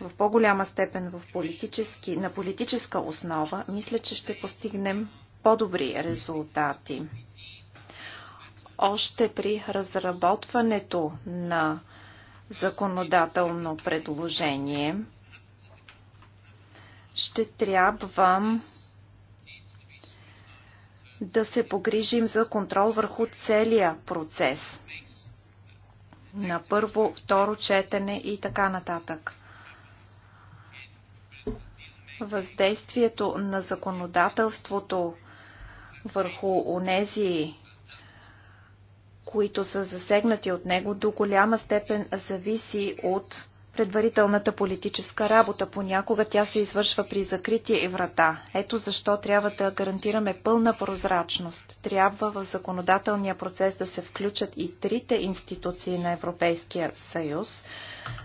в по-голяма степен в политически, на политическа основа, мисля, че ще постигнем по-добри резултати. Още при разработването на законодателно предложение ще трябва да се погрижим за контрол върху целия процес на първо, второ четене и така нататък. Въздействието на законодателството върху онези, които са засегнати от него, до голяма степен зависи от предварителната политическа работа. Понякога тя се извършва при закрити врата. Ето защо трябва да гарантираме пълна прозрачност. Трябва в законодателния процес да се включат и трите институции на Европейския съюз.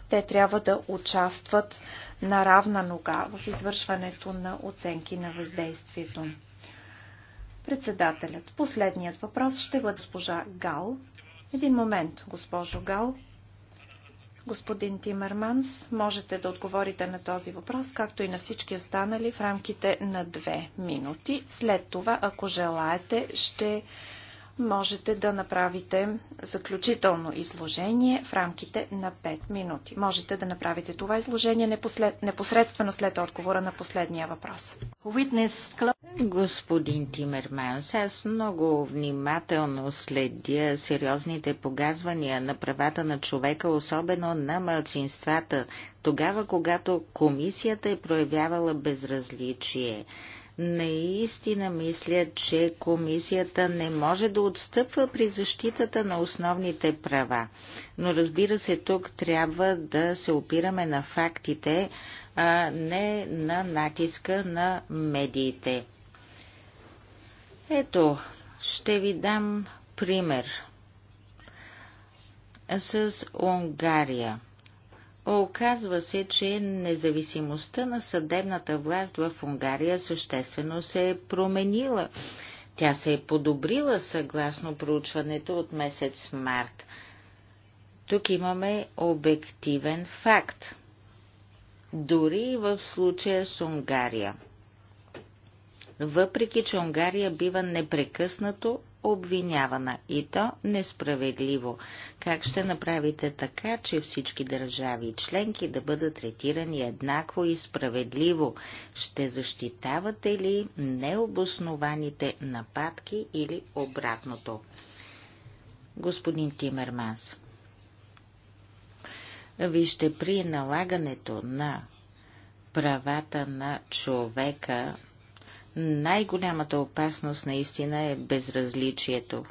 Те трябва да участват на равна нога в извършването на оценки на въздействието. Председателят. Последният въпрос ще бъде госпожа Гал. Един момент, госпожо Гал. Господин Тимерманс, можете да отговорите на този въпрос, както и на всички останали в рамките на две минути. След това, ако желаете, ще можете да направите заключително изложение в рамките на 5 минути. Можете да направите това изложение непосредствено след отговора на последния въпрос. Господин Тимерманс, аз много внимателно следя сериозните погазвания на правата на човека, особено на мълцинствата, тогава когато комисията е проявявала безразличие. Наистина мисля, че комисията не може да отстъпва при защитата на основните права. Но разбира се, тук трябва да се опираме на фактите, а не на натиска на медиите. Ето, ще ви дам пример с Унгария. Оказва се, че независимостта на съдебната власт в Унгария съществено се е променила. Тя се е подобрила съгласно проучването от месец март. Тук имаме обективен факт. Дори и в случая с Унгария. Въпреки, че Унгария бива непрекъснато обвинявана и то несправедливо. Как ще направите така, че всички държави и членки да бъдат третирани еднакво и справедливо? Ще защитавате ли необоснованите нападки или обратното? Господин Тимерманс, вижте при налагането на правата на човека най-голямата опасност наистина е безразличието.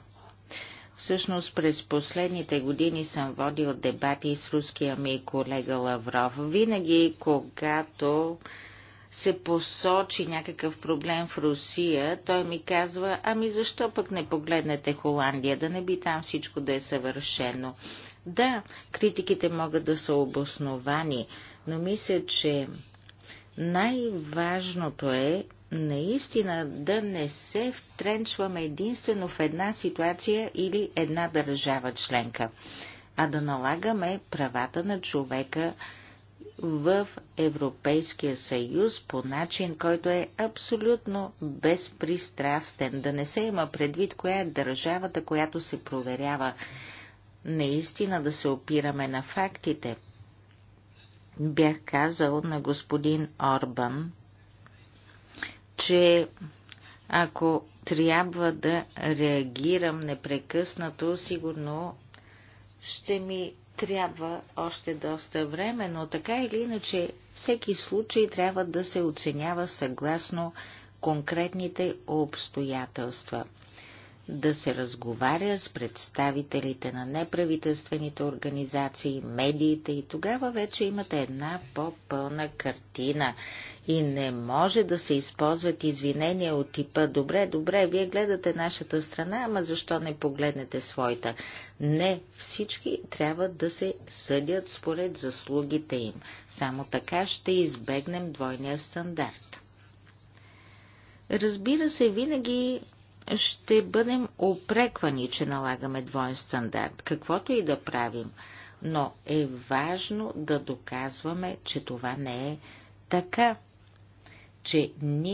Всъщност през последните години съм водил дебати с руския ми колега Лавров. Винаги, когато се посочи някакъв проблем в Русия, той ми казва, ами защо пък не погледнете Холандия, да не би там всичко да е съвършено. Да, критиките могат да са обосновани, но мисля, че най-важното е наистина да не се втренчваме единствено в една ситуация или една държава членка, а да налагаме правата на човека в Европейския съюз по начин, който е абсолютно безпристрастен, да не се има предвид коя е държавата, която се проверява. Наистина да се опираме на фактите. Бях казал на господин Орбан, че ако трябва да реагирам непрекъснато, сигурно ще ми трябва още доста време, но така или иначе всеки случай трябва да се оценява съгласно конкретните обстоятелства. Да се разговаря с представителите на неправителствените организации, медиите и тогава вече имате една по-пълна картина. И не може да се използват извинения от типа «Добре, добре, вие гледате нашата страна, ама защо не погледнете своята?» Не, всички трябва да се съдят според заслугите им. Само така ще избегнем двойния стандарт. Разбира се, винаги ще бъдем опреквани, че налагаме двоен стандарт, каквото и да правим, но е важно да доказваме, че това не е така че ние